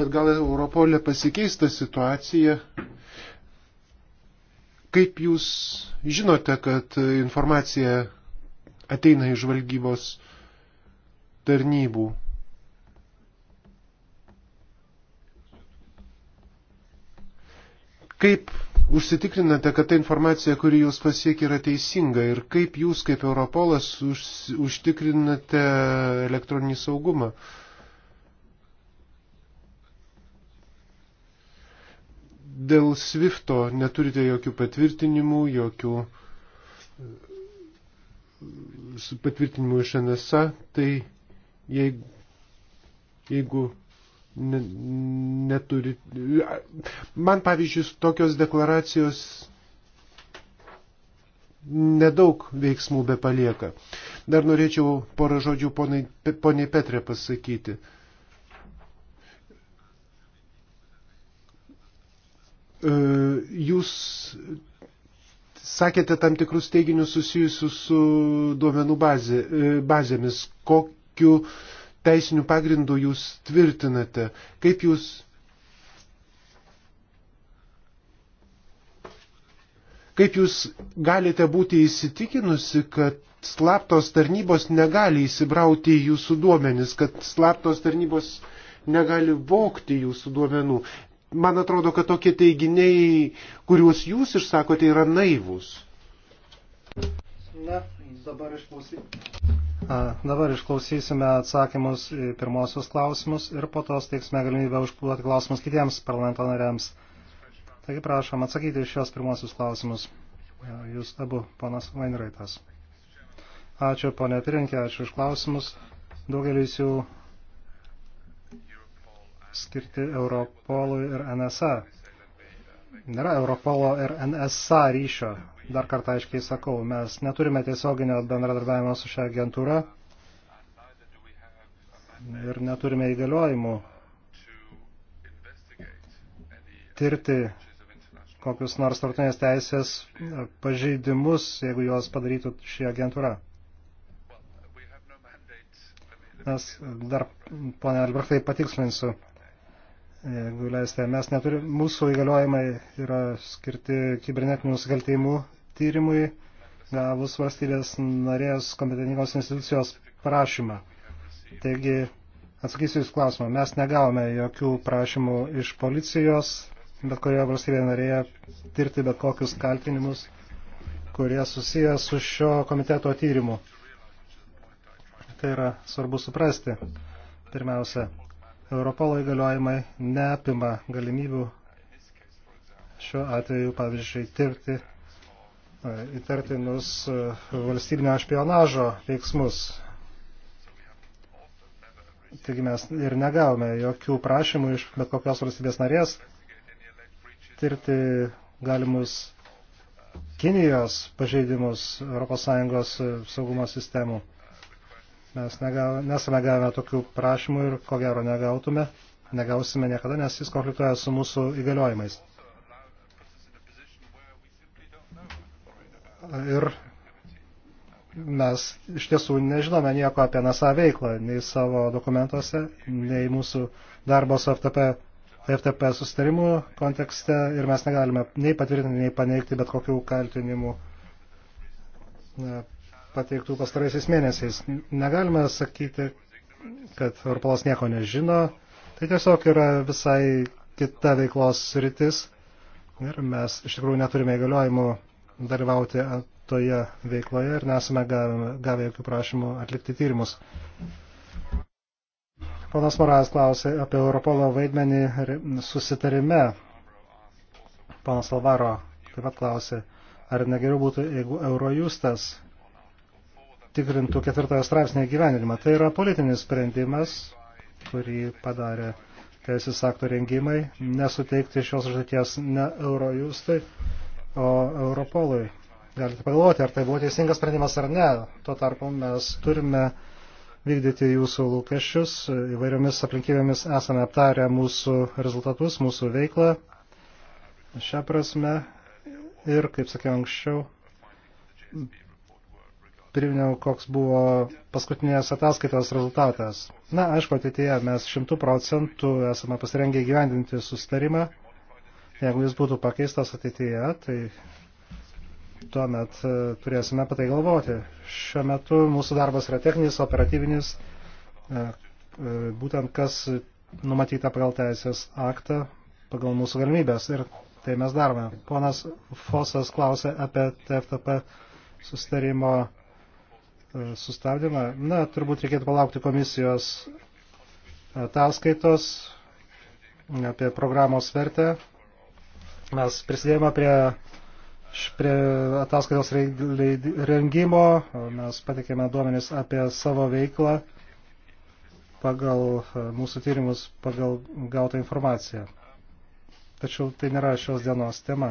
Bet gal Europolė pasikeis ta situacija? Kaip jūs žinote, kad informacija ateina iš žvalgybos tarnybų. Kaip užsitikrinate, kad ta informacija, kuri jūs pasiekia, yra teisinga ir kaip jūs kaip Europolas už, užtikrinate elektroninį saugumą? Dėl Swifto neturite jokių patvirtinimų, jokių patvirtinimų iš NSA, tai jeigu, jeigu neturi. Man pavyzdžiui, tokios deklaracijos nedaug veiksmų be palieka. Dar norėčiau porą žodžių poniai, poniai Petrė pasakyti. E, jūs sakėte tam tikrus teiginius susijusius su duomenų bazė, e, bazėmis. Kok, kokiu teisiniu pagrindu jūs tvirtinate, kaip jūs. Kaip jūs galite būti įsitikinusi, kad slaptos tarnybos negali įsibrauti į jūsų duomenis, kad slaptos tarnybos negali vokti jūsų duomenų. Man atrodo, kad tokie teiginiai, kuriuos jūs išsakote, yra naivus. Na, dabar išklausykime. Dabar išklausysime atsakymus į pirmosius klausimus ir po to steiksime galimybę užduoti klausimus kitiems parlamento nariams. Taigi prašom atsakyti iš šios pirmosius klausimus. Jūs abu, ponas Vainraitas. Ačiū, ponė Pirinkė, ačiū iš klausimus. Daugelis jų skirti Europolui ir NSA. Nėra Europolo ir NSA ryšio dar kartą aiškiai sakau, mes neturime tiesioginio bendradarbiavimo su šią agentūrą ir neturime įgaliojimų tirti kokius nors tarptautinės teisės pažeidimus, jeigu juos padarytų ši agentūra. Mes dar, ponia Albertai, patikslinsiu, jeigu leisite, mes neturim, mūsų įgaliojimai yra skirti kibernetinių nusikaltimų tyrimui gavus valstybės narės kompetentingos institucijos prašymą. Taigi, atsakysiu Jūsų klausimą. Mes negavome jokių prašymų iš policijos, bet kurioje valstybėje narėje tirti bet kokius kaltinimus, kurie susiję su šio komiteto tyrimu. Tai yra svarbu suprasti. Pirmiausia, Europolo įgaliojimai neapima galimybių šiuo atveju, pavyzdžiui, tirti E, įtartinus e, valstybinio špionažo veiksmus. Taigi mes ir negavome jokių prašymų iš bet kokios valstybės narės tirti galimus Kinijos pažeidimus ES e, saugumo sistemų. Mes negavome, nesame gavę tokių prašymų ir ko gero negautume, negausime niekada, nes jis konfliktuoja su mūsų įgaliojimais. ir mes iš tiesų nežinome nieko apie NSA veiklą, nei savo dokumentuose, nei mūsų darbo su FTP, FTP susitarimų kontekste ir mes negalime nei patvirtinti, nei paneigti bet kokių kaltinimų pateiktų pastaraisiais mėnesiais. Negalime sakyti, kad Europolas nieko nežino, tai tiesiog yra visai kita veiklos rytis ir mes iš tikrųjų neturime įgaliojimų dalyvauti toje veikloje ir nesame gavę, gavę jokių prašymų atlikti tyrimus. Ponas Moras klausė apie Europolo vaidmenį susitarime. Ponas Alvaro taip pat klausė, ar negeriau būtų, jeigu Eurojustas tikrintų ketvirtojo straipsnio gyvenimą. Tai yra politinis sprendimas, kurį padarė teisės akto rengimai, nesuteikti šios užduoties ne Eurojustui, o Europolui. Galite pagalvoti, ar tai buvo teisingas sprendimas ar ne. Tuo tarpu mes turime vykdyti jūsų lūkesčius. Įvairiomis aplinkybėmis esame aptarę mūsų rezultatus, mūsų veiklą. Šią prasme ir, kaip sakiau anksčiau, priminiau, koks buvo paskutinės ataskaitos rezultatas. Na, aišku, ateityje mes šimtų procentų esame pasirengę įgyvendinti sustarimą Jeigu jis būtų pakeistas ateityje, tai tuomet e, turėsime apie tai galvoti. Šiuo metu mūsų darbas yra techninis, operatyvinis, e, e, būtent kas numatyta pagal teisės aktą, pagal mūsų galimybės. Ir tai mes darome. Ponas Fosas klausė apie TFTP sustarimo sustabdymą. Na, turbūt reikėtų palaukti komisijos ataskaitos apie programos vertę Mes prisidėjome prie, prie ataskaitos rengimo, mes patikėme duomenis apie savo veiklą pagal e, mūsų tyrimus, pagal gautą informaciją. Tačiau tai nėra šios dienos tema.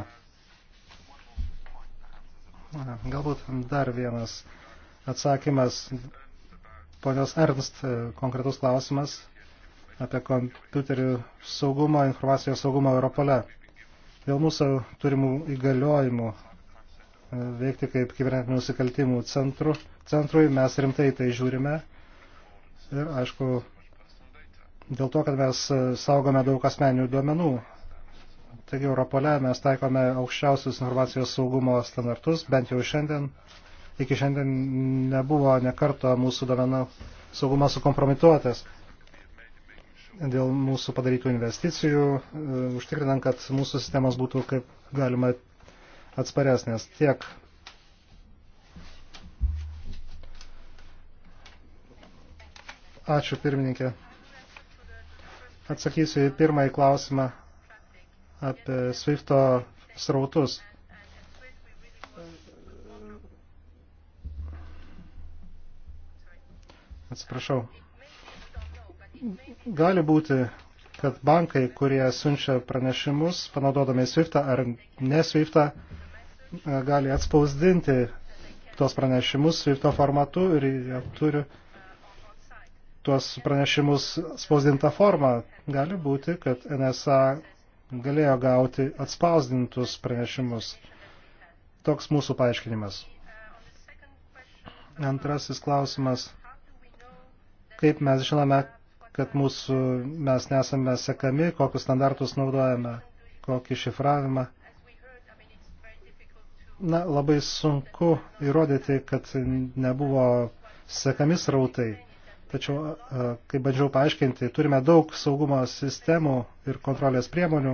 E, galbūt dar vienas atsakymas. Ponios Ernst, e, konkretus klausimas apie kompiuterių saugumą, informacijos saugumą Europole. Dėl mūsų turimų įgaliojimų e, veikti kaip kibernetinių nusikaltimų centru, centrui mes rimtai tai žiūrime. Ir aišku, dėl to, kad mes e, saugome daug asmeninių duomenų. Taigi Europole mes taikome aukščiausius informacijos saugumo standartus, bent jau šiandien. Iki šiandien nebuvo nekarto mūsų duomenų saugumas sukompromituotas dėl mūsų padarytų investicijų, e, užtikrinant, kad mūsų sistemas būtų kaip galima atsparesnės tiek Ačiū pirmininkė. Atsakysiu į pirmąjį klausimą apie Swift'o srautus. Atsiprašau gali būti, kad bankai, kurie siunčia pranešimus, panaudodami Swiftą ar ne Swiftą, e, gali atspausdinti tuos pranešimus Swifto formatu ir jie turi tuos pranešimus spausdintą formą. Gali būti, kad NSA galėjo gauti atspausdintus pranešimus. Toks mūsų paaiškinimas. Antrasis klausimas. Kaip mes žinome, kad mūsų, mes nesame sekami, kokius standartus naudojame, kokį šifravimą. Na, labai sunku įrodyti, kad nebuvo sekami srautai. Tačiau, kaip bandžiau paaiškinti, turime daug saugumo sistemų ir kontrolės priemonių,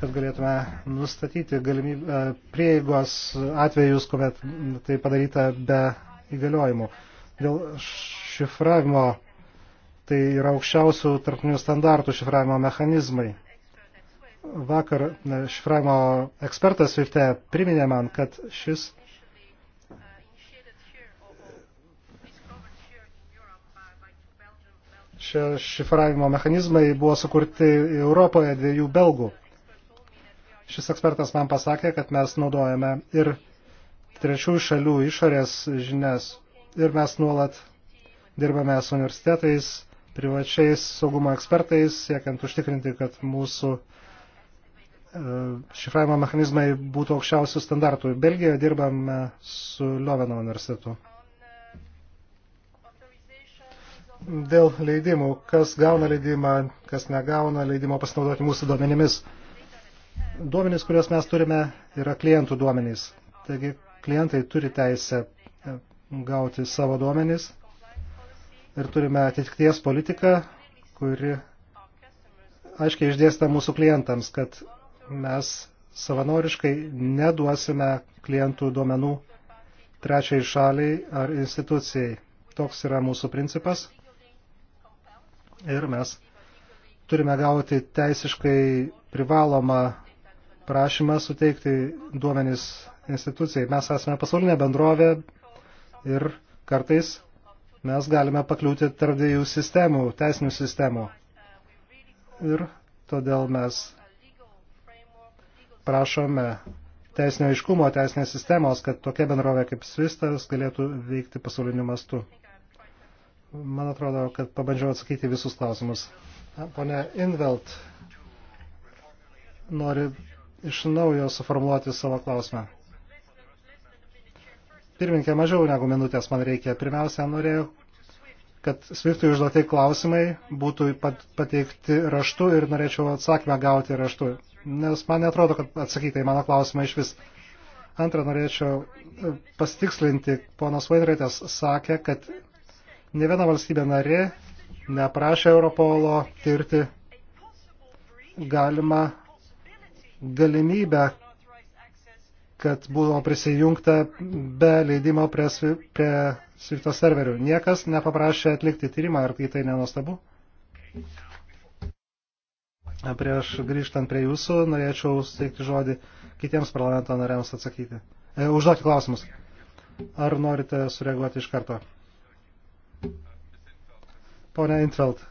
kad galėtume nustatyti galimybę prieigos atvejus, kuomet tai padaryta be įgaliojimų. Dėl šifravimo Tai yra aukščiausių tarptautinių standartų šifravimo mechanizmai. Vakar šifravimo ekspertas Svifte priminė man, kad šis šie šifravimo mechanizmai buvo sukurti Europoje dviejų belgų. Šis ekspertas man pasakė, kad mes naudojame ir trečiųjų šalių išorės žinias ir mes nuolat dirbame su universitetais, privačiais saugumo ekspertais, siekiant užtikrinti, kad mūsų e, šifravimo mechanizmai būtų aukščiausių standartų. Belgijoje dirbame su Lioveno universitetu. Dėl leidimų, kas gauna leidimą, kas negauna leidimo pasinaudoti mūsų duomenimis. Duomenys, kuriuos mes turime, yra klientų duomenys. Taigi klientai turi teisę e, gauti savo duomenys ir turime atitikties politiką, kuri aiškiai išdėsta mūsų klientams, kad mes savanoriškai neduosime klientų duomenų trečiai šaliai ar institucijai. Toks yra mūsų principas ir mes turime gauti teisiškai privalomą prašymą suteikti duomenys institucijai. Mes esame pasaulinė bendrovė ir kartais mes galime pakliūti tarp dviejų sistemų, teisinių sistemų. Ir todėl mes prašome teisinio aiškumo, teisinės sistemos, kad tokia bendrovė kaip Svistas galėtų veikti pasauliniu mastu. Man atrodo, kad pabandžiau atsakyti visus klausimus. Pone Invelt nori iš naujo suformuoluoti savo klausimą. Pirminkė, mažiau negu minutės man reikia. Pirmiausia, norėjau, kad Swiftui užduoti klausimai būtų pateikti raštu ir norėčiau atsakymą gauti raštu, nes man netrodo, kad atsakyti į mano klausimą iš vis. Antra, norėčiau e, pasitikslinti, ponas Vaidraitės sakė, kad ne viena valstybė narė neprašė Europolo tirti galima galimybę, kad buvo prisijungta be leidimo prie, prie Svifto serverių. Niekas nepaprašė atlikti tyrimą, ar tai nenustabu? Prieš grįžtant prie jūsų, norėčiau steikti žodį kitiems parlamento nariams atsakyti. E, užduoti klausimus. Ar norite sureaguoti iš karto? Pone Intveld,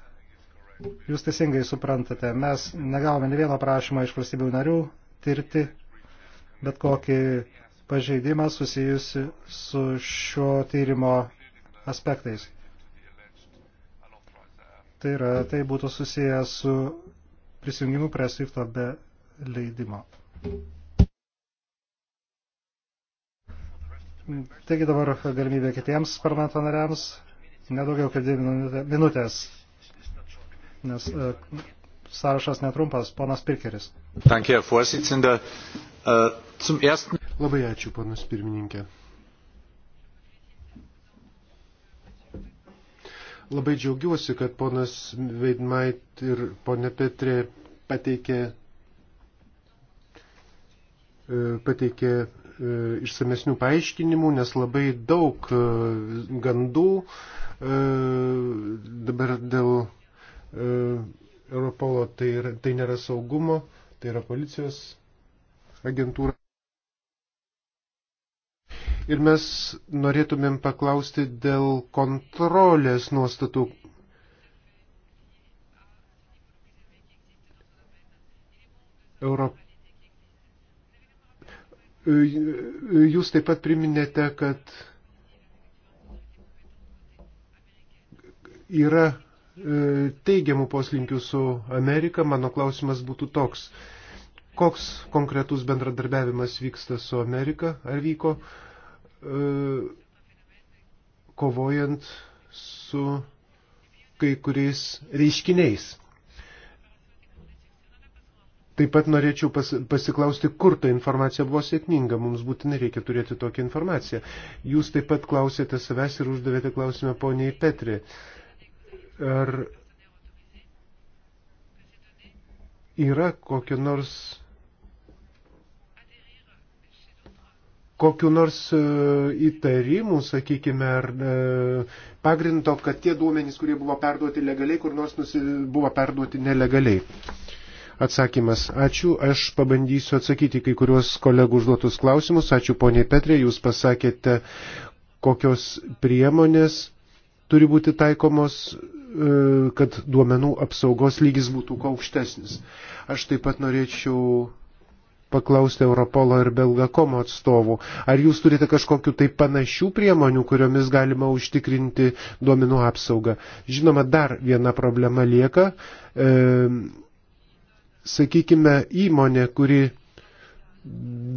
jūs teisingai suprantate, mes negavome ne vieno prašymo iš valstybių narių tirti bet kokį pažeidimą susijusi su šio tyrimo aspektais. Tai yra, tai būtų susiję su prisijungimu prie SWIFT'o be leidimo. Taigi dabar galimybė kitiems parlamento nariams, nedaugiau kaip dvi minutės, nes e, sąrašas netrumpas, ponas Pirkeris. Danke, Herr Vorsitzender. Äh, zum ersten. Labai ačiū, panas pirmininkė. Labai džiaugiuosi, kad ponas Veidmait ir ponė Petrė pateikė, e, pateikė e, išsamesnių paaiškinimų, nes labai daug e, gandų dabar dėl Europolo tai, yra, tai nėra saugumo, tai yra policijos agentūrą. Ir mes norėtumėm paklausti dėl kontrolės nuostatų. Europos. Jūs taip pat priminėte, kad yra e, teigiamų poslinkių su Amerika. Mano klausimas būtų toks koks konkretus bendradarbiavimas vyksta su Amerika ar vyko, e, kovojant su kai kuriais reiškiniais. Taip pat norėčiau pas, pasiklausti, kur ta informacija buvo sėkminga. Mums būtinai reikia turėti tokią informaciją. Jūs taip pat klausėte savęs ir uždavėte klausimą poniai Petri. Ar yra kokia nors kokiu nors e, įtarimu, sakykime, ar e, pagrindo, kad tie duomenys, kurie buvo perduoti legaliai, kur nors nusi, buvo perduoti nelegaliai. Atsakymas. Ačiū. Aš pabandysiu atsakyti kai kuriuos kolegų užduotus klausimus. Ačiū poniai Petrė, jūs pasakėte, kokios priemonės turi būti taikomos, e, kad duomenų apsaugos lygis būtų kuo aukštesnis. Aš taip pat norėčiau paklausti Europolo ir Belgakomo atstovų. Ar jūs turite kažkokiu tai panašių priemonių, kuriomis galima užtikrinti duomenų apsaugą? Žinoma, dar viena problema lieka. E, sakykime, įmonė, kuri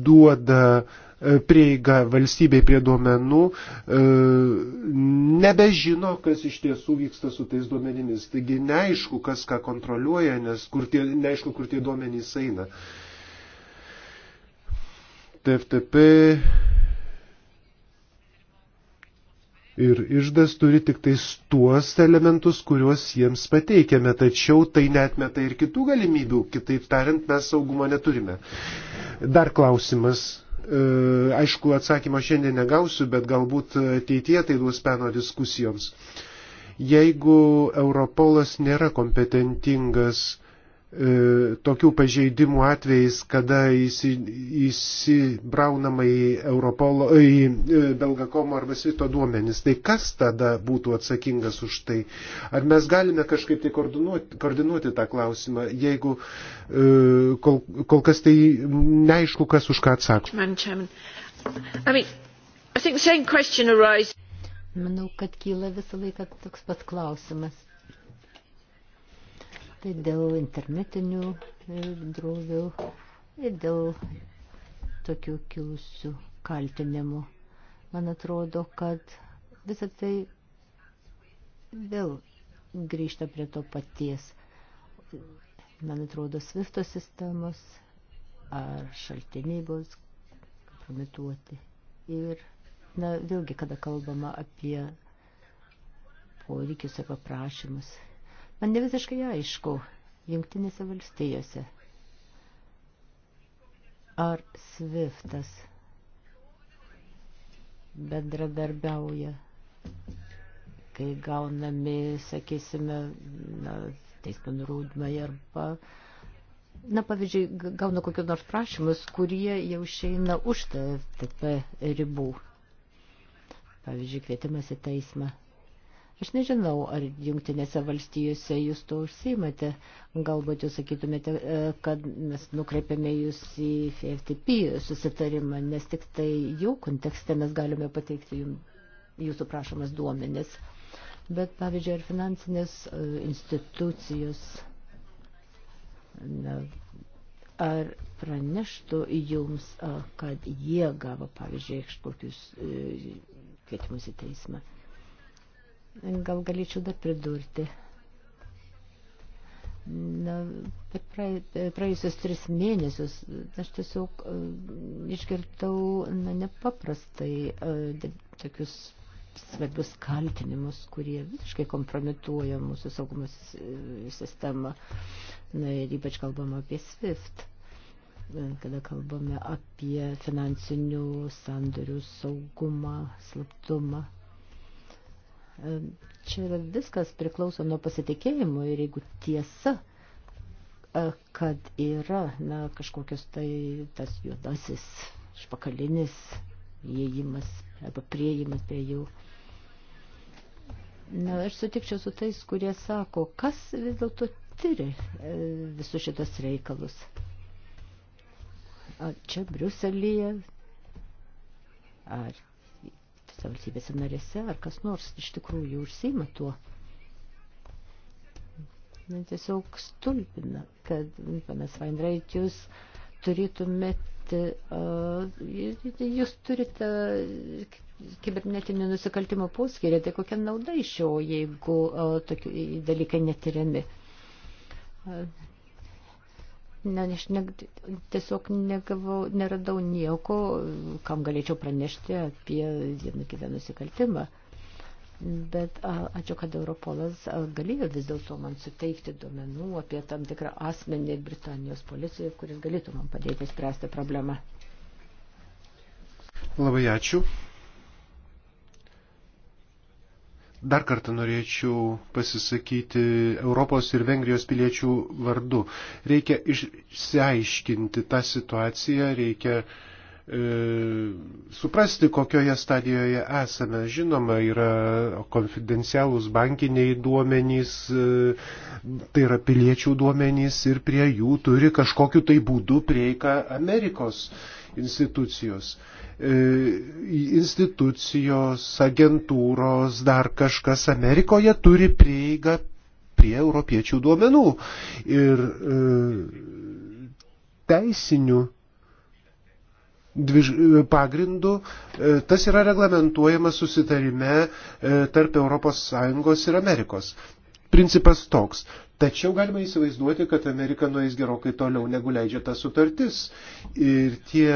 duoda e, prieiga valstybei prie duomenų, e, nebežino, kas iš tiesų vyksta su tais duomenimis. Taigi neaišku, kas ką kontroliuoja, nes kur tie, neaišku, kur tie duomenys eina. E, TFTP ir išdas turi tik tais tuos elementus, kuriuos jiems pateikėme, tačiau tai netmeta ir kitų galimybių, kitaip tariant, mes saugumo neturime. Dar klausimas. E, aišku, atsakymo šiandien negausiu, bet galbūt ateityje tai duos peno diskusijoms. Jeigu Europolas nėra kompetentingas E, tokių pažeidimų atvejais, kada įsibraunama į, Europolo, į e, Belgakomo arba Svito duomenis. Tai kas tada būtų atsakingas už tai? Ar mes galime kažkaip tai koordinuoti, koordinuoti tą klausimą, jeigu e, kol, kol kas tai neaišku, kas už ką atsako? Manau, kad kyla visą laiką toks pats klausimas tai dėl internetinių e, drovių ir dėl tokių kilusių kaltinimų. Man atrodo, kad visą tai vėl grįžta prie to paties. Man atrodo, svifto sistemos ar šaltiniai bus kompromituoti. Ir, na, vėlgi, kada kalbama apie poreikius arba prašymus Man ne visiškai aišku, jungtinėse valstijose. Ar Sviftas bendradarbiauja, kai gaunami, sakysime, na, teismo nurodymai arba, na, pavyzdžiui, gauna kokiu nors prašymus, kurie jau išeina už TFTP ribų. Pavyzdžiui, kvietimas į teismą Aš nežinau, ar jungtinėse valstijose jūs to užsiimate. Galbūt jūs sakytumėte, e, kad mes nukreipiame jūs į FTP susitarimą, nes tik tai jų kontekste mes galime pateikti jums jūsų prašomas duomenis. Bet, pavyzdžiui, ar finansinės e, institucijos na, ar praneštų jums, e, kad jie gavo, pavyzdžiui, kažkokius kvietimus į teismą. Gal galėčiau dar pridurti. Na, per praėjusius tris mėnesius aš tiesiog uh, e, išgirtau na, nepaprastai uh, tokius svarbius kaltinimus, kurie visiškai kompromituoja mūsų saugumo e, sistemą. Na ir ypač kalbama apie SWIFT, kada kalbame apie finansinių sandorių saugumą, slaptumą. Čia yra viskas priklauso nuo pasitikėjimo ir jeigu tiesa, e, kad yra na, kažkokios tai tas juodasis, špakalinis įėjimas arba prieimas prie jų. Na, aš sutikčiau su tais, kurie sako, kas vis dėlto tyri e, visus šitos reikalus. Ar čia Briuselyje, ar kitose valstybėse narėse, ar kas nors iš tikrųjų užsima tuo. Na, tiesiog stulpina, kad, panas Vainrait, jūs turėtumėte, uh, jūs turite kibernetinio nusikaltimo poskirį, tai kokia nauda iš jo, jeigu uh, tokie dalykai netiriami. Uh, Ne, aš ne, tiesiog negavau, neradau nieko, kam galėčiau pranešti apie vieną kitą nusikaltimą. Bet a, ačiū, kad Europolas a, galėjo vis dėlto man suteikti duomenų apie tam tikrą asmenį Britanijos policijoje, kuris galėtų man padėti spręsti problemą. Labai ačiū. Dar kartą norėčiau pasisakyti Europos ir Vengrijos piliečių vardu. Reikia išsiaiškinti tą situaciją, reikia e, suprasti, kokioje stadijoje esame. Žinoma, yra konfidencialūs bankiniai duomenys, e, tai yra piliečių duomenys ir prie jų turi kažkokiu tai būdu prieika Amerikos institucijos. E, E, institucijos, agentūros, dar kažkas Amerikoje turi prieigą prie europiečių duomenų ir e, teisinių dviž, e, pagrindų e, tas yra reglamentuojama susitarime e, tarp ES ir Amerikos. Principas toks. Tačiau galima įsivaizduoti, kad Amerika nueis gerokai toliau negu leidžia ta sutartis. Ir tie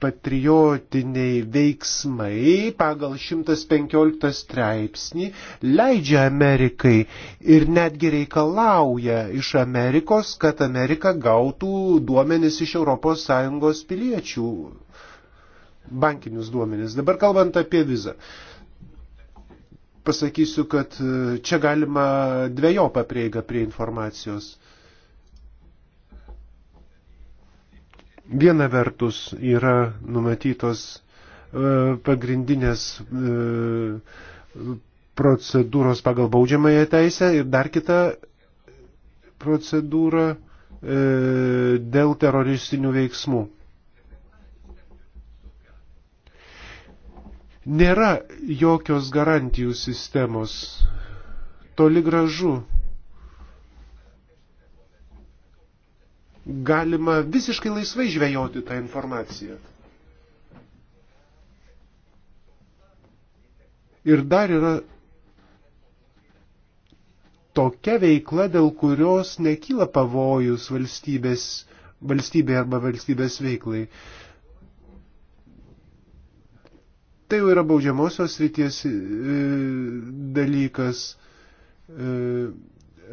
patriotiniai veiksmai pagal 115 straipsnį leidžia Amerikai ir netgi reikalauja iš Amerikos, kad Amerika gautų duomenis iš ES piliečių, bankinius duomenis. Dabar kalbant apie vizą. Pasakysiu, kad e, čia galima dviejopą prieigą prie informacijos. Viena vertus yra numatytos e, pagrindinės e, procedūros pagal baudžiamąją teisę ir dar kita procedūra e, dėl teroristinių veiksmų. Nėra jokios garantijų sistemos. Toli gražu galima visiškai laisvai žvejoti tą informaciją. Ir dar yra tokia veikla, dėl kurios nekyla pavojus valstybės, valstybė arba valstybės veiklai. Tai jau yra baudžiamosios ryties e, dalykas e,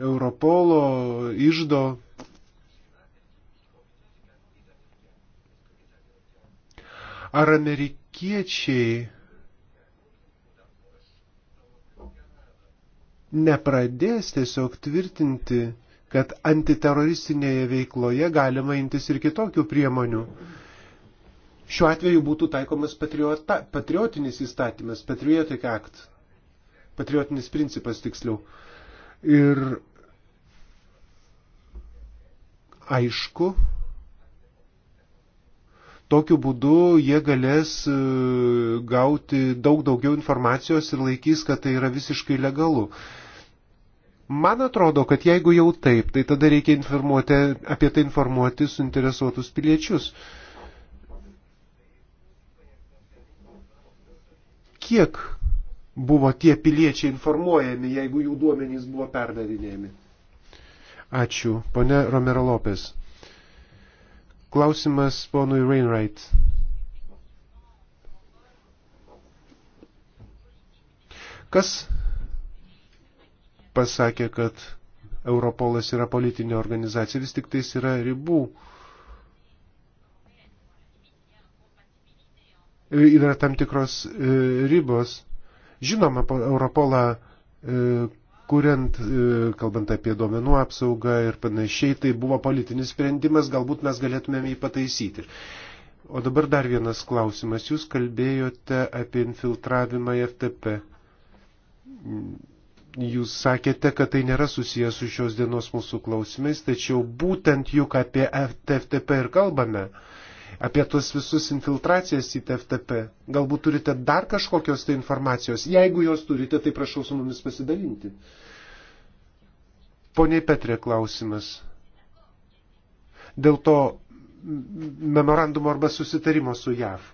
Europolo, išdo Ar amerikiečiai nepradės tiesiog tvirtinti, kad antiteroristinėje veikloje galima imtis ir kitokių priemonių? Šiuo atveju būtų taikomas patriota, patriotinis įstatymas, patriotic act, patriotinis principas tiksliau. Ir aišku, Tokiu būdu jie galės e, gauti daug daugiau informacijos ir laikys, kad tai yra visiškai legalu. Man atrodo, kad jeigu jau taip, tai tada reikia informuoti, apie tai informuoti suinteresuotus piliečius. Kiek buvo tie piliečiai informuojami, jeigu jų duomenys buvo perdavinėjami? Ačiū, pone Romero Lopes. Klausimas ponui Rainwright. Kas pasakė, kad Europolas yra politinė organizacija, vis tik tais yra ribų. Yra tam tikros e, ribos. Žinoma, Europolą e, kuriant, e, kalbant apie duomenų apsaugą ir panašiai, tai buvo politinis sprendimas, galbūt mes galėtumėm jį pataisyti. O dabar dar vienas klausimas. Jūs kalbėjote apie infiltravimą į FTP. Jūs sakėte, kad tai nėra susijęs su šios dienos mūsų klausimais, tačiau būtent juk apie FTP ir kalbame. Uh, apie tos visus infiltracijas į TFTP. Galbūt turite dar kažkokios tai informacijos. Jeigu jos turite, tai prašau su mumis pasidalinti. Pone Petrė klausimas. Dėl to memorandumo arba susitarimo su JAV, e,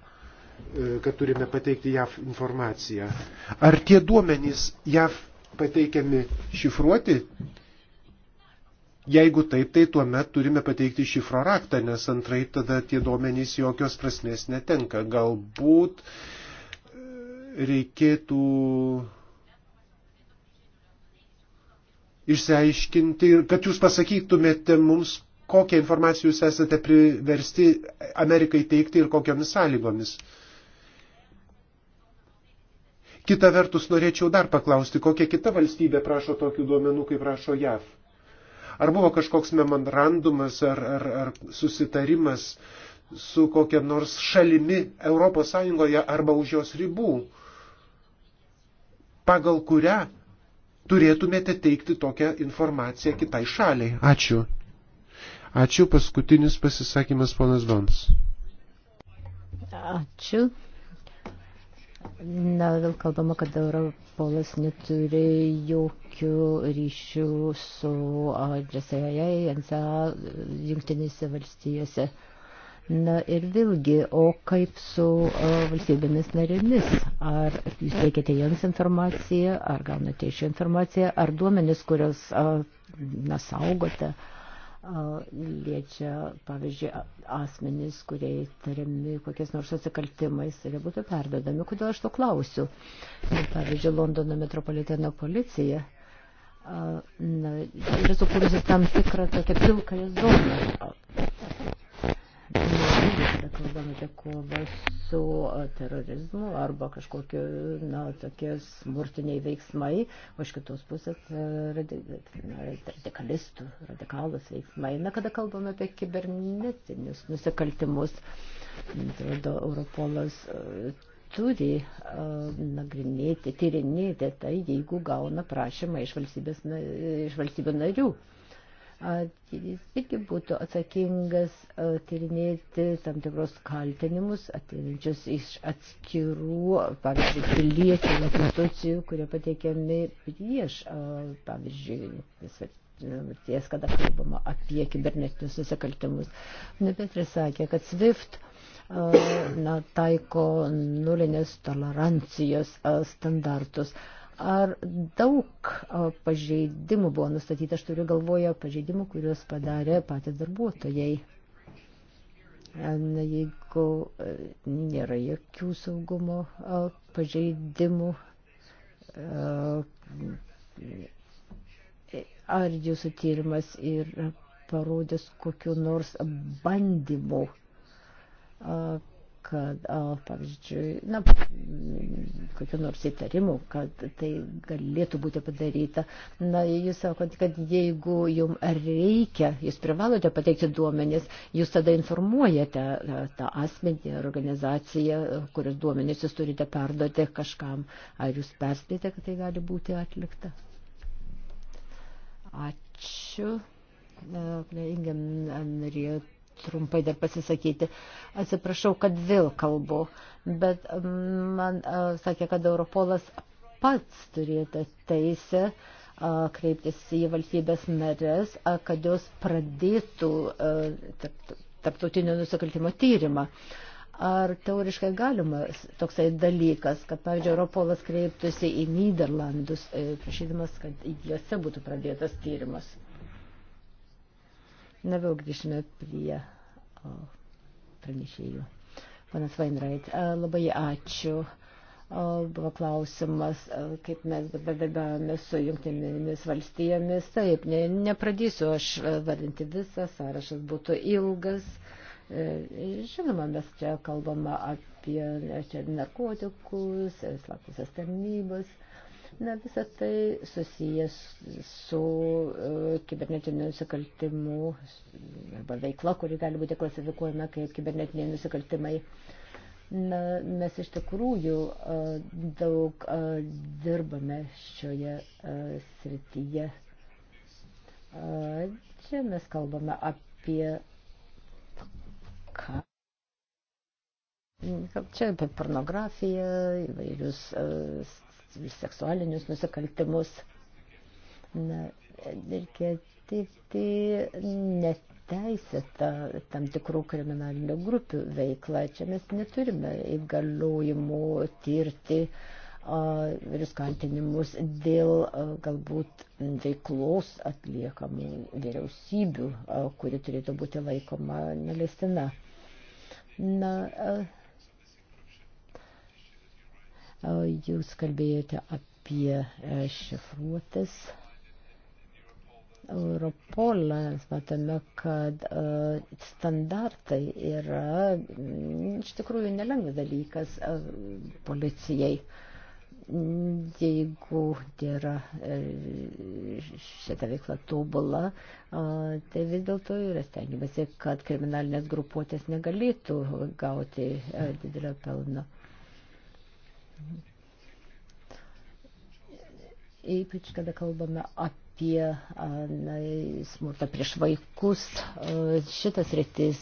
kad turime pateikti JAV informaciją. Ar tie duomenys JAV pateikiami šifruoti? Jeigu taip, tai tuomet turime pateikti šifro raktą, nes antrai tada tie duomenys jokios prasmės netenka. Galbūt e, reikėtų išsiaiškinti, kad jūs pasakytumėte mums, kokią informaciją jūs esate priversti Amerikai teikti ir kokiomis sąlygomis. Kita vertus, norėčiau dar paklausti, kokia kita valstybė prašo tokių duomenų, kaip prašo JAV. Ar buvo kažkoks memorandumas ar, ar, ar susitarimas su kokia nors šalimi ES arba už jos ribų, pagal kurią turėtumėte teikti tokią informaciją kitai šaliai? Ačiū. Ačiū paskutinis pasisakymas ponas Bons. Ačiū. Na, vėl kalbama, kad Europolas neturi jokių ryšių su JSAA, NSA, jungtinėse valstijose. Na ir vėlgi, o kaip su o, valstybėmis narėmis? Ar jūs teikiate joms informaciją, ar gaunate iš informaciją, ar duomenis, kurios, o, na, saugote? O, liečia, pavyzdžiui, asmenys, kurie įtariami kokiais nors atsikaltimais ir būtų perdodami. Kodėl aš to klausiu? Pavyzdžiui, Londono metropoliteno policija na, yra sukūrusi tam tikrą tokią pilkąją zoną vykdomite kova su terorizmu arba kažkokie, na, tokie smurtiniai veiksmai, o iš kitos pusės radikalistų, radikalus veiksmai. Na, kada kalbame apie kibernetinius nusikaltimus, atrodo, Europolas turi uh, nagrinėti, tyrinėti tai, jeigu gauna prašymą iš, na, iš valstybių narių. Uh, jis irgi būtų atsakingas tyrinėti tam tikros kaltinimus ateinančius iš atskirų, pavyzdžiui, pilietinių institucijų, kurie pateikiami prieš, pavyzdžiui, ties, kada kalbama apie kibernetinius nusikaltimus. Nepetri sakė, kad SWIFT na, taiko nulinės tolerancijos standartus. Uh, Ar daug pažeidimų buvo nustatyta, aš turiu galvoje pažeidimų, kuriuos padarė patys darbuotojai. Na, jeigu nėra jokių saugumo pažeidimų, ar jūsų tyrimas ir parodės kokiu nors bandymu kad, o, pavyzdžiui, na, kokiu nors įtarimu, kad tai galėtų būti padaryta. Na, jūs sakot, kad jeigu jums reikia, jūs privalote pateikti duomenis, jūs tada informuojate tą asmenį ar organizaciją, kuris duomenis jūs turite perduoti kažkam. Ar jūs perspėjate, kad tai gali būti atlikta? Ačiū. Ingiam norėjo trumpai dar pasisakyti. Atsiprašau, kad vėl kalbu, bet mm, man sakė, kad Europolas pats turėtų teisę kreiptis į valstybės narės, kad jos pradėtų tarptautinio nusikaltimo tyrimą. Ar teoriškai galima toksai dalykas, kad, pavyzdžiui, Europolas kreiptųsi į Niderlandus, e, prašydamas, kad juose būtų pradėtas tyrimas? Na vėl grįžime prie o, pranešėjų. Panas Vainrait, labai ačiū. O, buvo klausimas, kaip mes bendradarbiavome su jungtinėmis valstijomis. Taip, ne, nepradėsiu aš vardinti visą, sąrašas būtų ilgas. E, žinoma, mes čia kalbame apie čia narkotikus, slaptusias tarnybas. E, Na, visa tai susijęs su uh, kibernetiniu nusikaltimu arba veikla, kuri gali būti klasifikuojama kaip kibernetiniai nusikaltimai. Na, mes iš tikrųjų uh, daug uh, dirbame šioje uh, srityje. Uh, čia mes kalbame apie ką. Čia apie pornografiją, įvairius uh, seksualinius nusikaltimus. Na, reikia tirti neteisėtą tam tikrų kriminalinių grupių veiklą. Čia mes neturime įgaliojimų tirti ir kaltinimus dėl galbūt veiklos atliekamų vyriausybių, kuri turėtų būti laikoma neleistina. Na, Jūs kalbėjote apie e, šifruotis. Europolas, matome, kad e, standartai yra mm, iš tikrųjų nelengvas dalykas e, policijai. Jeigu yra šita veikla tobula, tai vis dėlto yra stengiamasi, kad kriminalinės grupuotės negalėtų gauti didelio pelno. Ypač, kada kalbame apie na, smurtą prieš vaikus, šitas rytis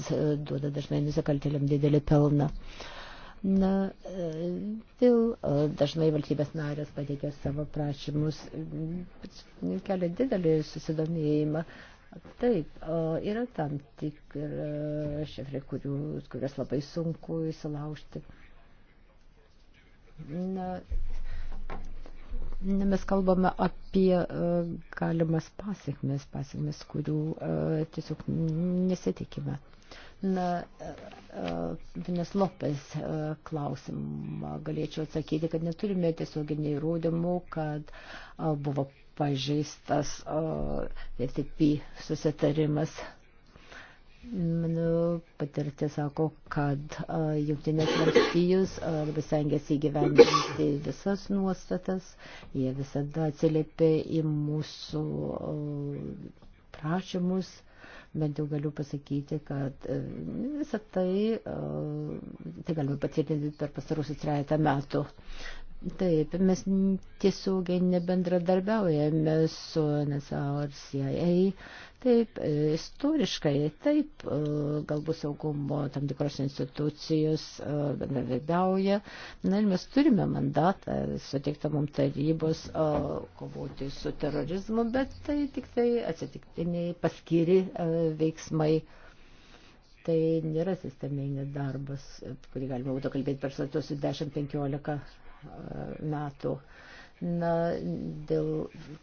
duoda dažnai nusikaltėliam didelį pelną. Na, vėl dažnai valstybės narės pateikia savo prašymus, kelia didelį susidomėjimą. Taip, yra tam tikri šifrai, kuriuos labai sunku įsilaužti. Na, mes kalbame apie e, galimas pasiekmes, pasiekmes, kurių e, tiesiog nesitikime. Na, e, Vinas Lopes klausimą galėčiau atsakyti, kad neturime tiesioginiai įrodymų, kad buvo pažeistas TTP susitarimas Mano patirtis sako, kad jungtinės valstijos labai stengiasi įgyvendinti visas nuostatas, jie visada atsiliepia į mūsų prašymus, bent jau galiu pasakyti, kad visą tai, tai galime patvirtinti per pastarusius trejata metų. Taip, mes tiesiogiai nebendradarbiaujame su NSA ar CIA, Taip, e, istoriškai, taip, e, galbūt saugumo tam tikros institucijos e, bendradarbiauja. Na ir mes turime mandatą suteiktą mums tarybos kovoti su terorizmu, bet tai tik tai atsitiktiniai paskiri veiksmai. Tai nėra sisteminė darbas, kurį galima būtų kalbėti per status 10-15 metų. Uh, na, dėl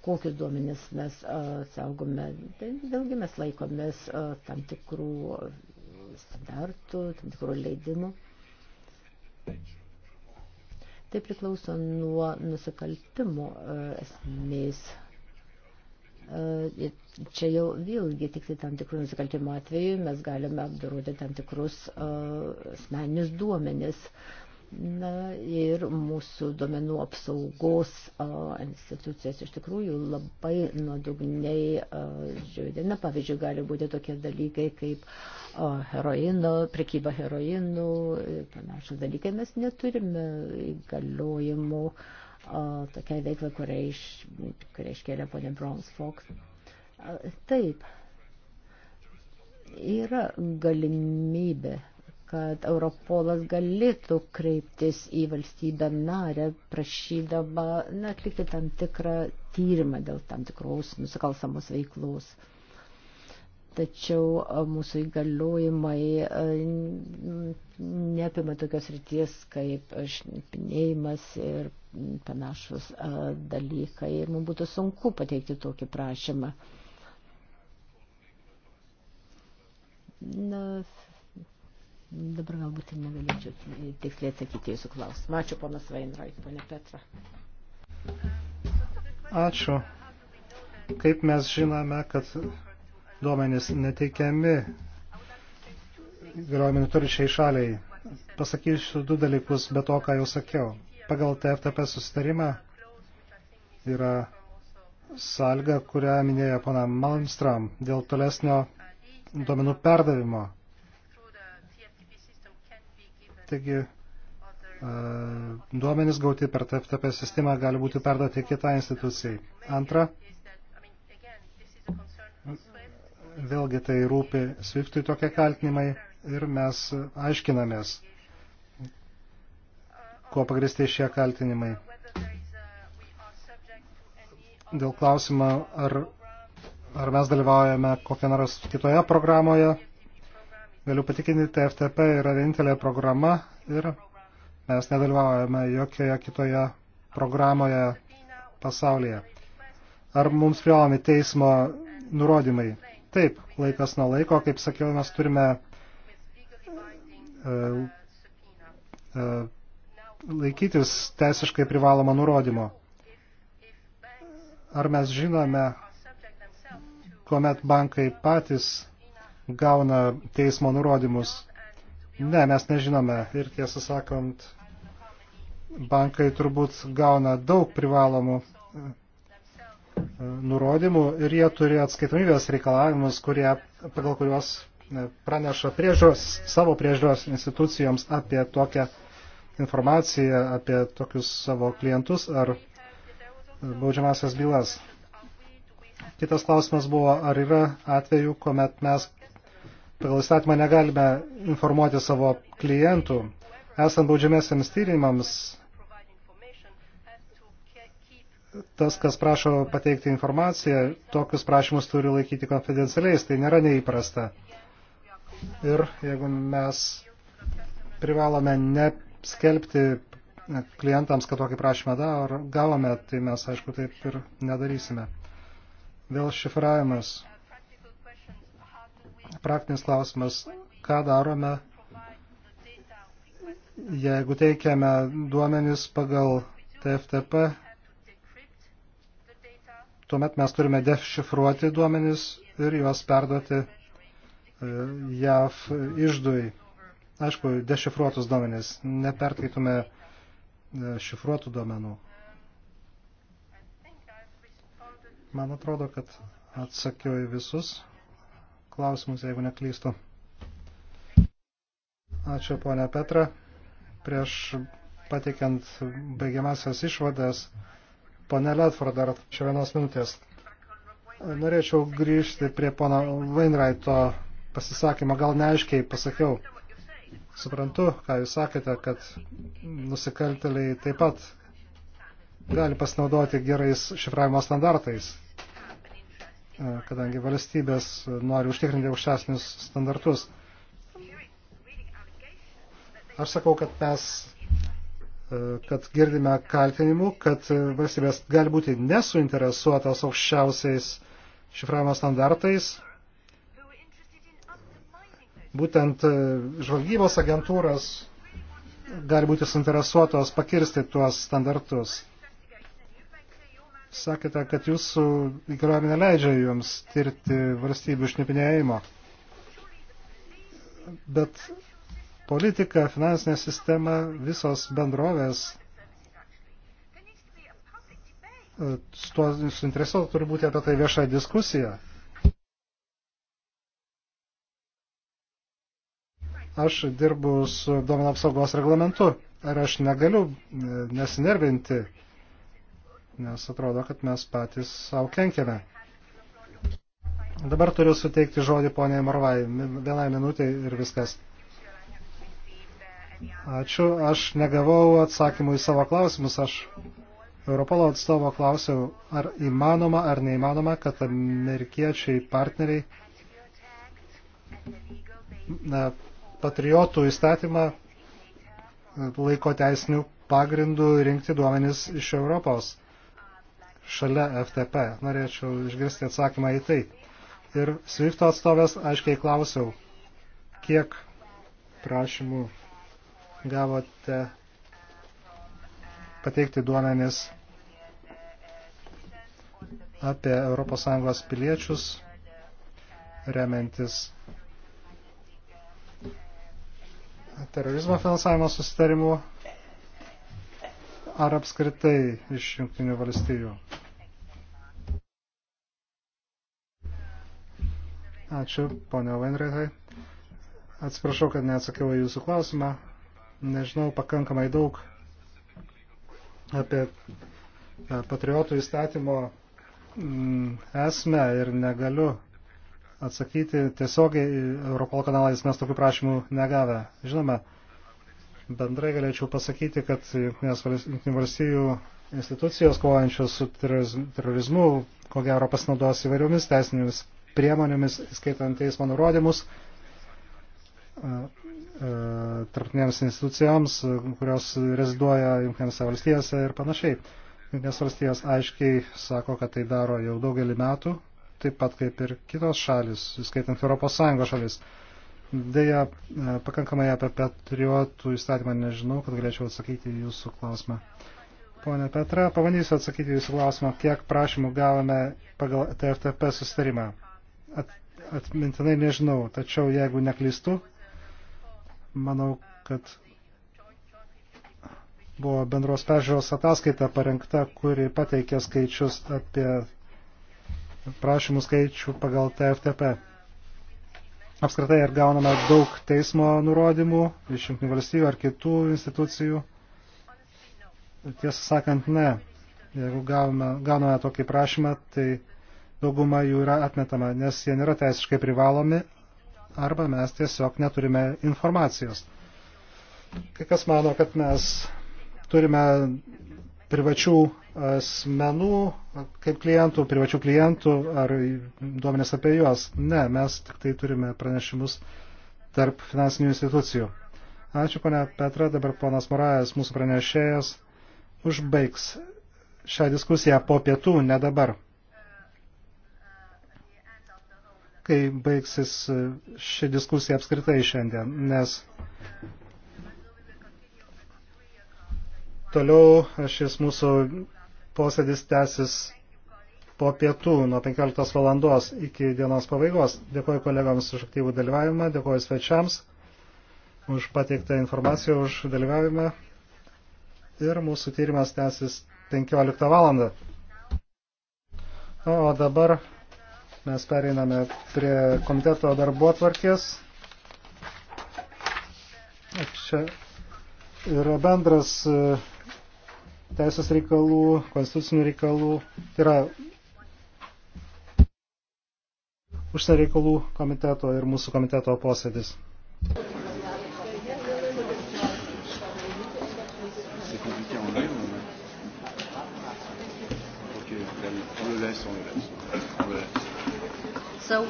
kokius duomenis mes a, saugome. Tai vėlgi mes laikomės a, tam tikrų standartų, tam tikrų leidimų. Tai priklauso nuo nusikaltimo a, esmės. Čia jau vėlgi tik tai tam tikrų nusikaltimo atveju mes galime apdaroti tam tikrus asmeninius duomenis. Na ir mūsų duomenų apsaugos a, institucijos iš tikrųjų labai nuodugniai žiūrina. Pavyzdžiui, gali būti tokie dalykai kaip a, heroino, prekyba heroinų, panašus dalykai. Mes neturime įgaliojimų tokiai veiklai, kurią kuria iškėlė ponė Browns Fox. A, taip, yra galimybė kad Europolas galėtų kreiptis į valstybę narę, prašydama na, atlikti tam tikrą tyrimą dėl tam tikros nusikalstamos veiklos. Tačiau mūsų įgaliojimai neapima tokios ryties kaip šnipinėjimas ir panašus dalykai. Ir mums būtų sunku pateikti tokį prašymą. Na, Dabar galbūt ir negalėčiau tiksliai atsakyti jūsų klausimą. Ačiū, ponas Vainrait, ponė Petra. Ačiū. Kaip mes žinome, kad duomenys neteikiami galiojami turičiai šaliai. Pasakysiu du dalykus, bet to, ką jau sakiau. Pagal TFTP susitarimą yra salga, kurią minėjo pana Malmstram dėl tolesnio duomenų perdavimo Taigi duomenys gauti per TFTP sistemą gali būti perduoti kitai institucijai. Antra, vėlgi tai rūpi Swiftui tokie kaltinimai ir mes aiškinamės, kuo pagristai šie kaltinimai. Dėl klausimą, ar, ar mes dalyvaujame kokią nors kitoje programoje, Galiu patikinti, tai FTP yra vienintelė programa ir mes nedalyvaujame jokioje kitoje programoje pasaulyje. Ar mums privalomi teismo nurodymai? Taip, laikas nuo laiko, kaip sakiau, mes turime uh, uh, laikytis teisiškai privalomą nurodymo. Ar mes žinome, kuomet bankai patys gauna teismo nurodymus. Ne, mes nežinome. Ir tiesą sakant, bankai turbūt gauna daug privalomų e, nurodymų ir jie turi atskaitomybės reikalavimus, kurie, pagal kuriuos e, praneša priežiūros, savo priežiūros institucijoms apie tokią informaciją, apie tokius savo klientus ar baudžiamasias bylas. Kitas klausimas buvo, ar yra atvejų, kuomet mes pagal įstatymą negalime informuoti savo klientų. Esant baudžiamėsiams tyrimams, tas, kas prašo pateikti informaciją, tokius prašymus turi laikyti konfidencialiais, tai nėra neįprasta. Ir jeigu mes privalome neskelbti klientams, kad tokį prašymą davome, tai mes, aišku, taip ir nedarysime. Vėl šifravimas praktinis klausimas, ką darome, jeigu teikiame duomenis pagal TFTP, tuomet mes turime dešifruoti duomenis ir juos perduoti e, JAV išdui. Aišku, dešifruotus duomenis, neperkaitume e, šifruotų duomenų. Man atrodo, kad atsakiau į visus klausimus, jeigu neklystu. Ačiū, ponia Petra. Prieš pateikiant baigiamasias išvadas, ponia Ledford dar čia vienos minutės. Norėčiau grįžti prie pono Vainraito pasisakymo, gal neaiškiai pasakiau. Suprantu, ką jūs sakėte, kad nusikalteliai taip pat gali pasinaudoti gerais šifravimo standartais kadangi valstybės nori užtikrinti aukštesnius standartus. Aš sakau, kad mes e, kad girdime kaltinimų, kad valstybės gali būti nesuinteresuotas aukščiausiais šifravimo standartais. Būtent e, žvalgybos agentūros gali būti suinteresuotos pakirsti tuos standartus. Sakėte, kad jūsų įgaliojimai neleidžia jums tirti valstybių šnipinėjimo. Bet politika, finansinė sistema, visos bendrovės su tuo suinteresuotų turi būti apie tai vieša diskusija. Aš dirbu su duomenų apsaugos reglamentu. Ar aš negaliu e, nesinervinti nes atrodo, kad mes patys savo kenkiame. Dabar turiu suteikti žodį poniai Morvai. Vienai minutė ir viskas. Ačiū. Aš negavau atsakymų į savo klausimus. Aš Europolo atstovo klausiau, ar įmanoma ar neįmanoma, kad amerikiečiai partneriai na, patriotų įstatymą laiko teisinių pagrindų rinkti duomenis iš Europos šalia FTP. Norėčiau išgirsti atsakymą į tai. Ir Swift'o atstovės aiškiai klausiau, kiek prašymų gavote pateikti duomenis apie ES piliečius remiantis terorizmo finansavimo susitarimu ar apskritai iš jungtinių valstijų. Ačiū, ponia Vainreitai. Atsiprašau, kad neatsakiau į jūsų klausimą. Nežinau pakankamai daug apie e, patriotų įstatymo mm, esmę ir negaliu atsakyti tiesiogiai Europol kanalais mes tokių prašymų negavę. Žinoma, Bendrai galėčiau pasakyti, kad Junktinių valstybių institucijos kovojančios su terorizmu, ko gero, pasinaudos įvairiomis teisinėmis priemonėmis, skaitant teismo nurodymus tarptinėms institucijoms, kurios reziduoja Junktinėse valstijose ir panašiai. Junktinės valstijos aiškiai sako, kad tai daro jau daugelį metų, taip pat kaip ir kitos šalis, skaitant Europos Sąjungos šalis. Deja, e, pakankamai apie patriotų įstatymą nežinau, kad galėčiau atsakyti jūsų klausimą. Pone Petra, pabandysiu atsakyti jūsų klausimą, kiek prašymų gavome pagal TFTP sustarimą. At, atmintinai nežinau, tačiau jeigu neklystu, manau, kad buvo bendros peržiūros ataskaita parengta, kuri pateikė skaičius apie prašymų skaičių pagal TFTP apskritai ar gauname daug teismo nurodymų iš jungtinių valstybių ar kitų institucijų? Tiesą sakant, ne. Jeigu gavome, gauname tokį prašymą, tai dauguma jų yra atmetama, nes jie nėra teisiškai privalomi arba mes tiesiog neturime informacijos. Kai kas mano, kad mes turime privačių asmenų, kaip klientų, privačių klientų ar duomenės apie juos. Ne, mes tik tai turime pranešimus tarp finansinių institucijų. Ačiū, ponia Petra, dabar ponas Morajas, mūsų pranešėjas, užbaigs šią diskusiją po pietų, ne dabar. Kai baigsis ši diskusija apskritai šiandien, nes Toliau šis mūsų posėdis tęsis po pietų nuo 15 valandos iki dienos pabaigos. Dėkuoju kolegams už aktyvų dalyvavimą, dėkuoju svečiams už pateiktą informaciją, už dalyvavimą. Ir mūsų tyrimas tęsis 15 valandą. O dabar mes pereiname prie komiteto darbo atvarkės. Čia yra bendras teisės reikalų, konstitucinių reikalų, tai yra užsienio reikalų komiteto ir mūsų komiteto posėdis. So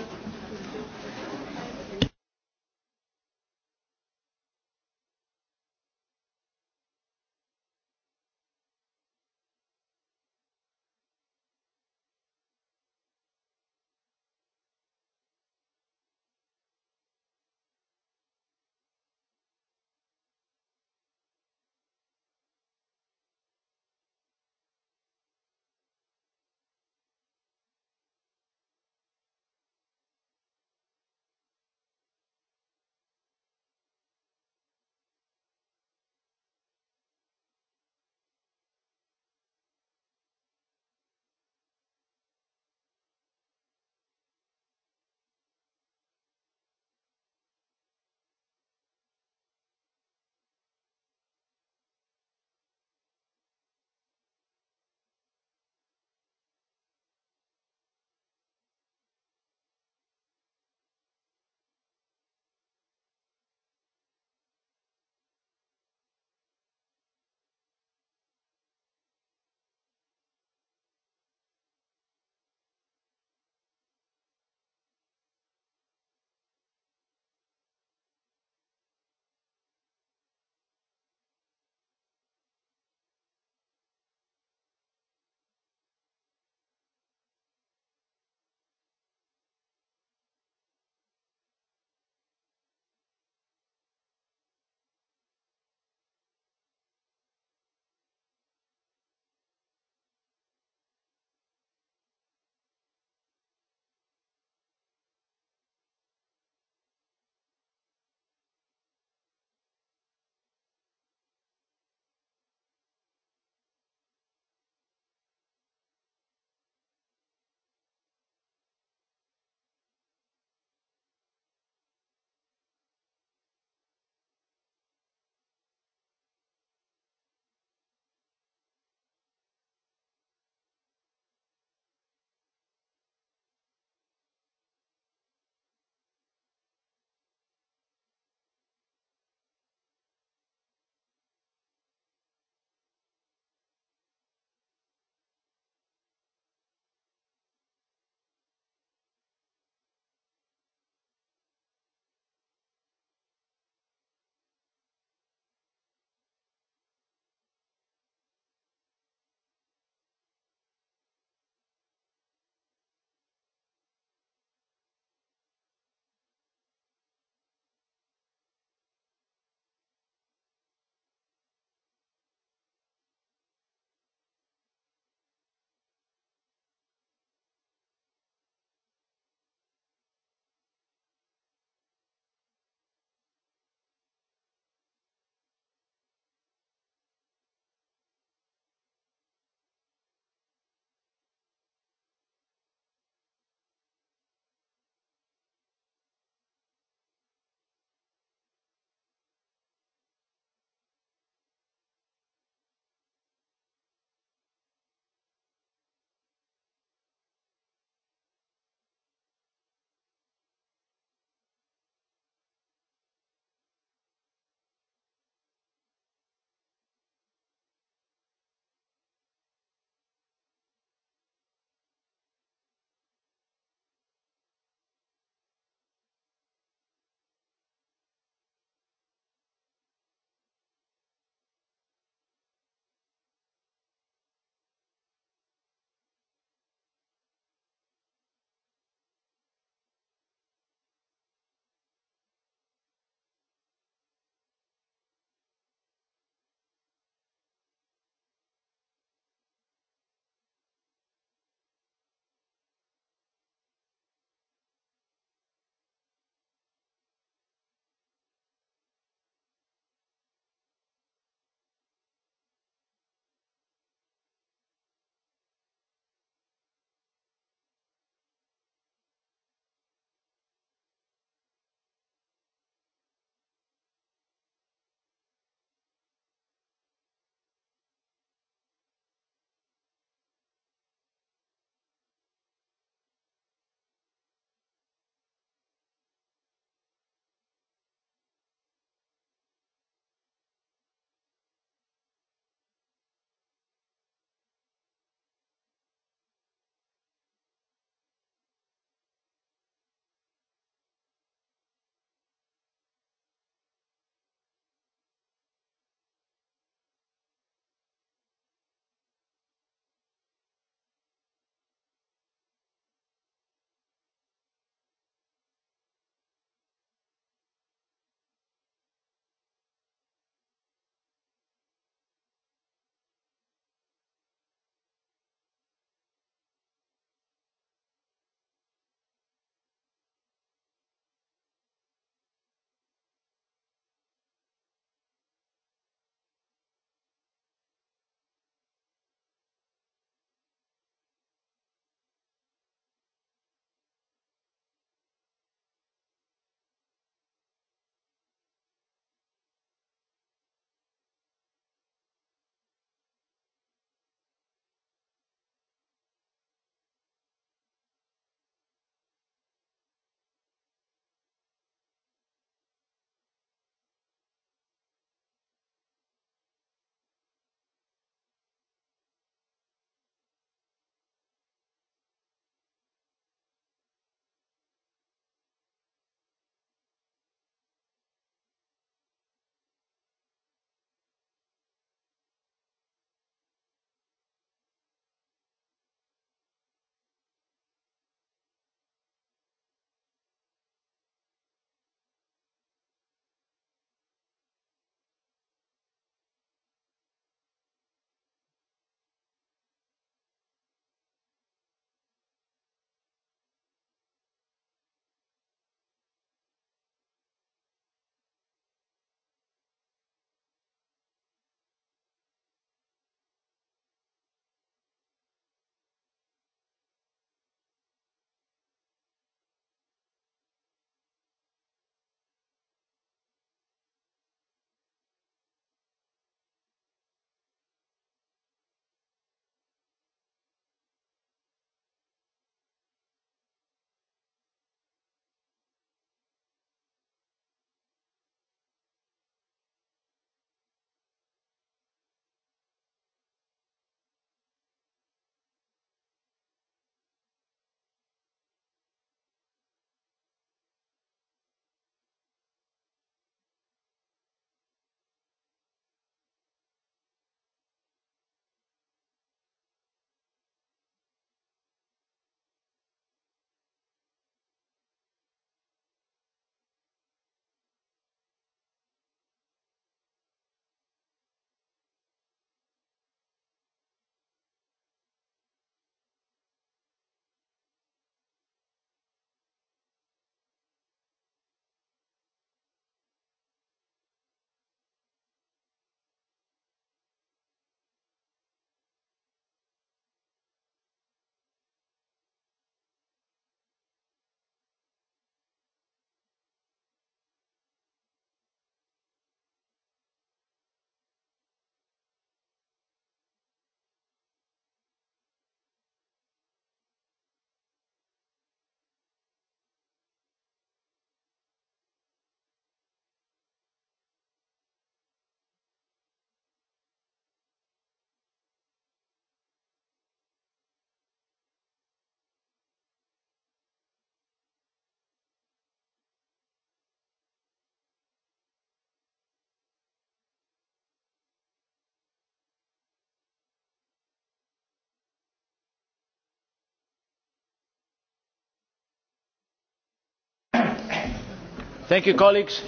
Thank you, colleagues.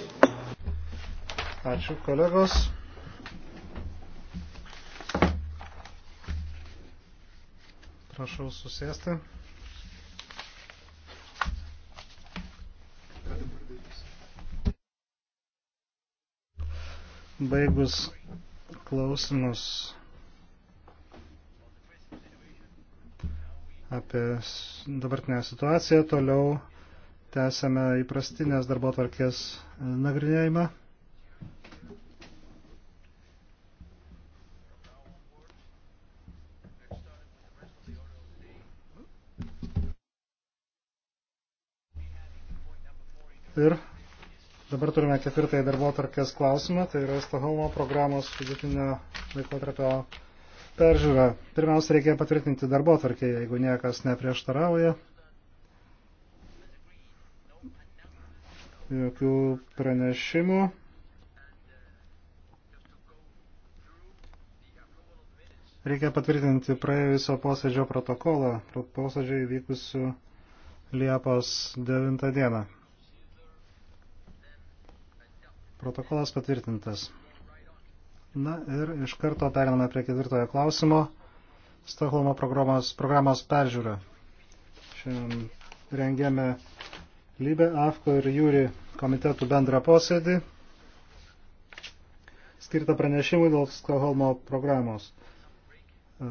Ačiū, kolegos. Prašau susėsti. Baigus klausimus apie dabartinę situaciją, toliau Tęsame įprastinės darbo tvarkės e, nagrinėjimą. Ir dabar turime ketvirtąjį darbo tvarkės klausimą, tai yra Stokholmo programos vidutinio laikotarpio peržiūra. Pirmiausia, reikia patvirtinti darbo tvarkę, jeigu niekas neprieštarauja. jokių pranešimų. Reikia patvirtinti praėjusio posėdžio protokolą, posėdžio įvykusių Liepos 9 dieną. Protokolas patvirtintas. Na ir iš karto periname prie ketvirtojo klausimo. Stokholmo programos, programos peržiūra. Šiandien rengėme Lybė, Afko ir Jūri komitetų bendrą posėdį skirtą pranešimui dėl Stokholmo programos. E,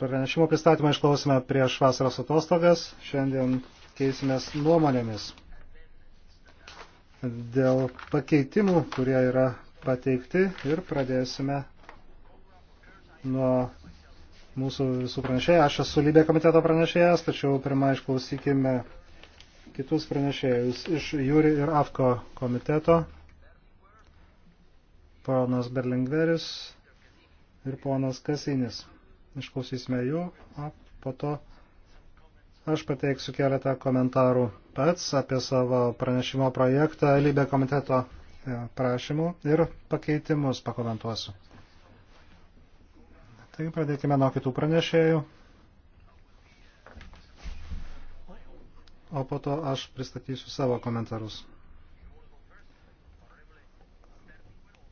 pranešimo pristatymą išklausime prieš vasaros atostogas. Šiandien keisimės nuomonėmis dėl pakeitimų, kurie yra pateikti ir pradėsime nuo mūsų visų pranešėjų. Aš esu lybė komiteto pranešėjas, tačiau pirmą išklausykime kitus pranešėjus iš Jūri ir AFKO komiteto, ponas Berlingveris ir ponas Kasinis. Išklausysime jų, o po to aš pateiksiu keletą komentarų pats apie savo pranešimo projektą Lybė komiteto e, prašymų ir pakeitimus pakomentuosiu. Taigi pradėkime nuo kitų pranešėjų. o po to aš pristatysiu savo komentarus.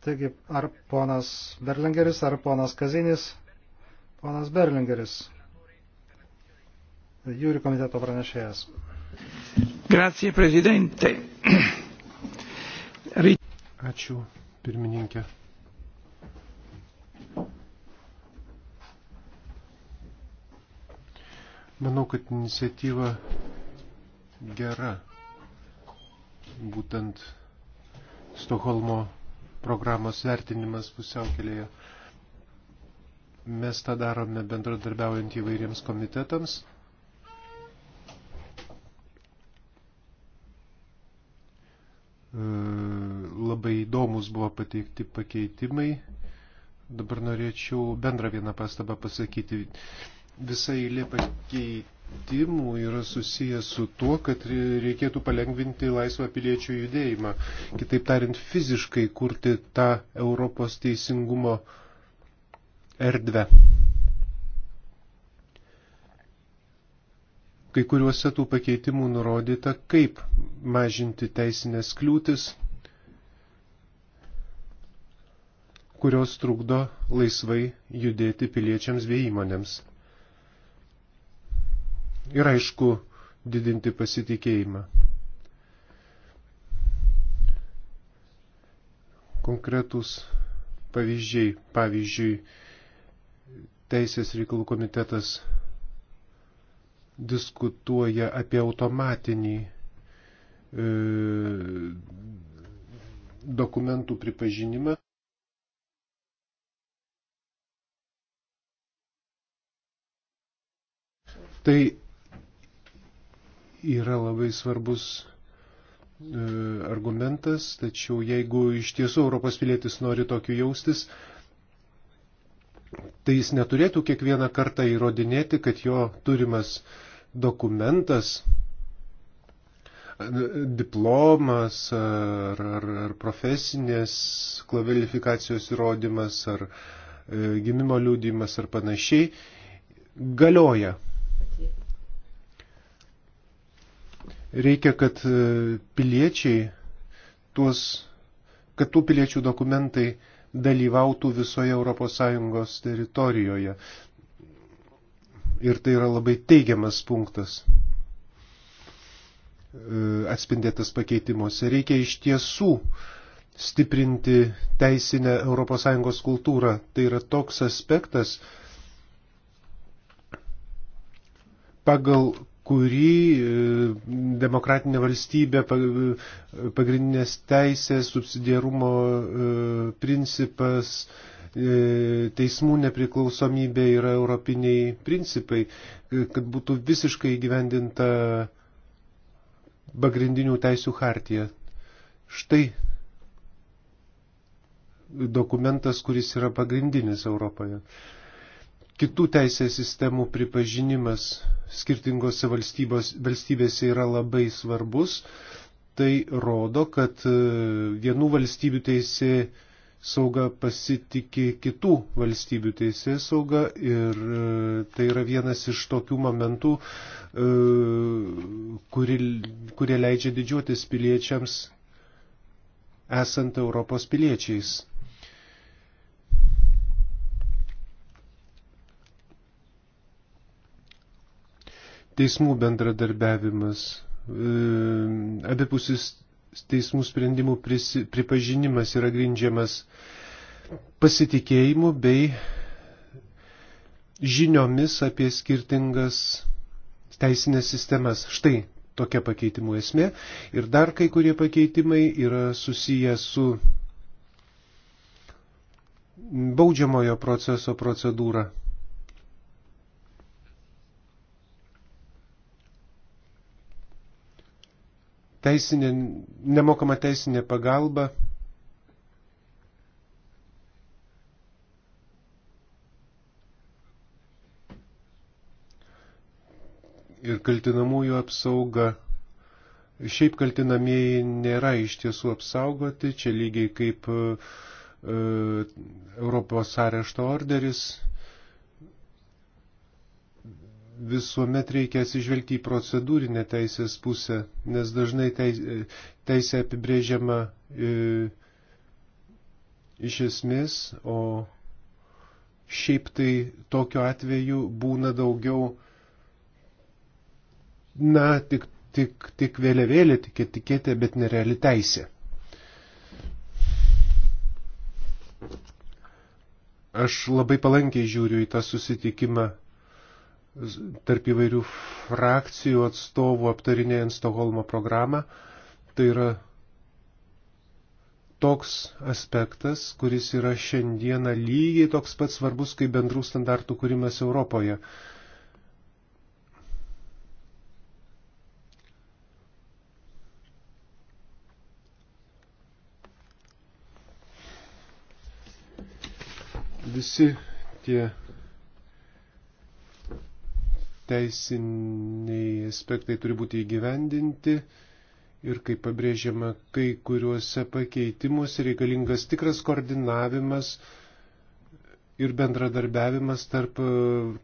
Taigi, ar ponas Berlingeris, ar ponas Kazinis? Ponas Berlingeris, jūrių komiteto pranešėjas. Grazie, prezidente. Ačiū, pirmininkė. Manau, kad iniciatyva gera. Būtent Stokholmo programos vertinimas pusiaukelėje. Mes tą darome bendradarbiaujant įvairiems komitetams. E, labai įdomus buvo pateikti pakeitimai. Dabar norėčiau bendrą vieną pastabą pasakyti. Visa eilė pakeitimų pakeitimų yra susijęs su tuo, kad reikėtų palengvinti laisvą piliečių judėjimą. Kitaip tariant, fiziškai kurti tą Europos teisingumo erdvę. Kai kuriuose tų pakeitimų nurodyta, kaip mažinti teisinės kliūtis, kurios trukdo laisvai judėti piliečiams bei įmonėms ir aišku didinti pasitikėjimą. Konkretus pavyzdžiai. Pavyzdžiui, Teisės reikalų komitetas diskutuoja apie automatinį e, dokumentų pripažinimą. Tai yra labai svarbus e, argumentas, tačiau jeigu iš tiesų Europos pilietis nori tokiu jaustis, tai jis neturėtų kiekvieną kartą įrodinėti, kad jo turimas dokumentas, diplomas ar, ar, ar profesinės kvalifikacijos įrodymas ar e, gimimo liūdimas ar panašiai galioja Reikia, kad e, piliečiai tuos, kad tų piliečių dokumentai dalyvautų visoje ES teritorijoje. Ir tai yra labai teigiamas punktas e, atspindėtas pakeitimuose. Reikia iš tiesų stiprinti teisinę ES kultūrą. Tai yra toks aspektas, pagal kurį e, demokratinė valstybė, e, pagrindinės teisės, subsidiarumo e, principas, teismų nepriklausomybė yra europiniai principai, kad būtų visiškai gyvendinta pagrindinių teisų hartija. Štai dokumentas, kuris yra pagrindinis Europoje kitų teisės sistemų pripažinimas skirtingose valstybėse yra labai svarbus. Tai rodo, kad e, vienų valstybių teisė sauga pasitikė kitų valstybių teisė sauga ir e, tai yra vienas iš tokių momentų, e, kuri, kurie leidžia didžiuotis piliečiams esant Europos piliečiais. teismų bendradarbiavimas, e, abipusis teismų sprendimų pripažinimas yra grindžiamas pasitikėjimu bei žiniomis apie skirtingas teisinės sistemas. Štai tokia pakeitimų esmė. Ir dar kai kurie pakeitimai yra susiję su baudžiamojo proceso procedūra. teisinė, nemokama teisinė pagalba. Ir kaltinamųjų apsauga. Šiaip kaltinamieji nėra iš tiesų apsaugoti, čia lygiai kaip e, Europos arešto orderis visuomet reikia atsižvelgti į procedūrinę teisės pusę, nes dažnai teisė apibrėžiama e, iš esmės, o šiaip tai tokiu atveju būna daugiau, na, tik, tik, tik vėliavėlė, tik etiketė, bet nereali teisė. Aš labai palankiai žiūriu į tą susitikimą tarp įvairių frakcijų atstovų aptarinėjant Stokholmo programą. Tai yra toks aspektas, kuris yra šiandieną lygiai toks pat svarbus kaip bendrų standartų kūrimas Europoje. Visi tie teisiniai aspektai turi būti įgyvendinti ir kaip pabrėžiama, kai kuriuose pakeitimuose reikalingas tikras koordinavimas ir bendradarbiavimas tarp e,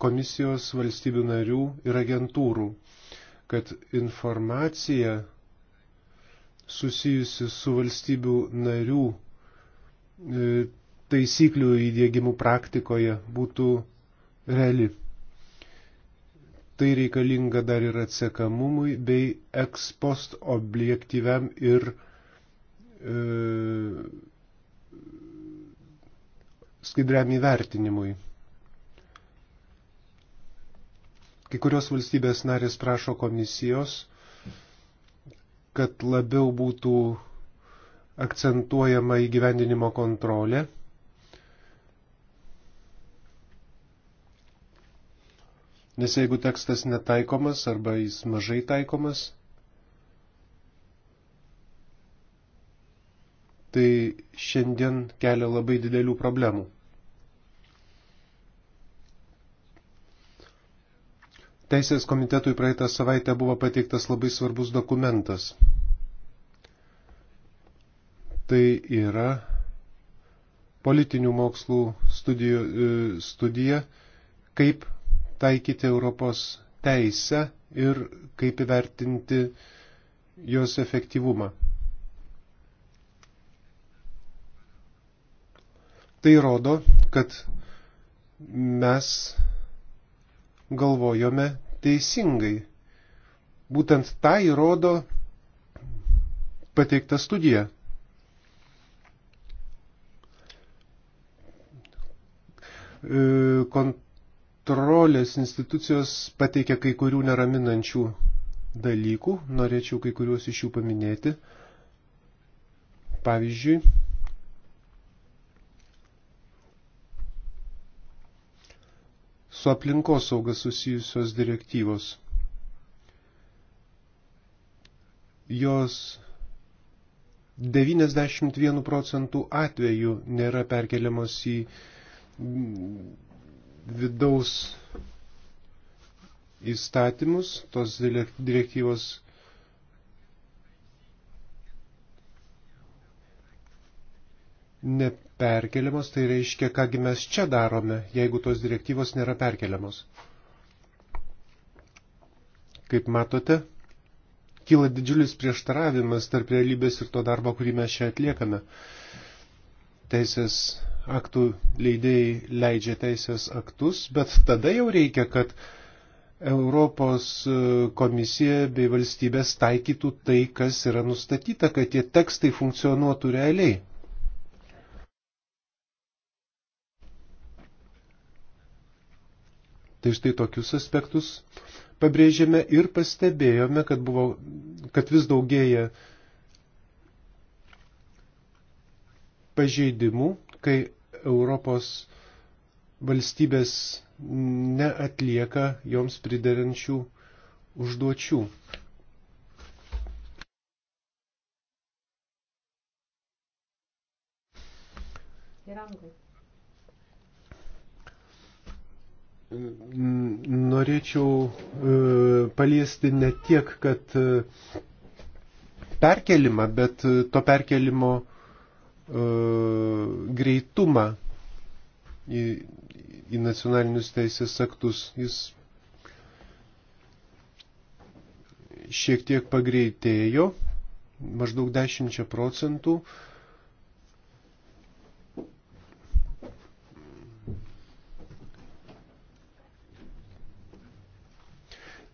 komisijos valstybių narių ir agentūrų, kad informacija susijusi su valstybių narių e, taisyklių įdėgimų praktikoje būtų reali. Tai reikalinga dar ir atsekamumui bei ekspost objektyviam ir e, skaidriam įvertinimui. Kai kurios valstybės narės prašo komisijos, kad labiau būtų akcentuojama įgyvendinimo kontrolė Nes jeigu tekstas netaikomas arba jis mažai taikomas, tai šiandien kelia labai didelių problemų. Teisės komitetui praeitą savaitę buvo pateiktas labai svarbus dokumentas. Tai yra politinių mokslų studijų, e, studija, kaip taikyti Europos teisę ir kaip įvertinti jos efektyvumą. Tai rodo, kad mes galvojome teisingai. Būtent tą įrodo pateikta studija. Kont kontrolės institucijos pateikia kai kurių neraminančių dalykų, norėčiau kai kuriuos iš jų paminėti. Pavyzdžiui, su aplinkosauga susijusios direktyvos. Jos 91 procentų atveju nėra perkeliamos į vidaus įstatymus, tos direktyvos neperkeliamos, tai reiškia, kągi mes čia darome, jeigu tos direktyvos nėra perkeliamos. Kaip matote, kyla didžiulis prieštaravimas tarp realybės ir to darbo, kurį mes čia atliekame. Teisės aktų leidėjai leidžia teisės aktus, bet tada jau reikia, kad Europos e, komisija bei valstybės taikytų tai, kas yra nustatyta, kad tie tekstai funkcionuotų realiai. Tai štai tokius aspektus pabrėžėme ir pastebėjome, kad, buvo, kad vis daugėja uh, pažeidimų, kai Europos valstybės neatlieka joms pridarančių užduočių. Ir anglai. norėčiau e, paliesti ne tiek, kad e, perkelimą, bet e, to perkelimo E, greitumą į, į nacionalinius teisės aktus. Jis šiek tiek pagreitėjo, maždaug 10 procentų.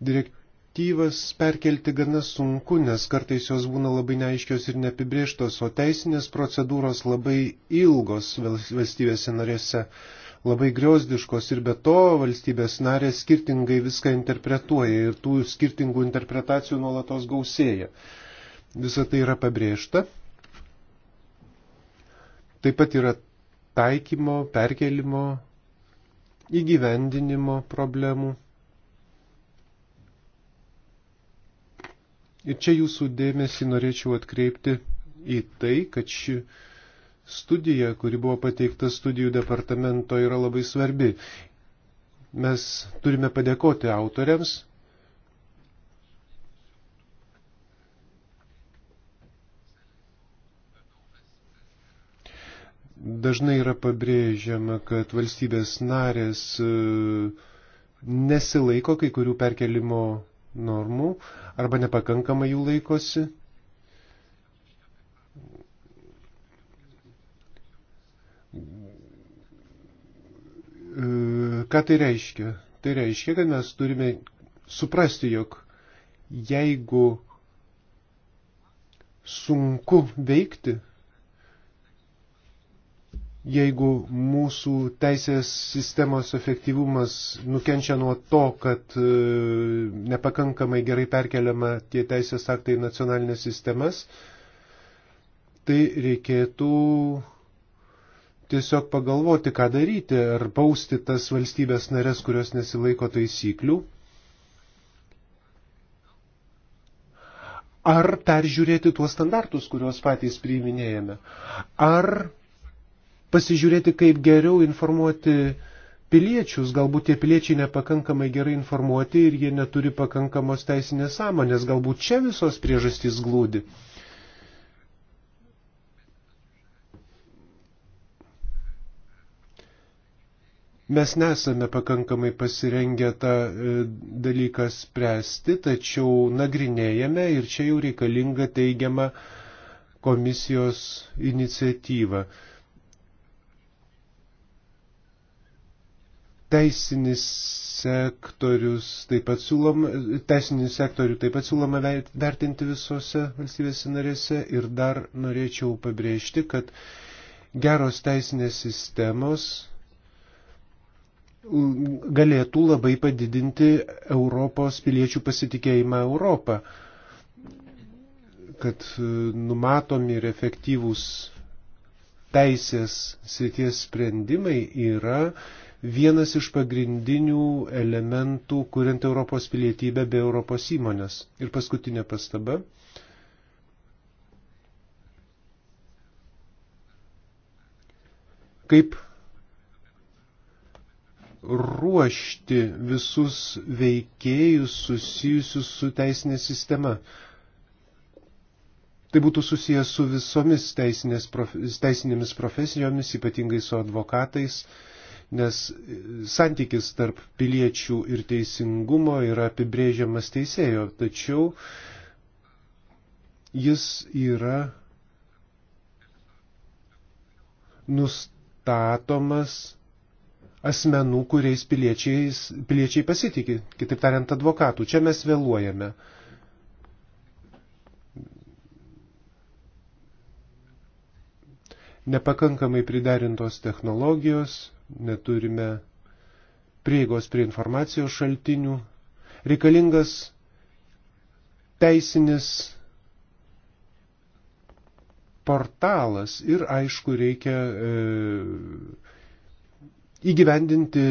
Direkt direktyvas perkelti gana sunku, nes kartais jos būna labai neaiškios ir neapibrieštos, o teisinės procedūros labai ilgos valstybėse narėse, labai griozdiškos ir be to valstybės narės skirtingai viską interpretuoja ir tų skirtingų interpretacijų nuolatos gausėja. Visa tai yra pabrėžta. Taip pat yra taikymo, perkelimo, įgyvendinimo problemų. Ir čia jūsų dėmesį norėčiau atkreipti į tai, kad ši studija, kuri buvo pateikta studijų departamento, yra labai svarbi. Mes turime padėkoti autoriams. Dažnai yra pabrėžiama, kad valstybės narės e, nesilaiko kai kurių perkelimo normų arba nepakankamai jų laikosi. E, ką tai reiškia? Tai reiškia, kad mes turime suprasti, jog jeigu sunku veikti, jeigu mūsų teisės sistemos efektyvumas nukenčia nuo to, kad e, nepakankamai gerai perkeliama tie teisės aktai į nacionalinės sistemas, tai reikėtų tiesiog pagalvoti, ką daryti, ar bausti tas valstybės narės, kurios nesilaiko taisyklių, ar peržiūrėti tuos standartus, kuriuos patys priiminėjame, ar pasižiūrėti, kaip geriau informuoti piliečius. Galbūt tie piliečiai nepakankamai gerai informuoti ir jie neturi pakankamos teisinės sąmonės. Galbūt čia visos priežastys glūdi. Mes nesame pakankamai pasirengę tą e, dalyką spręsti, tačiau nagrinėjame ir čia jau reikalinga teigiama komisijos iniciatyva. Teisinis sektorius taip pat siūloma, teisinį sektorių taip pat siūloma vertinti visose valstybėse narėse ir dar norėčiau pabrėžti, kad geros teisinės sistemos galėtų labai padidinti Europos piliečių pasitikėjimą Europą, kad e, numatomi ir efektyvūs teisės srities sprendimai yra vienas iš pagrindinių elementų, kuriant Europos pilietybę be Europos įmonės. Ir paskutinė pastaba. Kaip ruošti visus veikėjus susijusius su teisinė sistema. Tai būtų susijęs su visomis profe, teisinėmis profesijomis, ypatingai su advokatais, uh, nes santykis tarp piliečių ir teisingumo yra apibrėžiamas teisėjo, tačiau jis yra nustatomas asmenų, kuriais piliečiai pasitikė, kitaip tariant, advokatų. Čia mes vėluojame. Nepakankamai pridarintos technologijos, neturime prieigos prie informacijos šaltinių, reikalingas teisinis portalas ir aišku reikia e, įgyvendinti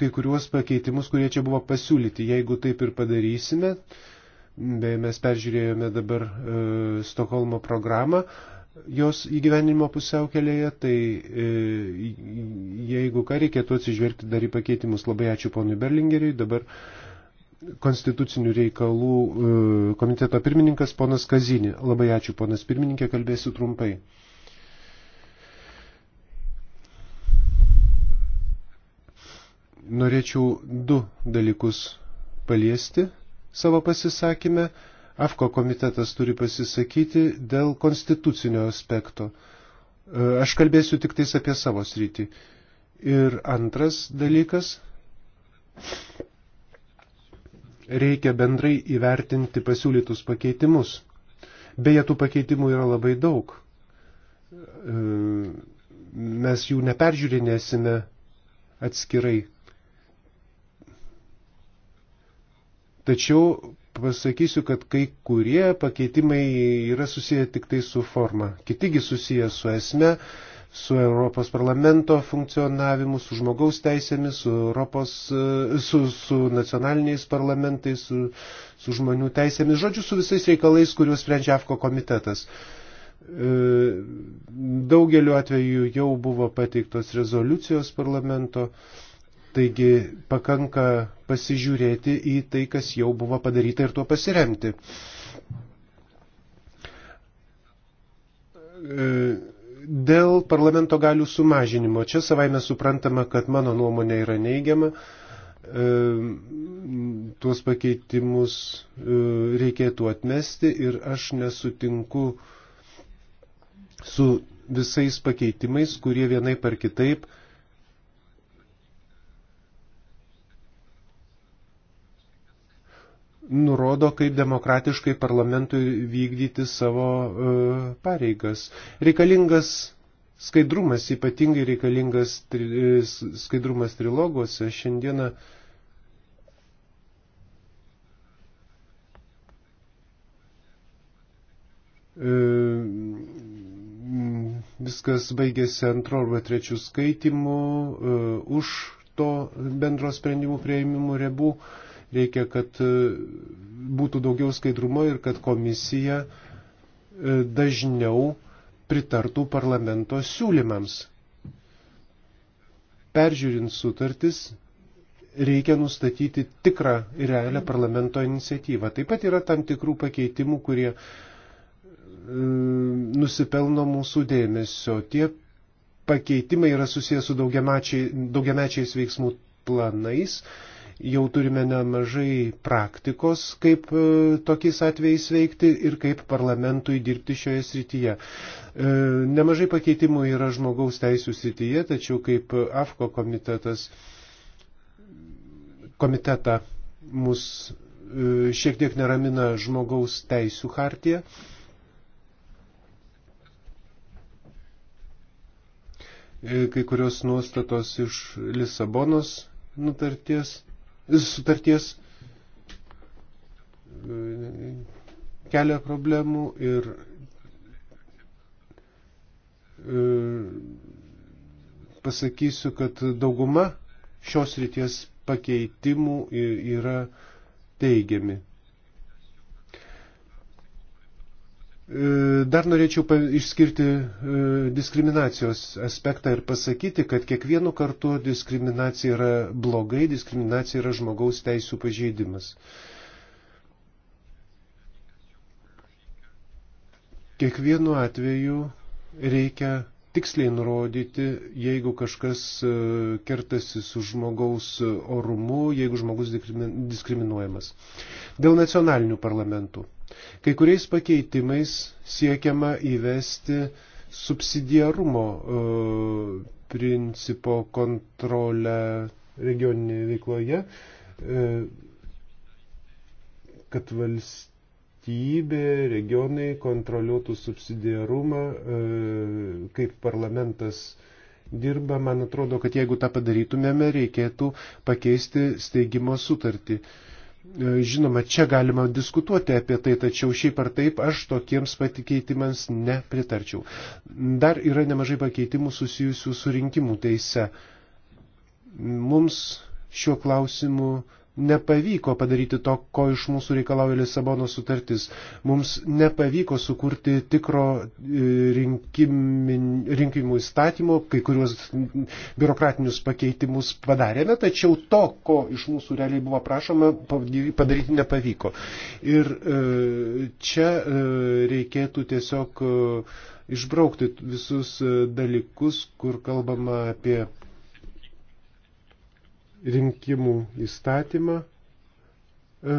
kai kuriuos pakeitimus, kurie čia buvo pasiūlyti. Jeigu taip ir padarysime, beje mes peržiūrėjome dabar e, Stokholmo programą, e, jos įgyvenimo pusiaukelėje, tai e, jeigu ką reikėtų atsižvelgti dar į pakeitimus. Labai ačiū ponui Berlingeriui. Dabar konstitucinių reikalų e, komiteto pirmininkas ponas Kazinė. Labai ačiū ponas pirmininkė, kalbėsiu trumpai. Norėčiau du dalykus paliesti savo pasisakymę. AFKO komitetas turi pasisakyti dėl konstitucinio aspekto. E, aš kalbėsiu tik tais apie savo sritį. Ir antras dalykas. Reikia bendrai įvertinti pasiūlytus pakeitimus. Beje, tų pakeitimų yra labai daug. E, mes jų neperžiūrinėsime atskirai. Tačiau pasakysiu, kad kai kurie pakeitimai yra susiję tik tai su forma, kitigi susiję su esme, su Europos parlamento funkcionavimu, su žmogaus teisėmis, su, Europos, e, su, su nacionaliniais parlamentais, su, su žmonių teisėmis, žodžiu, su visais reikalais, kuriuos sprendžia AFKO komitetas. E, daugeliu atveju jau buvo pateiktos rezoliucijos parlamento Taigi pakanka pasižiūrėti į tai, kas jau buvo padaryta ir tuo pasiremti. E, dėl parlamento galių sumažinimo. Čia savaime suprantama, kad mano nuomonė yra neigiama. E, tuos pakeitimus e, reikėtų atmesti ir aš nesutinku su visais pakeitimais, kurie vienai par kitaip uh, nurodo, kaip demokratiškai parlamentui vykdyti savo e, pareigas. Reikalingas skaidrumas, ypatingai reikalingas tri, e, skaidrumas triloguose. Šiandieną e, viskas baigėsi antro arba trečių skaitimų, e, už to bendro sprendimų prieimimų rebų. E, Reikia, kad e, būtų daugiau skaidrumo ir kad komisija e, dažniau pritartų parlamento siūlymams. Peržiūrint sutartis, reikia nustatyti tikrą ir realią parlamento iniciatyvą. Taip pat yra tam tikrų pakeitimų, kurie e, nusipelno mūsų dėmesio. Tie pakeitimai yra susijęs su daugiamečiais veiksmų planais. E, jau turime nemažai praktikos, kaip e, tokiais atvejais veikti ir kaip parlamentui dirbti šioje srityje. E, nemažai pakeitimų yra žmogaus teisų srityje, tačiau kaip AFKO komitetas komitetą mus e, šiek tiek neramina žmogaus teisų hartija. Kai kurios nuostatos iš Lisabonos nutarties sutarties e, kelia problemų ir e, pasakysiu, kad dauguma šios ryties pakeitimų yra teigiami. E, dar norėčiau išskirti e, diskriminacijos aspektą ir pasakyti, kad kiekvienu kartu diskriminacija yra blogai, diskriminacija yra žmogaus teisų pažeidimas. Kiekvienu atveju reikia tiksliai nurodyti, jeigu kažkas e, kertasi su žmogaus orumu, jeigu žmogus diskriminuojamas. Dėl nacionalinių parlamentų. Kai kuriais pakeitimais siekiama įvesti subsidiarumo e, principo kontrolę regioninėje veikloje, e, kad valstybė valstybė, regionai kontroliuotų subsidiarumą, e, kaip parlamentas dirba. Man atrodo, kad jeigu tą padarytumėme, reikėtų pakeisti steigimo sutartį. E, žinoma, čia galima diskutuoti apie tai, tačiau šiaip ar taip aš tokiems patikeitimams nepritarčiau. Dar yra nemažai pakeitimų susijusių su rinkimų teise. Mums šiuo klausimu nepavyko padaryti to, ko iš mūsų reikalauja Lisabono sutartis. Mums nepavyko sukurti tikro e, rinkimin, rinkimų įstatymo, kai kuriuos biurokratinius pakeitimus padarėme, tačiau to, ko iš mūsų realiai buvo prašoma, padaryti nepavyko. Ir e, čia e, reikėtų tiesiog išbraukti visus dalykus, kur kalbama apie rinkimų įstatymą, e,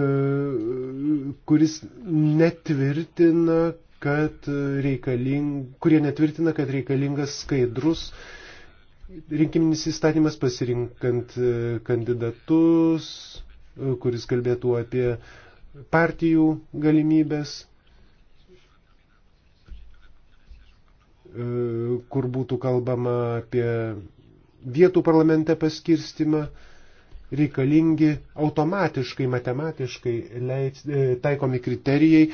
kuris netvirtina, kad reikaling, kurie netvirtina, kad reikalingas skaidrus rinkiminis įstatymas pasirinkant e, kandidatus, e, kuris kalbėtų apie partijų galimybės, kur būtų kalbama apie vietų parlamente paskirstimą, reikalingi automatiškai, matematiškai leid, e, taikomi kriterijai,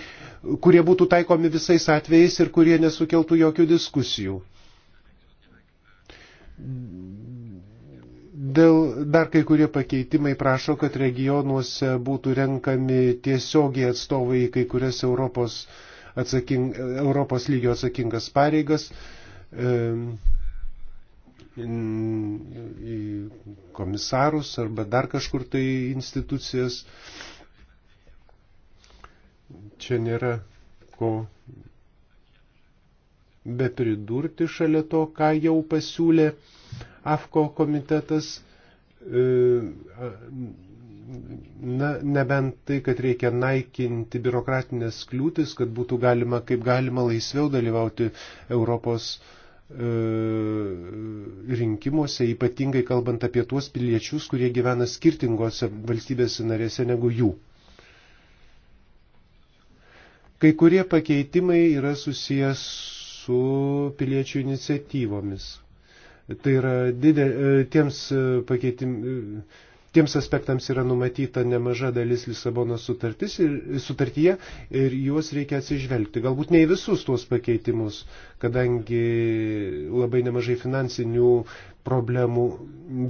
kurie būtų taikomi visais atvejais ir kurie nesukeltų jokių diskusijų. Dėl dar kai kurie pakeitimai prašo, kad regionuose būtų renkami tiesiogiai atstovai į kai kurias Europos, atsaking, Europos lygio atsakingas pareigas. E, į komisarus arba dar kažkur tai institucijas. Čia nėra ko be pridurti šalia to, ką jau pasiūlė AFKO komitetas. E, na, nebent tai, kad reikia naikinti biurokratinės kliūtis, kad būtų galima kaip galima laisviau dalyvauti Europos uh, E, rinkimuose, ypatingai kalbant apie tuos piliečius, kurie gyvena skirtingose valstybėse narėse negu jų. Kai kurie pakeitimai yra susijęs su piliečių iniciatyvomis. Tai yra didel, e, tiems e, pakeitimams Tiems aspektams yra numatyta nemaža dalis Lisabonos ir, sutartyje ir juos reikia atsižvelgti. Galbūt ne į visus tuos pakeitimus, kadangi labai nemažai finansinių problemų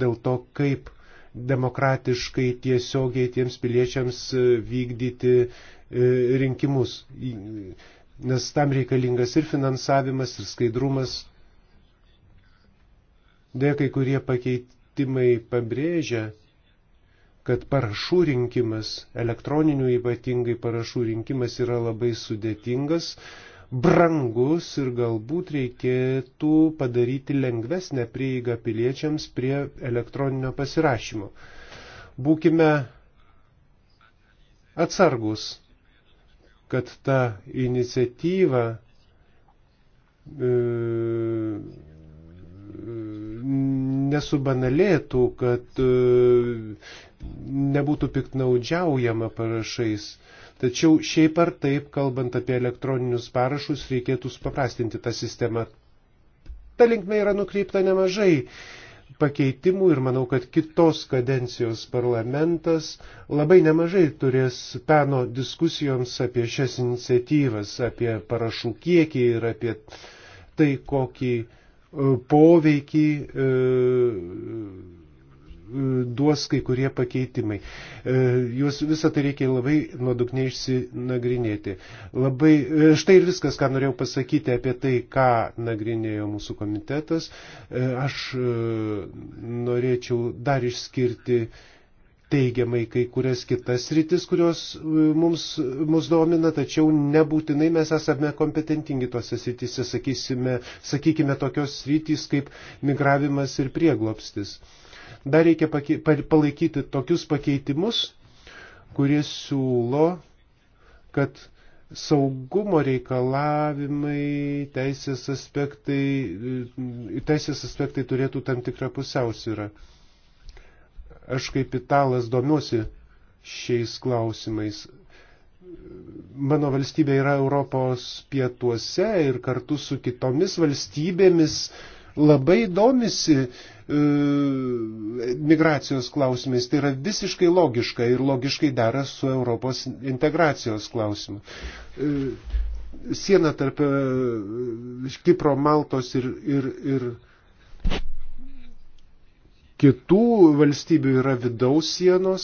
dėl to, kaip demokratiškai tiesiogiai tiems piliečiams e, vykdyti e, rinkimus. Nes tam reikalingas ir finansavimas, ir skaidrumas. Dėja, kai kurie pakeitimai pabrėžia, kad parašų rinkimas, elektroninių ypatingai parašų rinkimas yra labai sudėtingas, brangus ir galbūt reikėtų padaryti lengvesnę prieigą piliečiams prie elektroninio pasirašymo. Būkime atsargus, kad ta iniciatyva e, nesubanalėtų, kad e, nebūtų piktnaudžiaujama parašais. Tačiau šiaip ar taip, kalbant apie elektroninius parašus, reikėtų supaprastinti tą sistemą. Ta linkme yra nukreipta nemažai pakeitimų ir manau, kad kitos kadencijos parlamentas labai nemažai turės peno diskusijoms apie šias iniciatyvas, apie parašų kiekį ir apie tai, kokį poveikį e, e, duos kai kurie pakeitimai. E, Jūs visą tai reikia labai nuodugniai išsinagrinėti. Labai, štai ir viskas, ką norėjau pasakyti apie tai, ką nagrinėjo mūsų komitetas. Aš norėčiau dar išskirti teigiamai kai kurias kitas rytis, kurios e, mums, mus domina, tačiau nebūtinai mes esame kompetentingi tose srityse, sakysime, sakykime, tokios rytis kaip migravimas ir prieglopstis. Dar reikia pakei, palaikyti tokius pakeitimus, kurie siūlo, kad saugumo reikalavimai, teisės aspektai, e, teisės aspektai turėtų tam tikrą pusiausvyrą. Aš kaip italas domiuosi šiais klausimais. Mano valstybė yra Europos pietuose ir kartu su kitomis valstybėmis labai domisi e, migracijos klausimais. Tai yra visiškai logiška ir logiškai dera su Europos integracijos klausimu. E, siena tarp e, Kipro, Maltos ir, ir, ir kitų valstybių yra vidaus sienos,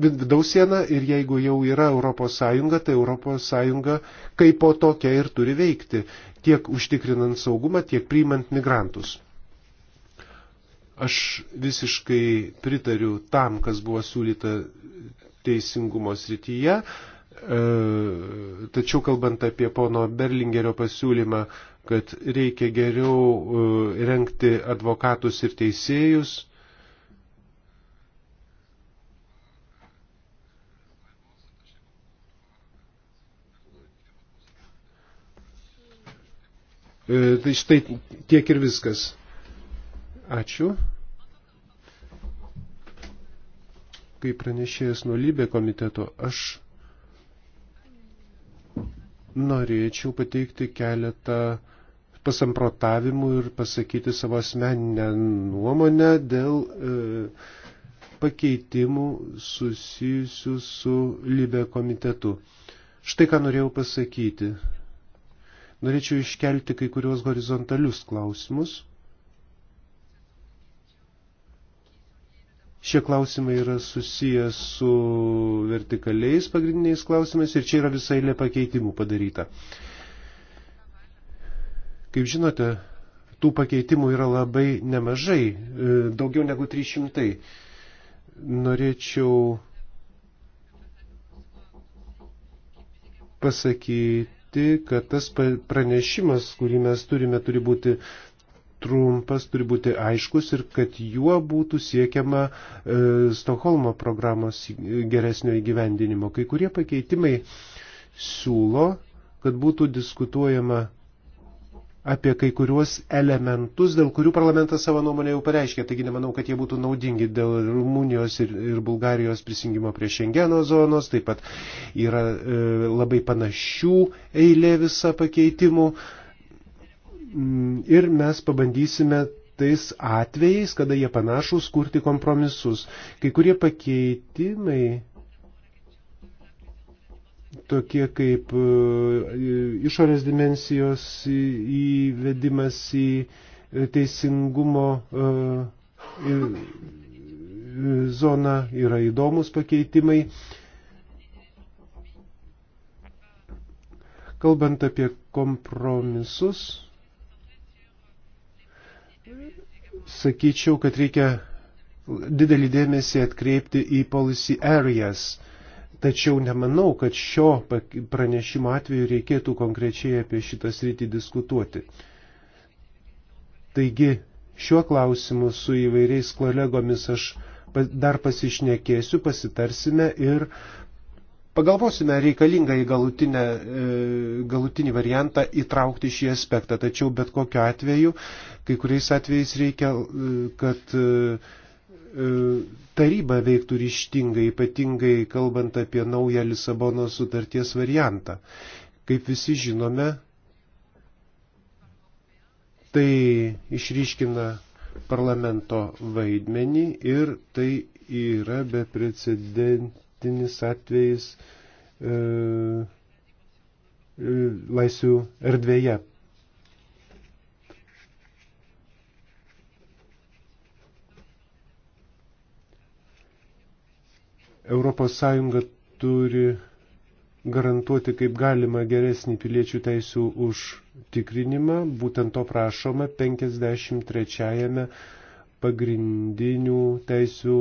vidaus siena ir jeigu jau yra ES, tai ES kaip po tokia ir turi veikti, tiek užtikrinant saugumą, tiek priimant migrantus. Aš visiškai pritariu tam, kas buvo siūlyta teisingumo srityje, e, tačiau kalbant apie pono Berlingerio pasiūlymą, kad reikia geriau e, renkti advokatus ir teisėjus, E, tai štai tiek ir viskas. Ačiū. Kai pranešėjas nuo Lybė komiteto, aš norėčiau pateikti keletą pasamprotavimų ir pasakyti savo asmeninę nuomonę dėl e, pakeitimų susijusių su Libė komitetu. Štai ką norėjau pasakyti norėčiau iškelti kai kurios horizontalius klausimus. Šie klausimai yra susijęs su vertikaliais pagrindiniais klausimais ir čia yra visai lė pakeitimų padaryta. Kaip žinote, tų pakeitimų yra labai nemažai, e, daugiau negu 300. Norėčiau pasakyti siekti, kad tas pranešimas, kurį mes turime, turi būti trumpas, turi būti aiškus ir kad juo būtų siekiama e, Stokholmo programos geresnio įgyvendinimo. Kai kurie pakeitimai siūlo, kad būtų diskutuojama apie kai kuriuos elementus, dėl kurių parlamentas savo nuomonę jau pareiškė. Taigi nemanau, kad jie būtų naudingi dėl Rumunijos ir, ir Bulgarijos prisijungimo prie Šengeno zonos. Taip pat yra e, labai panašių eilė visa pakeitimų. Mm, ir mes pabandysime tais atvejais, kada jie panašus, kurti kompromisus. Kai kurie pakeitimai tokie kaip e, išorės dimensijos įvedimas į e, teisingumo e, zoną yra įdomus pakeitimai. Kalbant apie kompromisus, sakyčiau, kad reikia didelį dėmesį atkreipti į policy areas – Tačiau nemanau, kad šio pranešimo atveju reikėtų konkrečiai apie šitą sritį diskutuoti. Taigi, šiuo klausimu su įvairiais kolegomis aš dar pasišnekėsiu, pasitarsime ir pagalvosime, reikalinga į galutinę, e, galutinį variantą įtraukti šį aspektą. Tačiau bet kokiu atveju, kai kuriais atvejais reikia, e, kad e, E, taryba veiktų ryštingai, ypatingai kalbant apie naują Lisabono sutarties variantą. Kaip visi žinome, tai išryškina parlamento vaidmenį ir tai yra beprecedentinis atvejis e, e, laisvių erdvėje. ES turi garantuoti kaip galima geresnį piliečių teisų užtikrinimą, būtent to prašoma 53-ame pagrindinių teisų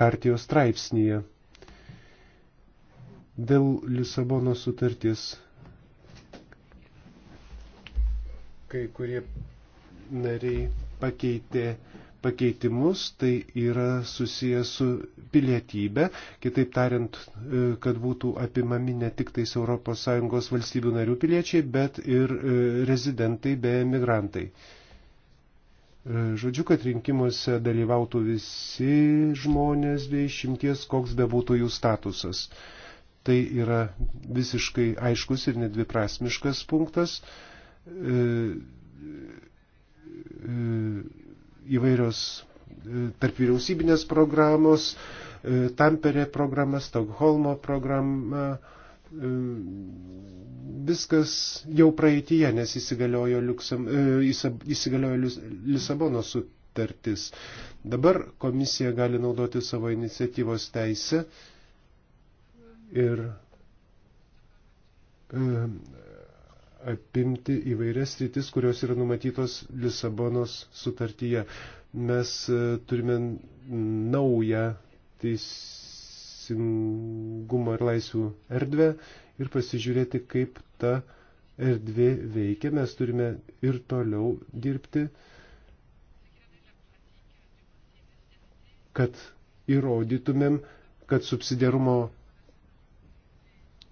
hartijos straipsnyje. Dėl Lisabono sutarties kai kurie nariai pakeitė pakeitimus, tai yra susijęs su pilietybė, kitaip tariant, e, kad būtų apimami ne tik tais ES valstybių narių piliečiai, bet ir e, rezidentai bei emigrantai. E, žodžiu, kad rinkimuose dalyvautų visi žmonės bei šimties, koks bebūtų jų statusas. Tai yra visiškai aiškus ir nedviprasmiškas punktas. E, e, įvairios e, tarp vyriausybinės programos, e, Tamperė programa, Stokholmo programa. E, viskas jau praeitie, nes įsigaliojo, Liuksam, įsigaliojo Lisabono sutartis. Dabar komisija gali naudoti savo iniciatyvos teisę ir apimti įvairias rytis, kurios yra numatytos Lisabonos sutartyje. Mes e, turime naują teisingumo ir laisvių erdvę ir pasižiūrėti, kaip ta erdvė veikia. Mes turime ir toliau dirbti, kad įrodytumėm, kad subsidiarumo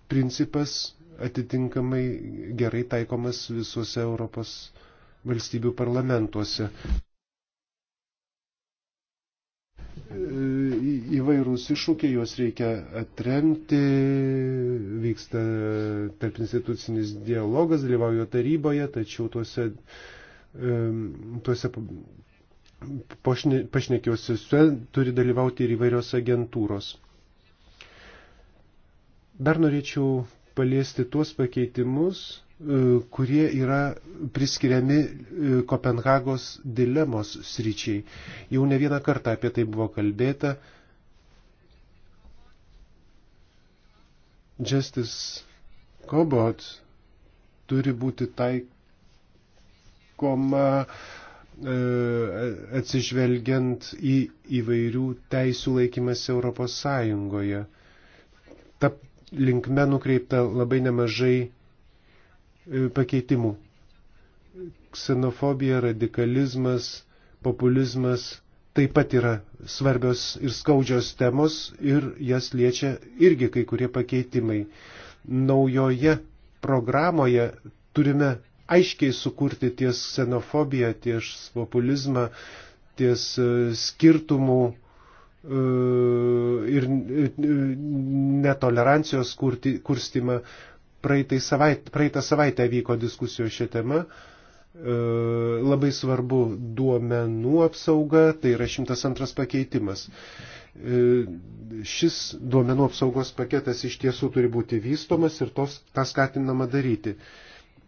principas atitinkamai gerai taikomas visuose Europos valstybių parlamentuose. Įvairūs iššūkiai, juos reikia atremti, vyksta tarp institucinis dialogas, dalyvauju taryboje, tačiau tuose, tuose pašnekiuose turi dalyvauti ir įvairios agentūros. Dar norėčiau paliesti tuos pakeitimus, e, kurie yra priskiriami e, Kopenhagos dilemos sryčiai. Jau ne vieną kartą apie tai buvo kalbėta. Justice Cobot turi būti taikoma e, atsižvelgiant į įvairių teisų laikymąsi Europos Sąjungoje. Ta linkme nukreipta labai nemažai e, pakeitimų. Ksenofobija, radikalizmas, populizmas taip pat yra svarbios ir skaudžios temos ir jas liečia irgi kai kurie pakeitimai. Naujoje programoje turime aiškiai sukurti ties ksenofobiją, ties populizmą, ties e, skirtumų E, ir e, e, netolerancijos kurti, kurstimą. Savaitę, praeitą savaitę vyko diskusijos šią temą. Labai svarbu duomenų apsauga, tai yra 102 pakeitimas. Šis duomenų apsaugos paketas iš tiesų turi būti vystomas ir tos, tą skatinama daryti.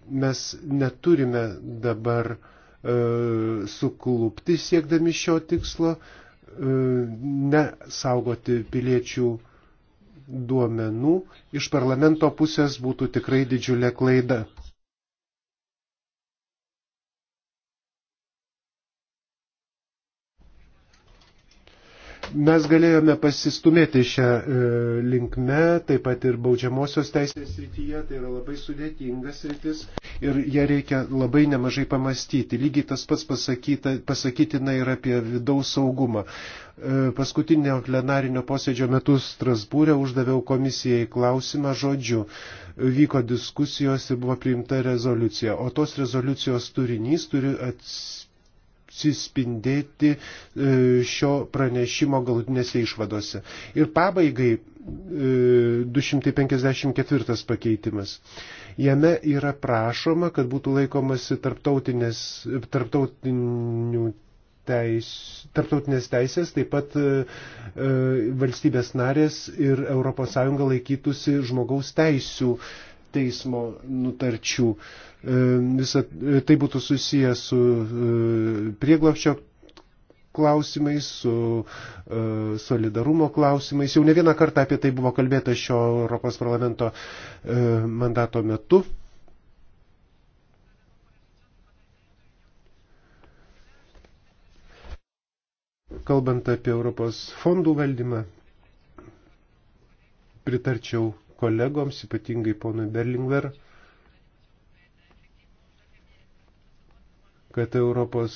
Mes neturime dabar suklūpti siekdami šio tikslo, nesaugoti piliečių duomenų iš parlamento pusės būtų tikrai didžiulė klaida. Mes galėjome pasistumėti šią e, linkme, taip pat ir baudžiamosios teisės srityje, tai yra labai sudėtingas sritis ir ją reikia labai nemažai pamastyti. Lygiai tas pats pasakyta, pasakytina ir apie vidaus saugumą. E, paskutinio plenarinio posėdžio metu Strasbūrė uždaviau komisijai klausimą žodžiu. Vyko diskusijos ir buvo priimta rezoliucija, o tos rezoliucijos turinys turi atsitikti atsispindėti e, šio pranešimo galutinėse išvadose. Ir pabaigai 254 e, pakeitimas. Jame yra prašoma, kad būtų laikomasi tarptautinių teis, tarptautinės teisės, taip pat e, e valstybės narės ir ES laikytųsi žmogaus teisų e, teismo nutarčių. E, visa, e, tai būtų susiję su e, prieglapščio klausimais, su solidarumo klausimais. Jau ne vieną kartą apie tai buvo kalbėta šio Europos parlamento mandato metu. Kalbant apie Europos fondų valdymą, pritarčiau kolegoms, ypatingai ponui Berlingver, kad Europos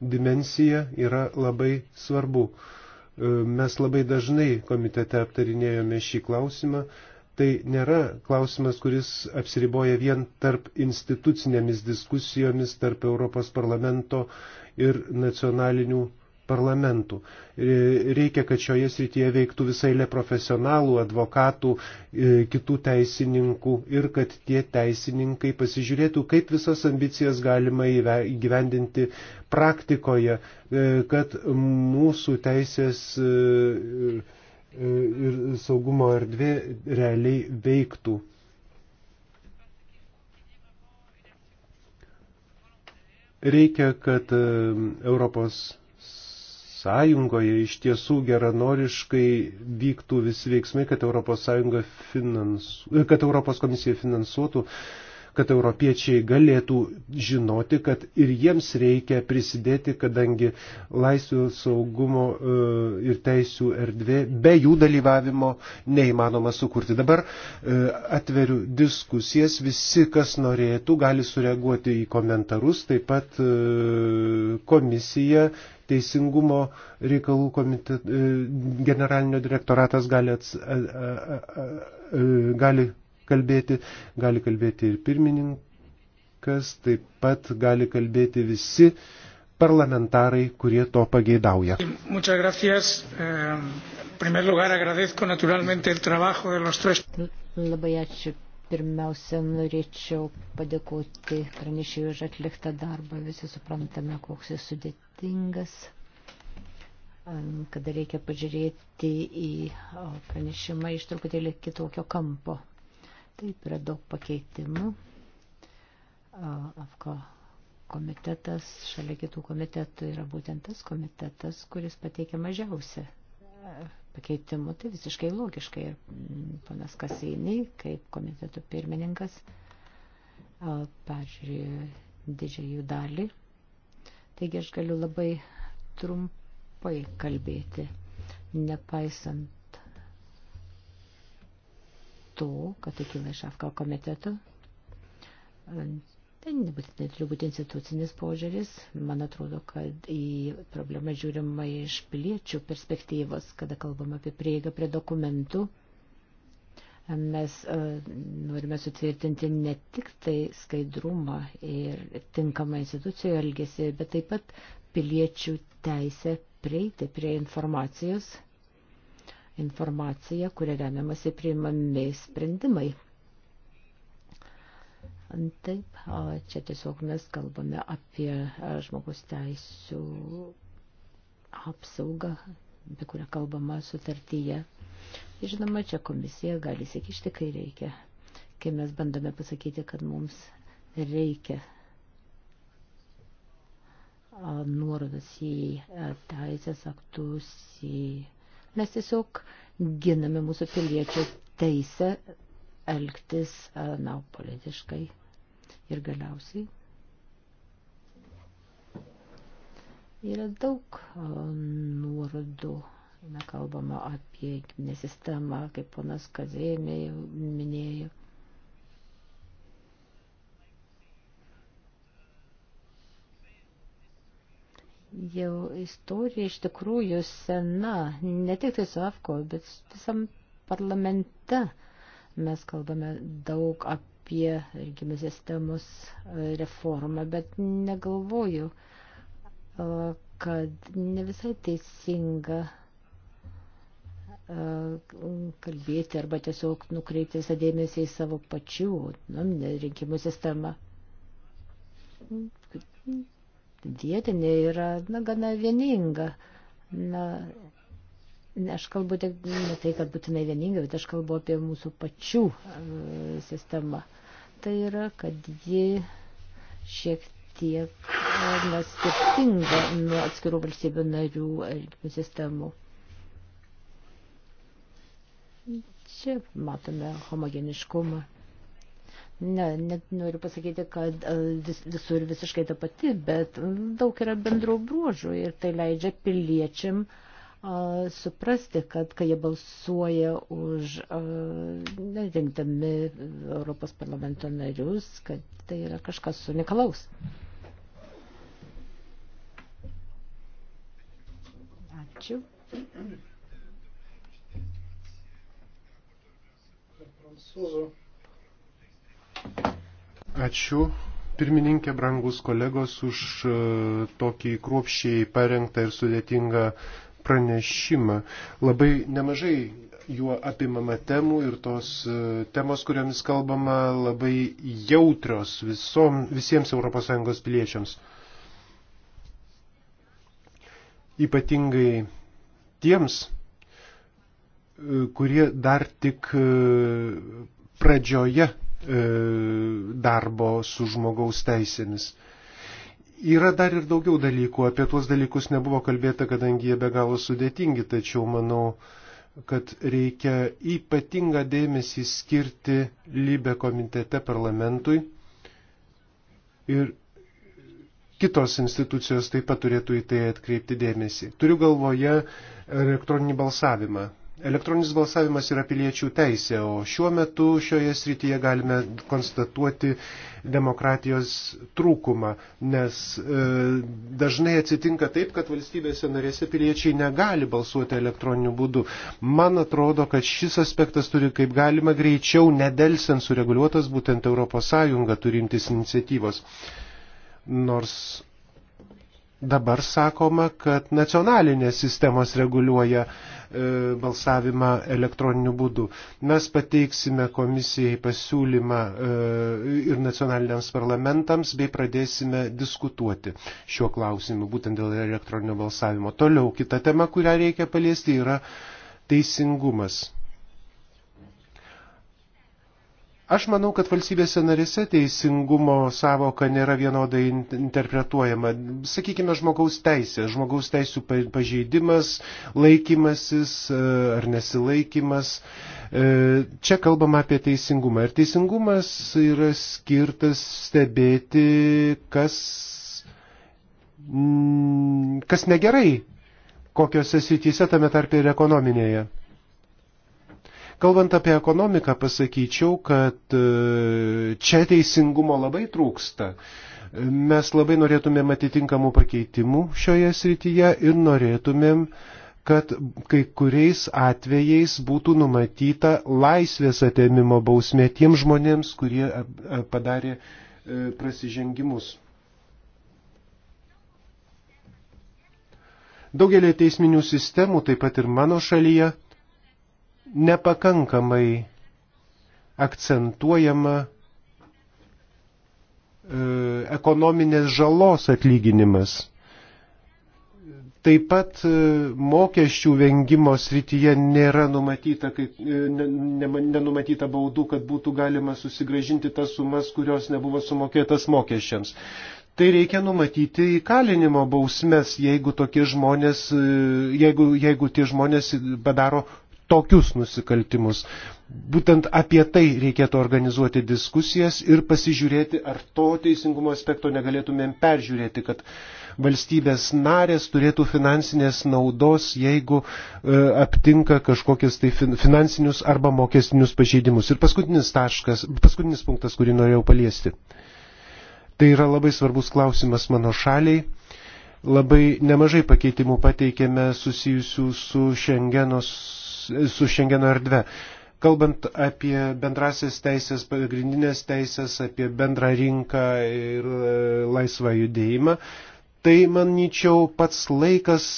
dimensija yra labai svarbu. E, mes labai dažnai komitete aptarinėjome šį klausimą. Tai nėra klausimas, kuris apsiriboja vien tarp institucinėmis diskusijomis, tarp Europos parlamento ir nacionalinių parlamentų. E, reikia, kad šioje srityje veiktų visai le profesionalų, advokatų, e, kitų teisininkų ir kad tie teisininkai pasižiūrėtų, kaip visas ambicijas galima įgyvendinti praktikoje, e, kad mūsų teisės ir saugumo erdvė realiai veiktų. Reikia, kad Europos sąjungoje iš tiesų geranoriškai vyktų visi veiksmai, kad Europos, finansu, kad Europos komisija finansuotų, kad europiečiai galėtų žinoti, kad ir jiems reikia prisidėti, kadangi laisvių saugumo e, ir teisių erdvė be jų dalyvavimo neįmanoma sukurti. Dabar e, atveriu diskusijas, visi, kas norėtų, gali sureaguoti į komentarus, taip pat e, komisija Teisingumo reikalų komitet, e, generalinio direktoratas gali, ats, a, a, a, a, e, gali kalbėti, gali kalbėti ir pirmininkas, taip pat gali kalbėti visi parlamentarai, kurie to pageidauja. Muchas gracias. Eh, en primer lugar, agradezco naturalmente el trabajo de los tres. Labai ačiū Pirmiausia, norėčiau padėkoti pranešėjui už atliktą darbą. Visi suprantame, koks jis sudėtingas, kada reikia pažiūrėti į pranešimą iš truputėlį kitokio kampo. Taip yra daug pakeitimų. Afko komitetas, šalia kitų komitetų yra būtent tas komitetas, kuris pateikia mažiausia pakeitimų, tai visiškai logiškai. Ir mm, panas Kasinį, kaip komitetų pirmininkas, peržiūrėjo didžiąjų dalį. Taigi aš galiu labai trumpai kalbėti, nepaisant to, kad tai kila iš AFK komiteto. Tai nebūtinai turi būti institucinis požiūris. Man atrodo, kad į problemą žiūrima iš piliečių perspektyvos, kada kalbam apie prieigą prie dokumentų. Mes e, norime sutvirtinti ne tik tai skaidrumą ir tinkamą institucijų elgesį, bet taip pat piliečių teisę prieiti prie informacijos, informacija, kuria remiamasi priimami sprendimai Taip, čia tiesiog mes kalbame apie e, žmogus teisų apsaugą, apie kurią kalbama sutartyje. Žinoma, čia komisija gali įsikišti, kai reikia, kai mes bandome pasakyti, kad mums reikia nuorodas į e, teisės aktus, į... mes tiesiog giname mūsų piliečio teisę elgtis, e, na, politiškai Ir galiausiai yra daug nuorodų. Na, kalbama apie giminę sistemą, kaip ponas Kazėmė minėjo. Jau istorija iš tikrųjų sena, ne tik tai su AFKO, bet visam parlamente mes kalbame daug apie apie rinkimų sistemos e, reformą, bet negalvoju, e, kad ne visai teisinga e, kalbėti arba tiesiog nukreipti visą dėmesį į savo pačių nuominę rinkimų sistemą. Vietinė yra na, gana vieninga. Na, Ne, aš kalbu tik ne tai, kad būtinai vieninga, bet aš kalbu apie mūsų pačių e, sistemą. Tai yra, kad ji šiek tiek e, na, skirtinga nuo atskirų valstybių narių e, sistemų. Čia matome homogeniškumą. Ne, net noriu pasakyti, kad vis, visur visiškai ta pati, bet daug yra bendrų bruožų ir tai leidžia piliečiam uh, suprasti, kad kai jie balsuoja už nerinkdami Europos parlamento narius, kad tai yra kažkas unikalaus. Ačiū. Prancūzų. Ačiū pirmininkė, brangus kolegos, už tokį kruopščiai parengtą ir sudėtingą pranešimą. Labai nemažai juo apimama temų ir tos e, temos, kuriomis kalbama, labai jautrios visom, visiems ES piliečiams. Ypatingai tiems, e, kurie dar tik e, pradžioje darbo su žmogaus teisėmis. Yra dar ir daugiau dalykų, apie tuos dalykus nebuvo kalbėta, kadangi jie be galo sudėtingi, tačiau manau, kad reikia ypatingą dėmesį skirti lybe komitete parlamentui ir kitos institucijos taip pat turėtų į tai atkreipti dėmesį. Turiu galvoje elektroninį balsavimą. Elektroninis balsavimas yra piliečių teisė, o šiuo metu šioje srityje galime konstatuoti demokratijos trūkumą, nes e, dažnai atsitinka taip, kad valstybėse narėse piliečiai negali balsuoti elektroniniu būdu. Man atrodo, kad šis aspektas turi kaip galima greičiau, nedelsiant sureguliuotas, būtent ES turi imtis iniciatyvos. Nors Dabar sakoma, kad nacionalinės sistemos reguliuoja E, balsavimą elektroniniu būdu. Mes pateiksime komisijai pasiūlymą e, ir nacionaliniams parlamentams bei pradėsime diskutuoti šiuo klausimu, būtent dėl elektroninio balsavimo. Toliau kita tema, kurią reikia paliesti, yra teisingumas. Aš manau, kad valstybėse narėse teisingumo savoka nėra vienodai interpretuojama. Sakykime, žmogaus teisė, žmogaus teisų pažeidimas, laikymasis e, ar nesilaikymas. E, čia kalbama apie teisingumą. Ir teisingumas yra skirtas stebėti, kas, kas negerai, kokiose srityse tame tarpe ir ekonominėje. Kalbant apie ekonomiką, pasakyčiau, kad e, čia teisingumo labai trūksta. Mes labai norėtumėm atitinkamų pakeitimų šioje srityje ir norėtumėm, kad kai kuriais atvejais būtų numatyta laisvės atėmimo bausmė tiem žmonėms, kurie e, e, padarė prasižengimus. Daugelį teisminių sistemų, taip pat ir mano šalyje, nepakankamai akcentuojama e, ekonominės žalos atlyginimas. Taip pat e, mokesčių vengimo srityje nėra numatyta, kaip, e, ne, ne, nenumatyta baudų, kad būtų galima susigražinti tas sumas, kurios nebuvo sumokėtas mokesčiams. Tai reikia numatyti įkalinimo bausmes, jeigu, žmonės, jeigu, jeigu tie žmonės padaro tokius nusikaltimus. Būtent apie tai reikėtų organizuoti diskusijas ir pasižiūrėti, ar to teisingumo aspekto negalėtumėm peržiūrėti, kad valstybės narės turėtų finansinės naudos, jeigu e, aptinka kažkokius tai fin, finansinius arba mokestinius pažeidimus. Ir paskutinis, taškas, paskutinis punktas, kurį norėjau paliesti. Tai yra labai svarbus klausimas mano šaliai. Labai nemažai pakeitimų pateikėme susijusių su Šengenos su Šengeno erdve. Kalbant apie bendrasis teisės, pagrindinės teisės, apie bendrą rinką ir e, laisvą judėjimą, tai manyčiau pats laikas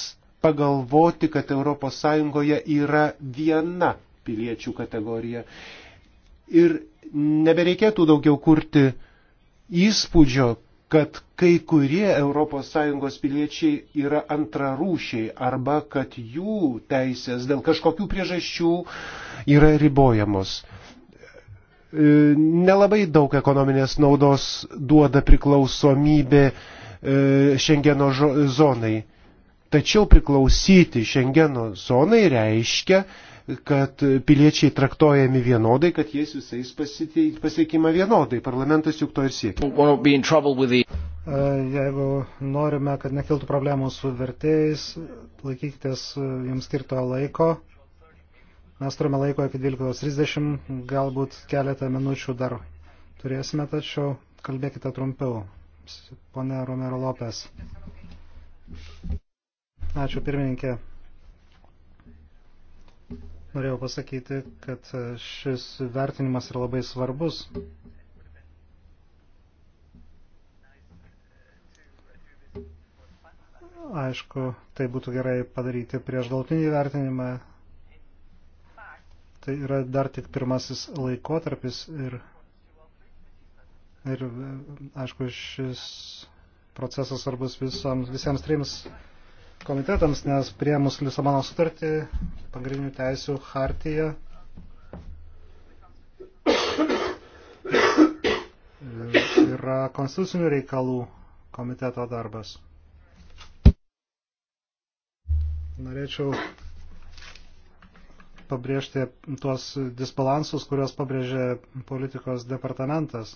pagalvoti, kad ES yra viena piliečių kategorija. Ir nebereikėtų daugiau kurti įspūdžio, kad kai kurie ES piliečiai yra antrarūšiai arba kad jų teisės dėl kažkokių priežasčių yra ribojamos. E, nelabai daug ekonominės naudos duoda priklausomybė e, Šengeno zonai. Tačiau priklausyti Šengeno zonai reiškia, kad piliečiai traktuojami vienodai, kad jais visais pasiekima vienodai. Parlamentas juk to ir siekia. Jeigu norime, kad nekiltų problemų su vertėjais, laikykitės jums skirto laiko. Mes turime laiko iki 12.30, galbūt keletą minučių dar turėsime, tačiau kalbėkite trumpiau. Pone Romero Lopes. Ačiū pirmininkė. Norėjau pasakyti, kad šis vertinimas yra labai svarbus. Aišku, tai būtų gerai padaryti prieš galtinį vertinimą. Tai yra dar tik pirmasis laikotarpis ir, ir aišku, šis procesas svarbus visams, visiems trims komitetams, nes prie mūsų Lisabono sutartį pagrindinių teisių hartija yra konstitucinių reikalų komiteto darbas. Norėčiau pabrėžti tuos disbalansus, kuriuos pabrėžė politikos departamentas.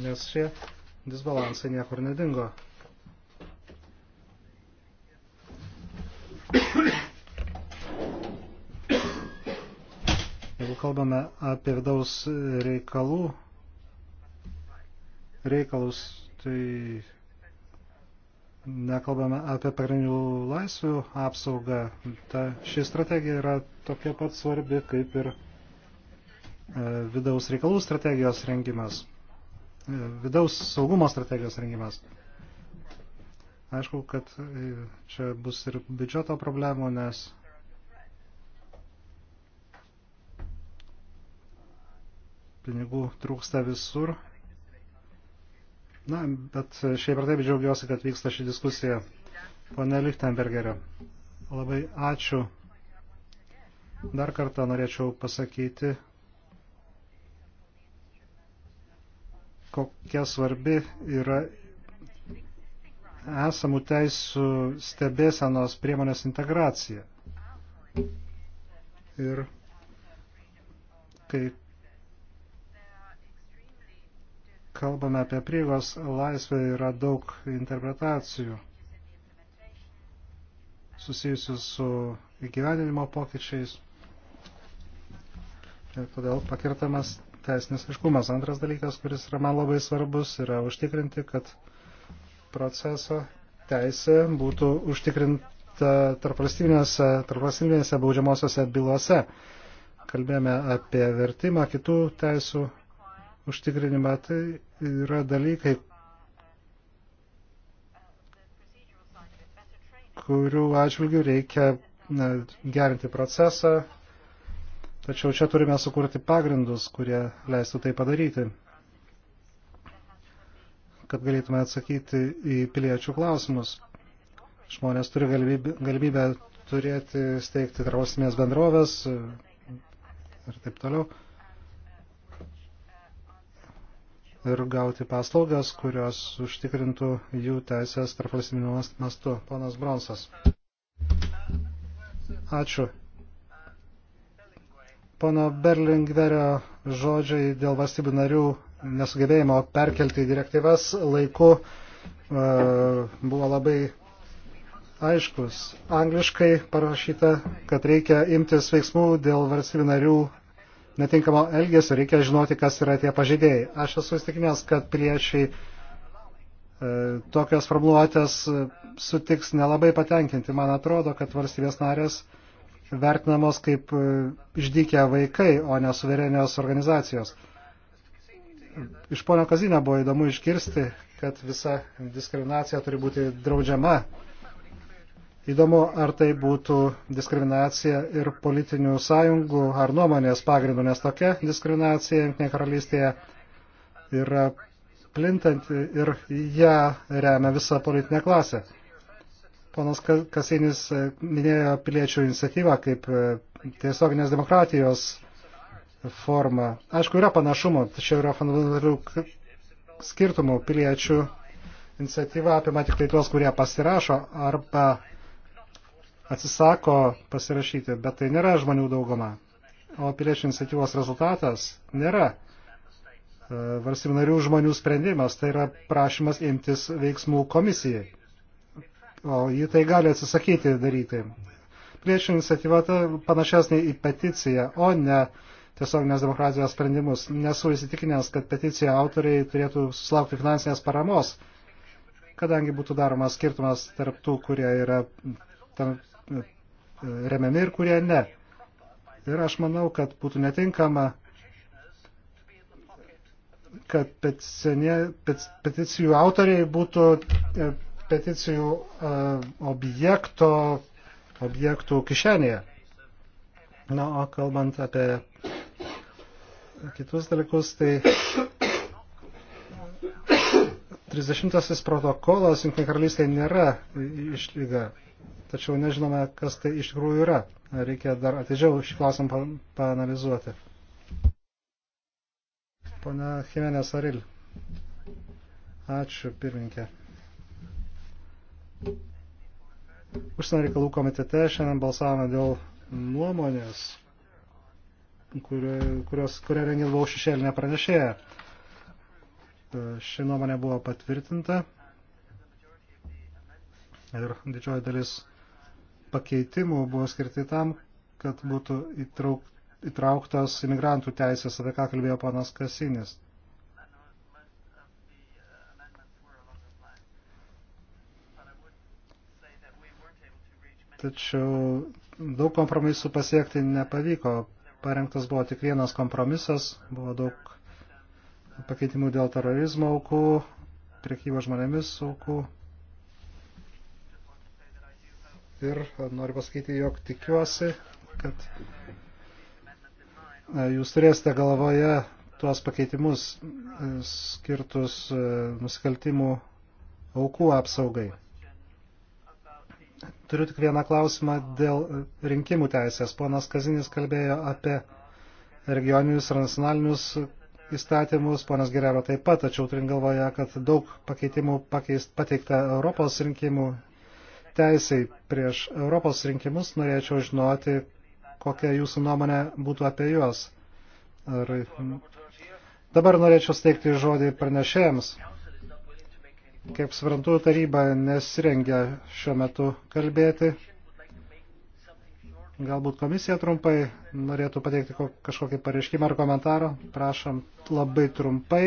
Nes šie disbalansai niekur nedingo. Jeigu kalbame apie vidaus reikalų, reikalus, tai nekalbame apie pagrindinių laisvių apsaugą. Ta, ši strategija yra tokia pat svarbi kaip ir e, vidaus reikalų strategijos rengimas, e, vidaus saugumo strategijos rengimas. Aišku, kad e, čia bus ir biudžeto problemų, nes pinigų trūksta visur. Na, bet šiaip ir taip džiaugiuosi, kad vyksta ši diskusija. Pone Lichtenbergerio, labai ačiū. Dar kartą norėčiau pasakyti, kokia svarbi yra esamų teisų stebėsenos priemonės integracija. Ir kai kalbame apie prieigos laisvę, yra daug interpretacijų susijusių su įgyvendinimo pokyčiais. Ir todėl pakirtamas teisinis aiškumas. Antras dalykas, kuris yra man labai svarbus, yra užtikrinti, kad proceso teisė būtų užtikrinta tarpvalstybinėse tarp baudžiamosiose bylose. Kalbėjome apie vertimą kitų teisų užtikrinimą. Tai yra dalykai, kurių atžvilgių reikia gerinti procesą, tačiau čia turime sukurti pagrindus, kurie leistų tai padaryti kad galėtume atsakyti į piliečių klausimus. Žmonės turi galimybę, galimybę turėti, steigti tarpvalstybinės bendrovės ir taip toliau. Ir gauti paslaugas, kurios užtikrintų jų teisės tarpvalstybinių mastu. Ponas Bronsas. Ačiū. Pono Berlingverio žodžiai dėl valstybių narių nesugebėjimo perkelti direktyvas laiku e, buvo labai aiškus. Angliškai parašyta, kad reikia imtis veiksmų dėl valstybių narių netinkamo elgesio, reikia žinoti, kas yra tie pažeidėjai. Aš esu įstikinęs, kad priešiai e, tokios formuluotės e, sutiks nelabai patenkinti. Man atrodo, kad valstybės narės vertinamos kaip e, išdykę vaikai, o ne suverenios organizacijos iš pono Kazinė buvo įdomu iškirsti, kad visa diskriminacija turi būti draudžiama. Įdomu, ar tai būtų diskriminacija ir politinių sąjungų ar nuomonės pagrindų, nes tokia diskriminacija Junktinėje karalystėje yra plintanti ir ją remia visa politinė klasė. Ponas Kasinis minėjo piliečių iniciatyvą kaip tiesioginės demokratijos forma. Aišku, yra panašumo, tačiau yra fundamentalių skirtumų piliečių. Iniciatyva apima tik tai tuos, kurie pasirašo arba atsisako pasirašyti, bet tai nėra žmonių dauguma. O piliečių iniciatyvos rezultatas nėra e, valstybių narių žmonių sprendimas, tai yra prašymas imtis veiksmų komisijai. O jį tai gali atsisakyti daryti. Piliečių iniciatyva tai panašesnė į peticiją, o ne uh, tiesioginės demokratijos sprendimus. Nesu įsitikinęs, kad peticija autoriai turėtų susilaukti finansinės paramos, kadangi būtų daromas skirtumas tarp tų, kurie yra tam, remiami ir kurie ne. Ir aš manau, kad būtų netinkama, kad peticinė, pet, peticijų autoriai būtų e, peticijų e, objekto, objektų kišenėje. Na, o kalbant apie kitus dalykus, tai 30 protokolas Junktinė karalystė nėra išlyga, tačiau nežinome, kas tai iš tikrųjų yra. Reikia dar atidžiau šį klausimą paanalizuoti. Pana Jimenez Aril. Ačiū, pirminkė. Užsienio reikalų komitete šiandien balsavome dėl nuomonės kurios, kurią rengėdavau šešėlinę pranešėją. E, ši nuomonė buvo patvirtinta ir didžioji dalis pakeitimų buvo skirti tam, kad būtų įtrauk, įtrauktos imigrantų teisės, apie ką kalbėjo panas Kasinis. Tačiau daug kompromisų pasiekti nepavyko parengtas buvo tik vienas kompromisas, buvo daug pakeitimų dėl terorizmo aukų, priekyvo žmonėmis aukų. Ir noriu pasakyti, jog tikiuosi, kad e, jūs turėsite galvoje tuos pakeitimus e, skirtus e, nusikaltimų aukų apsaugai. Turiu tik vieną klausimą dėl rinkimų teisės. Ponas Kazinis kalbėjo apie regioninius ir nacionalinius įstatymus, ponas Gerero taip pat, tačiau turim galvoje, kad daug pakeitimų pakeist, pateikta Europos rinkimų teisiai prieš Europos rinkimus. Norėčiau žinoti, kokia jūsų nuomonė būtų apie juos. Ar... Dabar norėčiau steigti žodį pranešėjams. Kaip svarantų taryba nesirengia šiuo metu kalbėti. Galbūt komisija trumpai norėtų pateikti kažkokį pareiškimą ar komentarą. Prašom labai trumpai.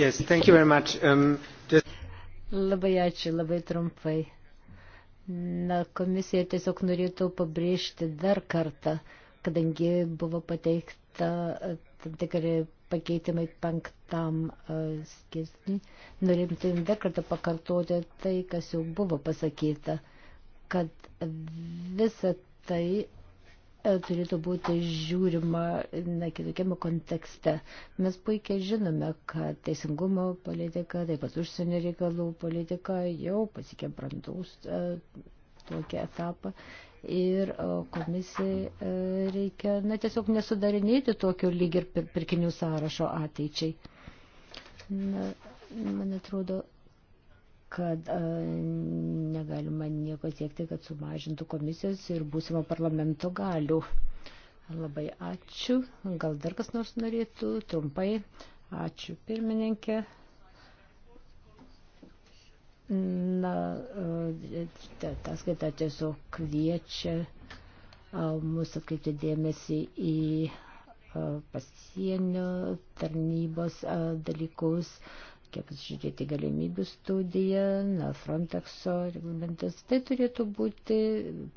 Yes, thank you very much. Um, just... Labai ačiū, labai trumpai. Na, komisija tiesiog norėtų pabrėžti dar kartą, kadangi buvo pateikta tam tikrai pakeitimai penktam e, skirsniui. Norėtum tai dar kartą pakartoti tai, kas jau buvo pasakyta, kad visa tai e, turėtų būti žiūrima na, kitokiame kontekste. Mes puikiai žinome, kad teisingumo politika, taip pat užsienio reikalų politika jau pasikė brandus e, tokį etapą ir e, komisijai e, reikia na, tiesiog nesudarinėti tokio lyg ir pirkinių sąrašo ateičiai. Na, man atrodo, kad a, e, negalima nieko siekti, kad sumažintų komisijos ir būsimo parlamento galių. Labai ačiū. Gal dar kas nors norėtų trumpai. Ačiū pirmininkė. Na, e, ta ataskaita tiesiog kviečia e, mus atkreipti dėmesį į e, pasienio tarnybos dalykus, kiek žiūrėti galimybių studiją, na, Frontexo reglamentas. Tai turėtų būti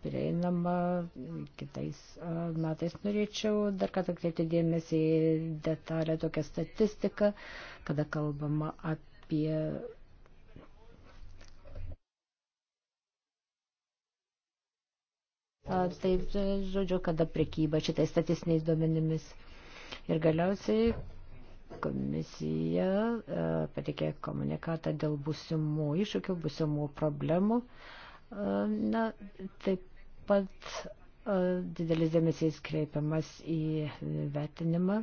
prieinama kitais metais. Norėčiau dar kartą kreipti dėmesį į detalę tokią statistiką, kada kalbama apie Taip, žodžiu, kada prekyba šitais statistiniais duomenimis. Ir galiausiai komisija patikė komunikatą dėl būsimų iššūkių, būsimų problemų. Na, taip pat didelis dėmesys kreipiamas į vertinimą.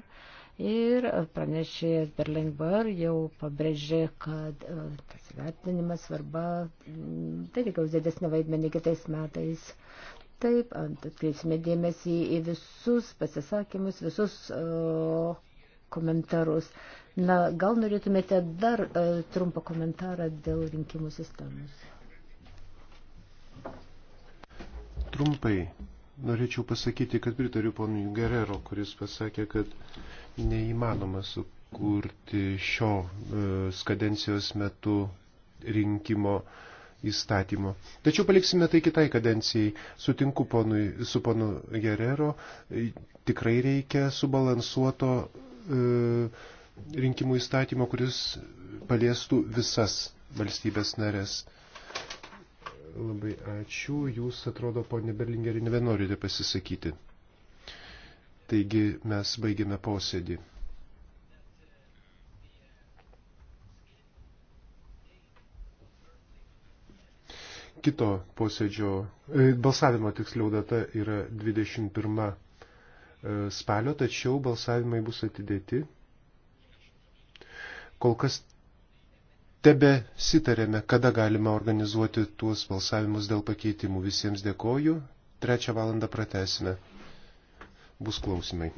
Ir pranešėjas Berlingbar jau pabrėžė, kad tas vertinimas svarba, tai reikia didesnį vaidmenį kitais metais. Uh, Taip, atkreipsime dėmesį į visus pasisakymus, visus o, uh, komentarus. Na, gal norėtumėte dar o, uh, trumpą komentarą dėl rinkimų sistemos? Trumpai norėčiau pasakyti, kad pritariu ponui Gerero, kuris pasakė, kad neįmanoma sukurti šio uh, skadencijos metu rinkimo uh, įstatymo. Tačiau paliksime tai kitai kadencijai. Sutinku ponui, su ponu Gerero, tikrai reikia subalansuoto e, rinkimų įstatymo, kuris paliestų visas valstybės narės. Labai ačiū. Jūs, atrodo, ponė Berlingeri, nebenorite pasisakyti. Taigi mes baigėme posėdį. Kito posėdžio, e, balsavimo tiksliau data yra 21 e, spalio, tačiau balsavimai bus atidėti. Kol kas tebe sitarėme, kada galima organizuoti tuos balsavimus dėl pakeitimų. Visiems dėkoju. Trečią valandą pratesime. Bus klausimai.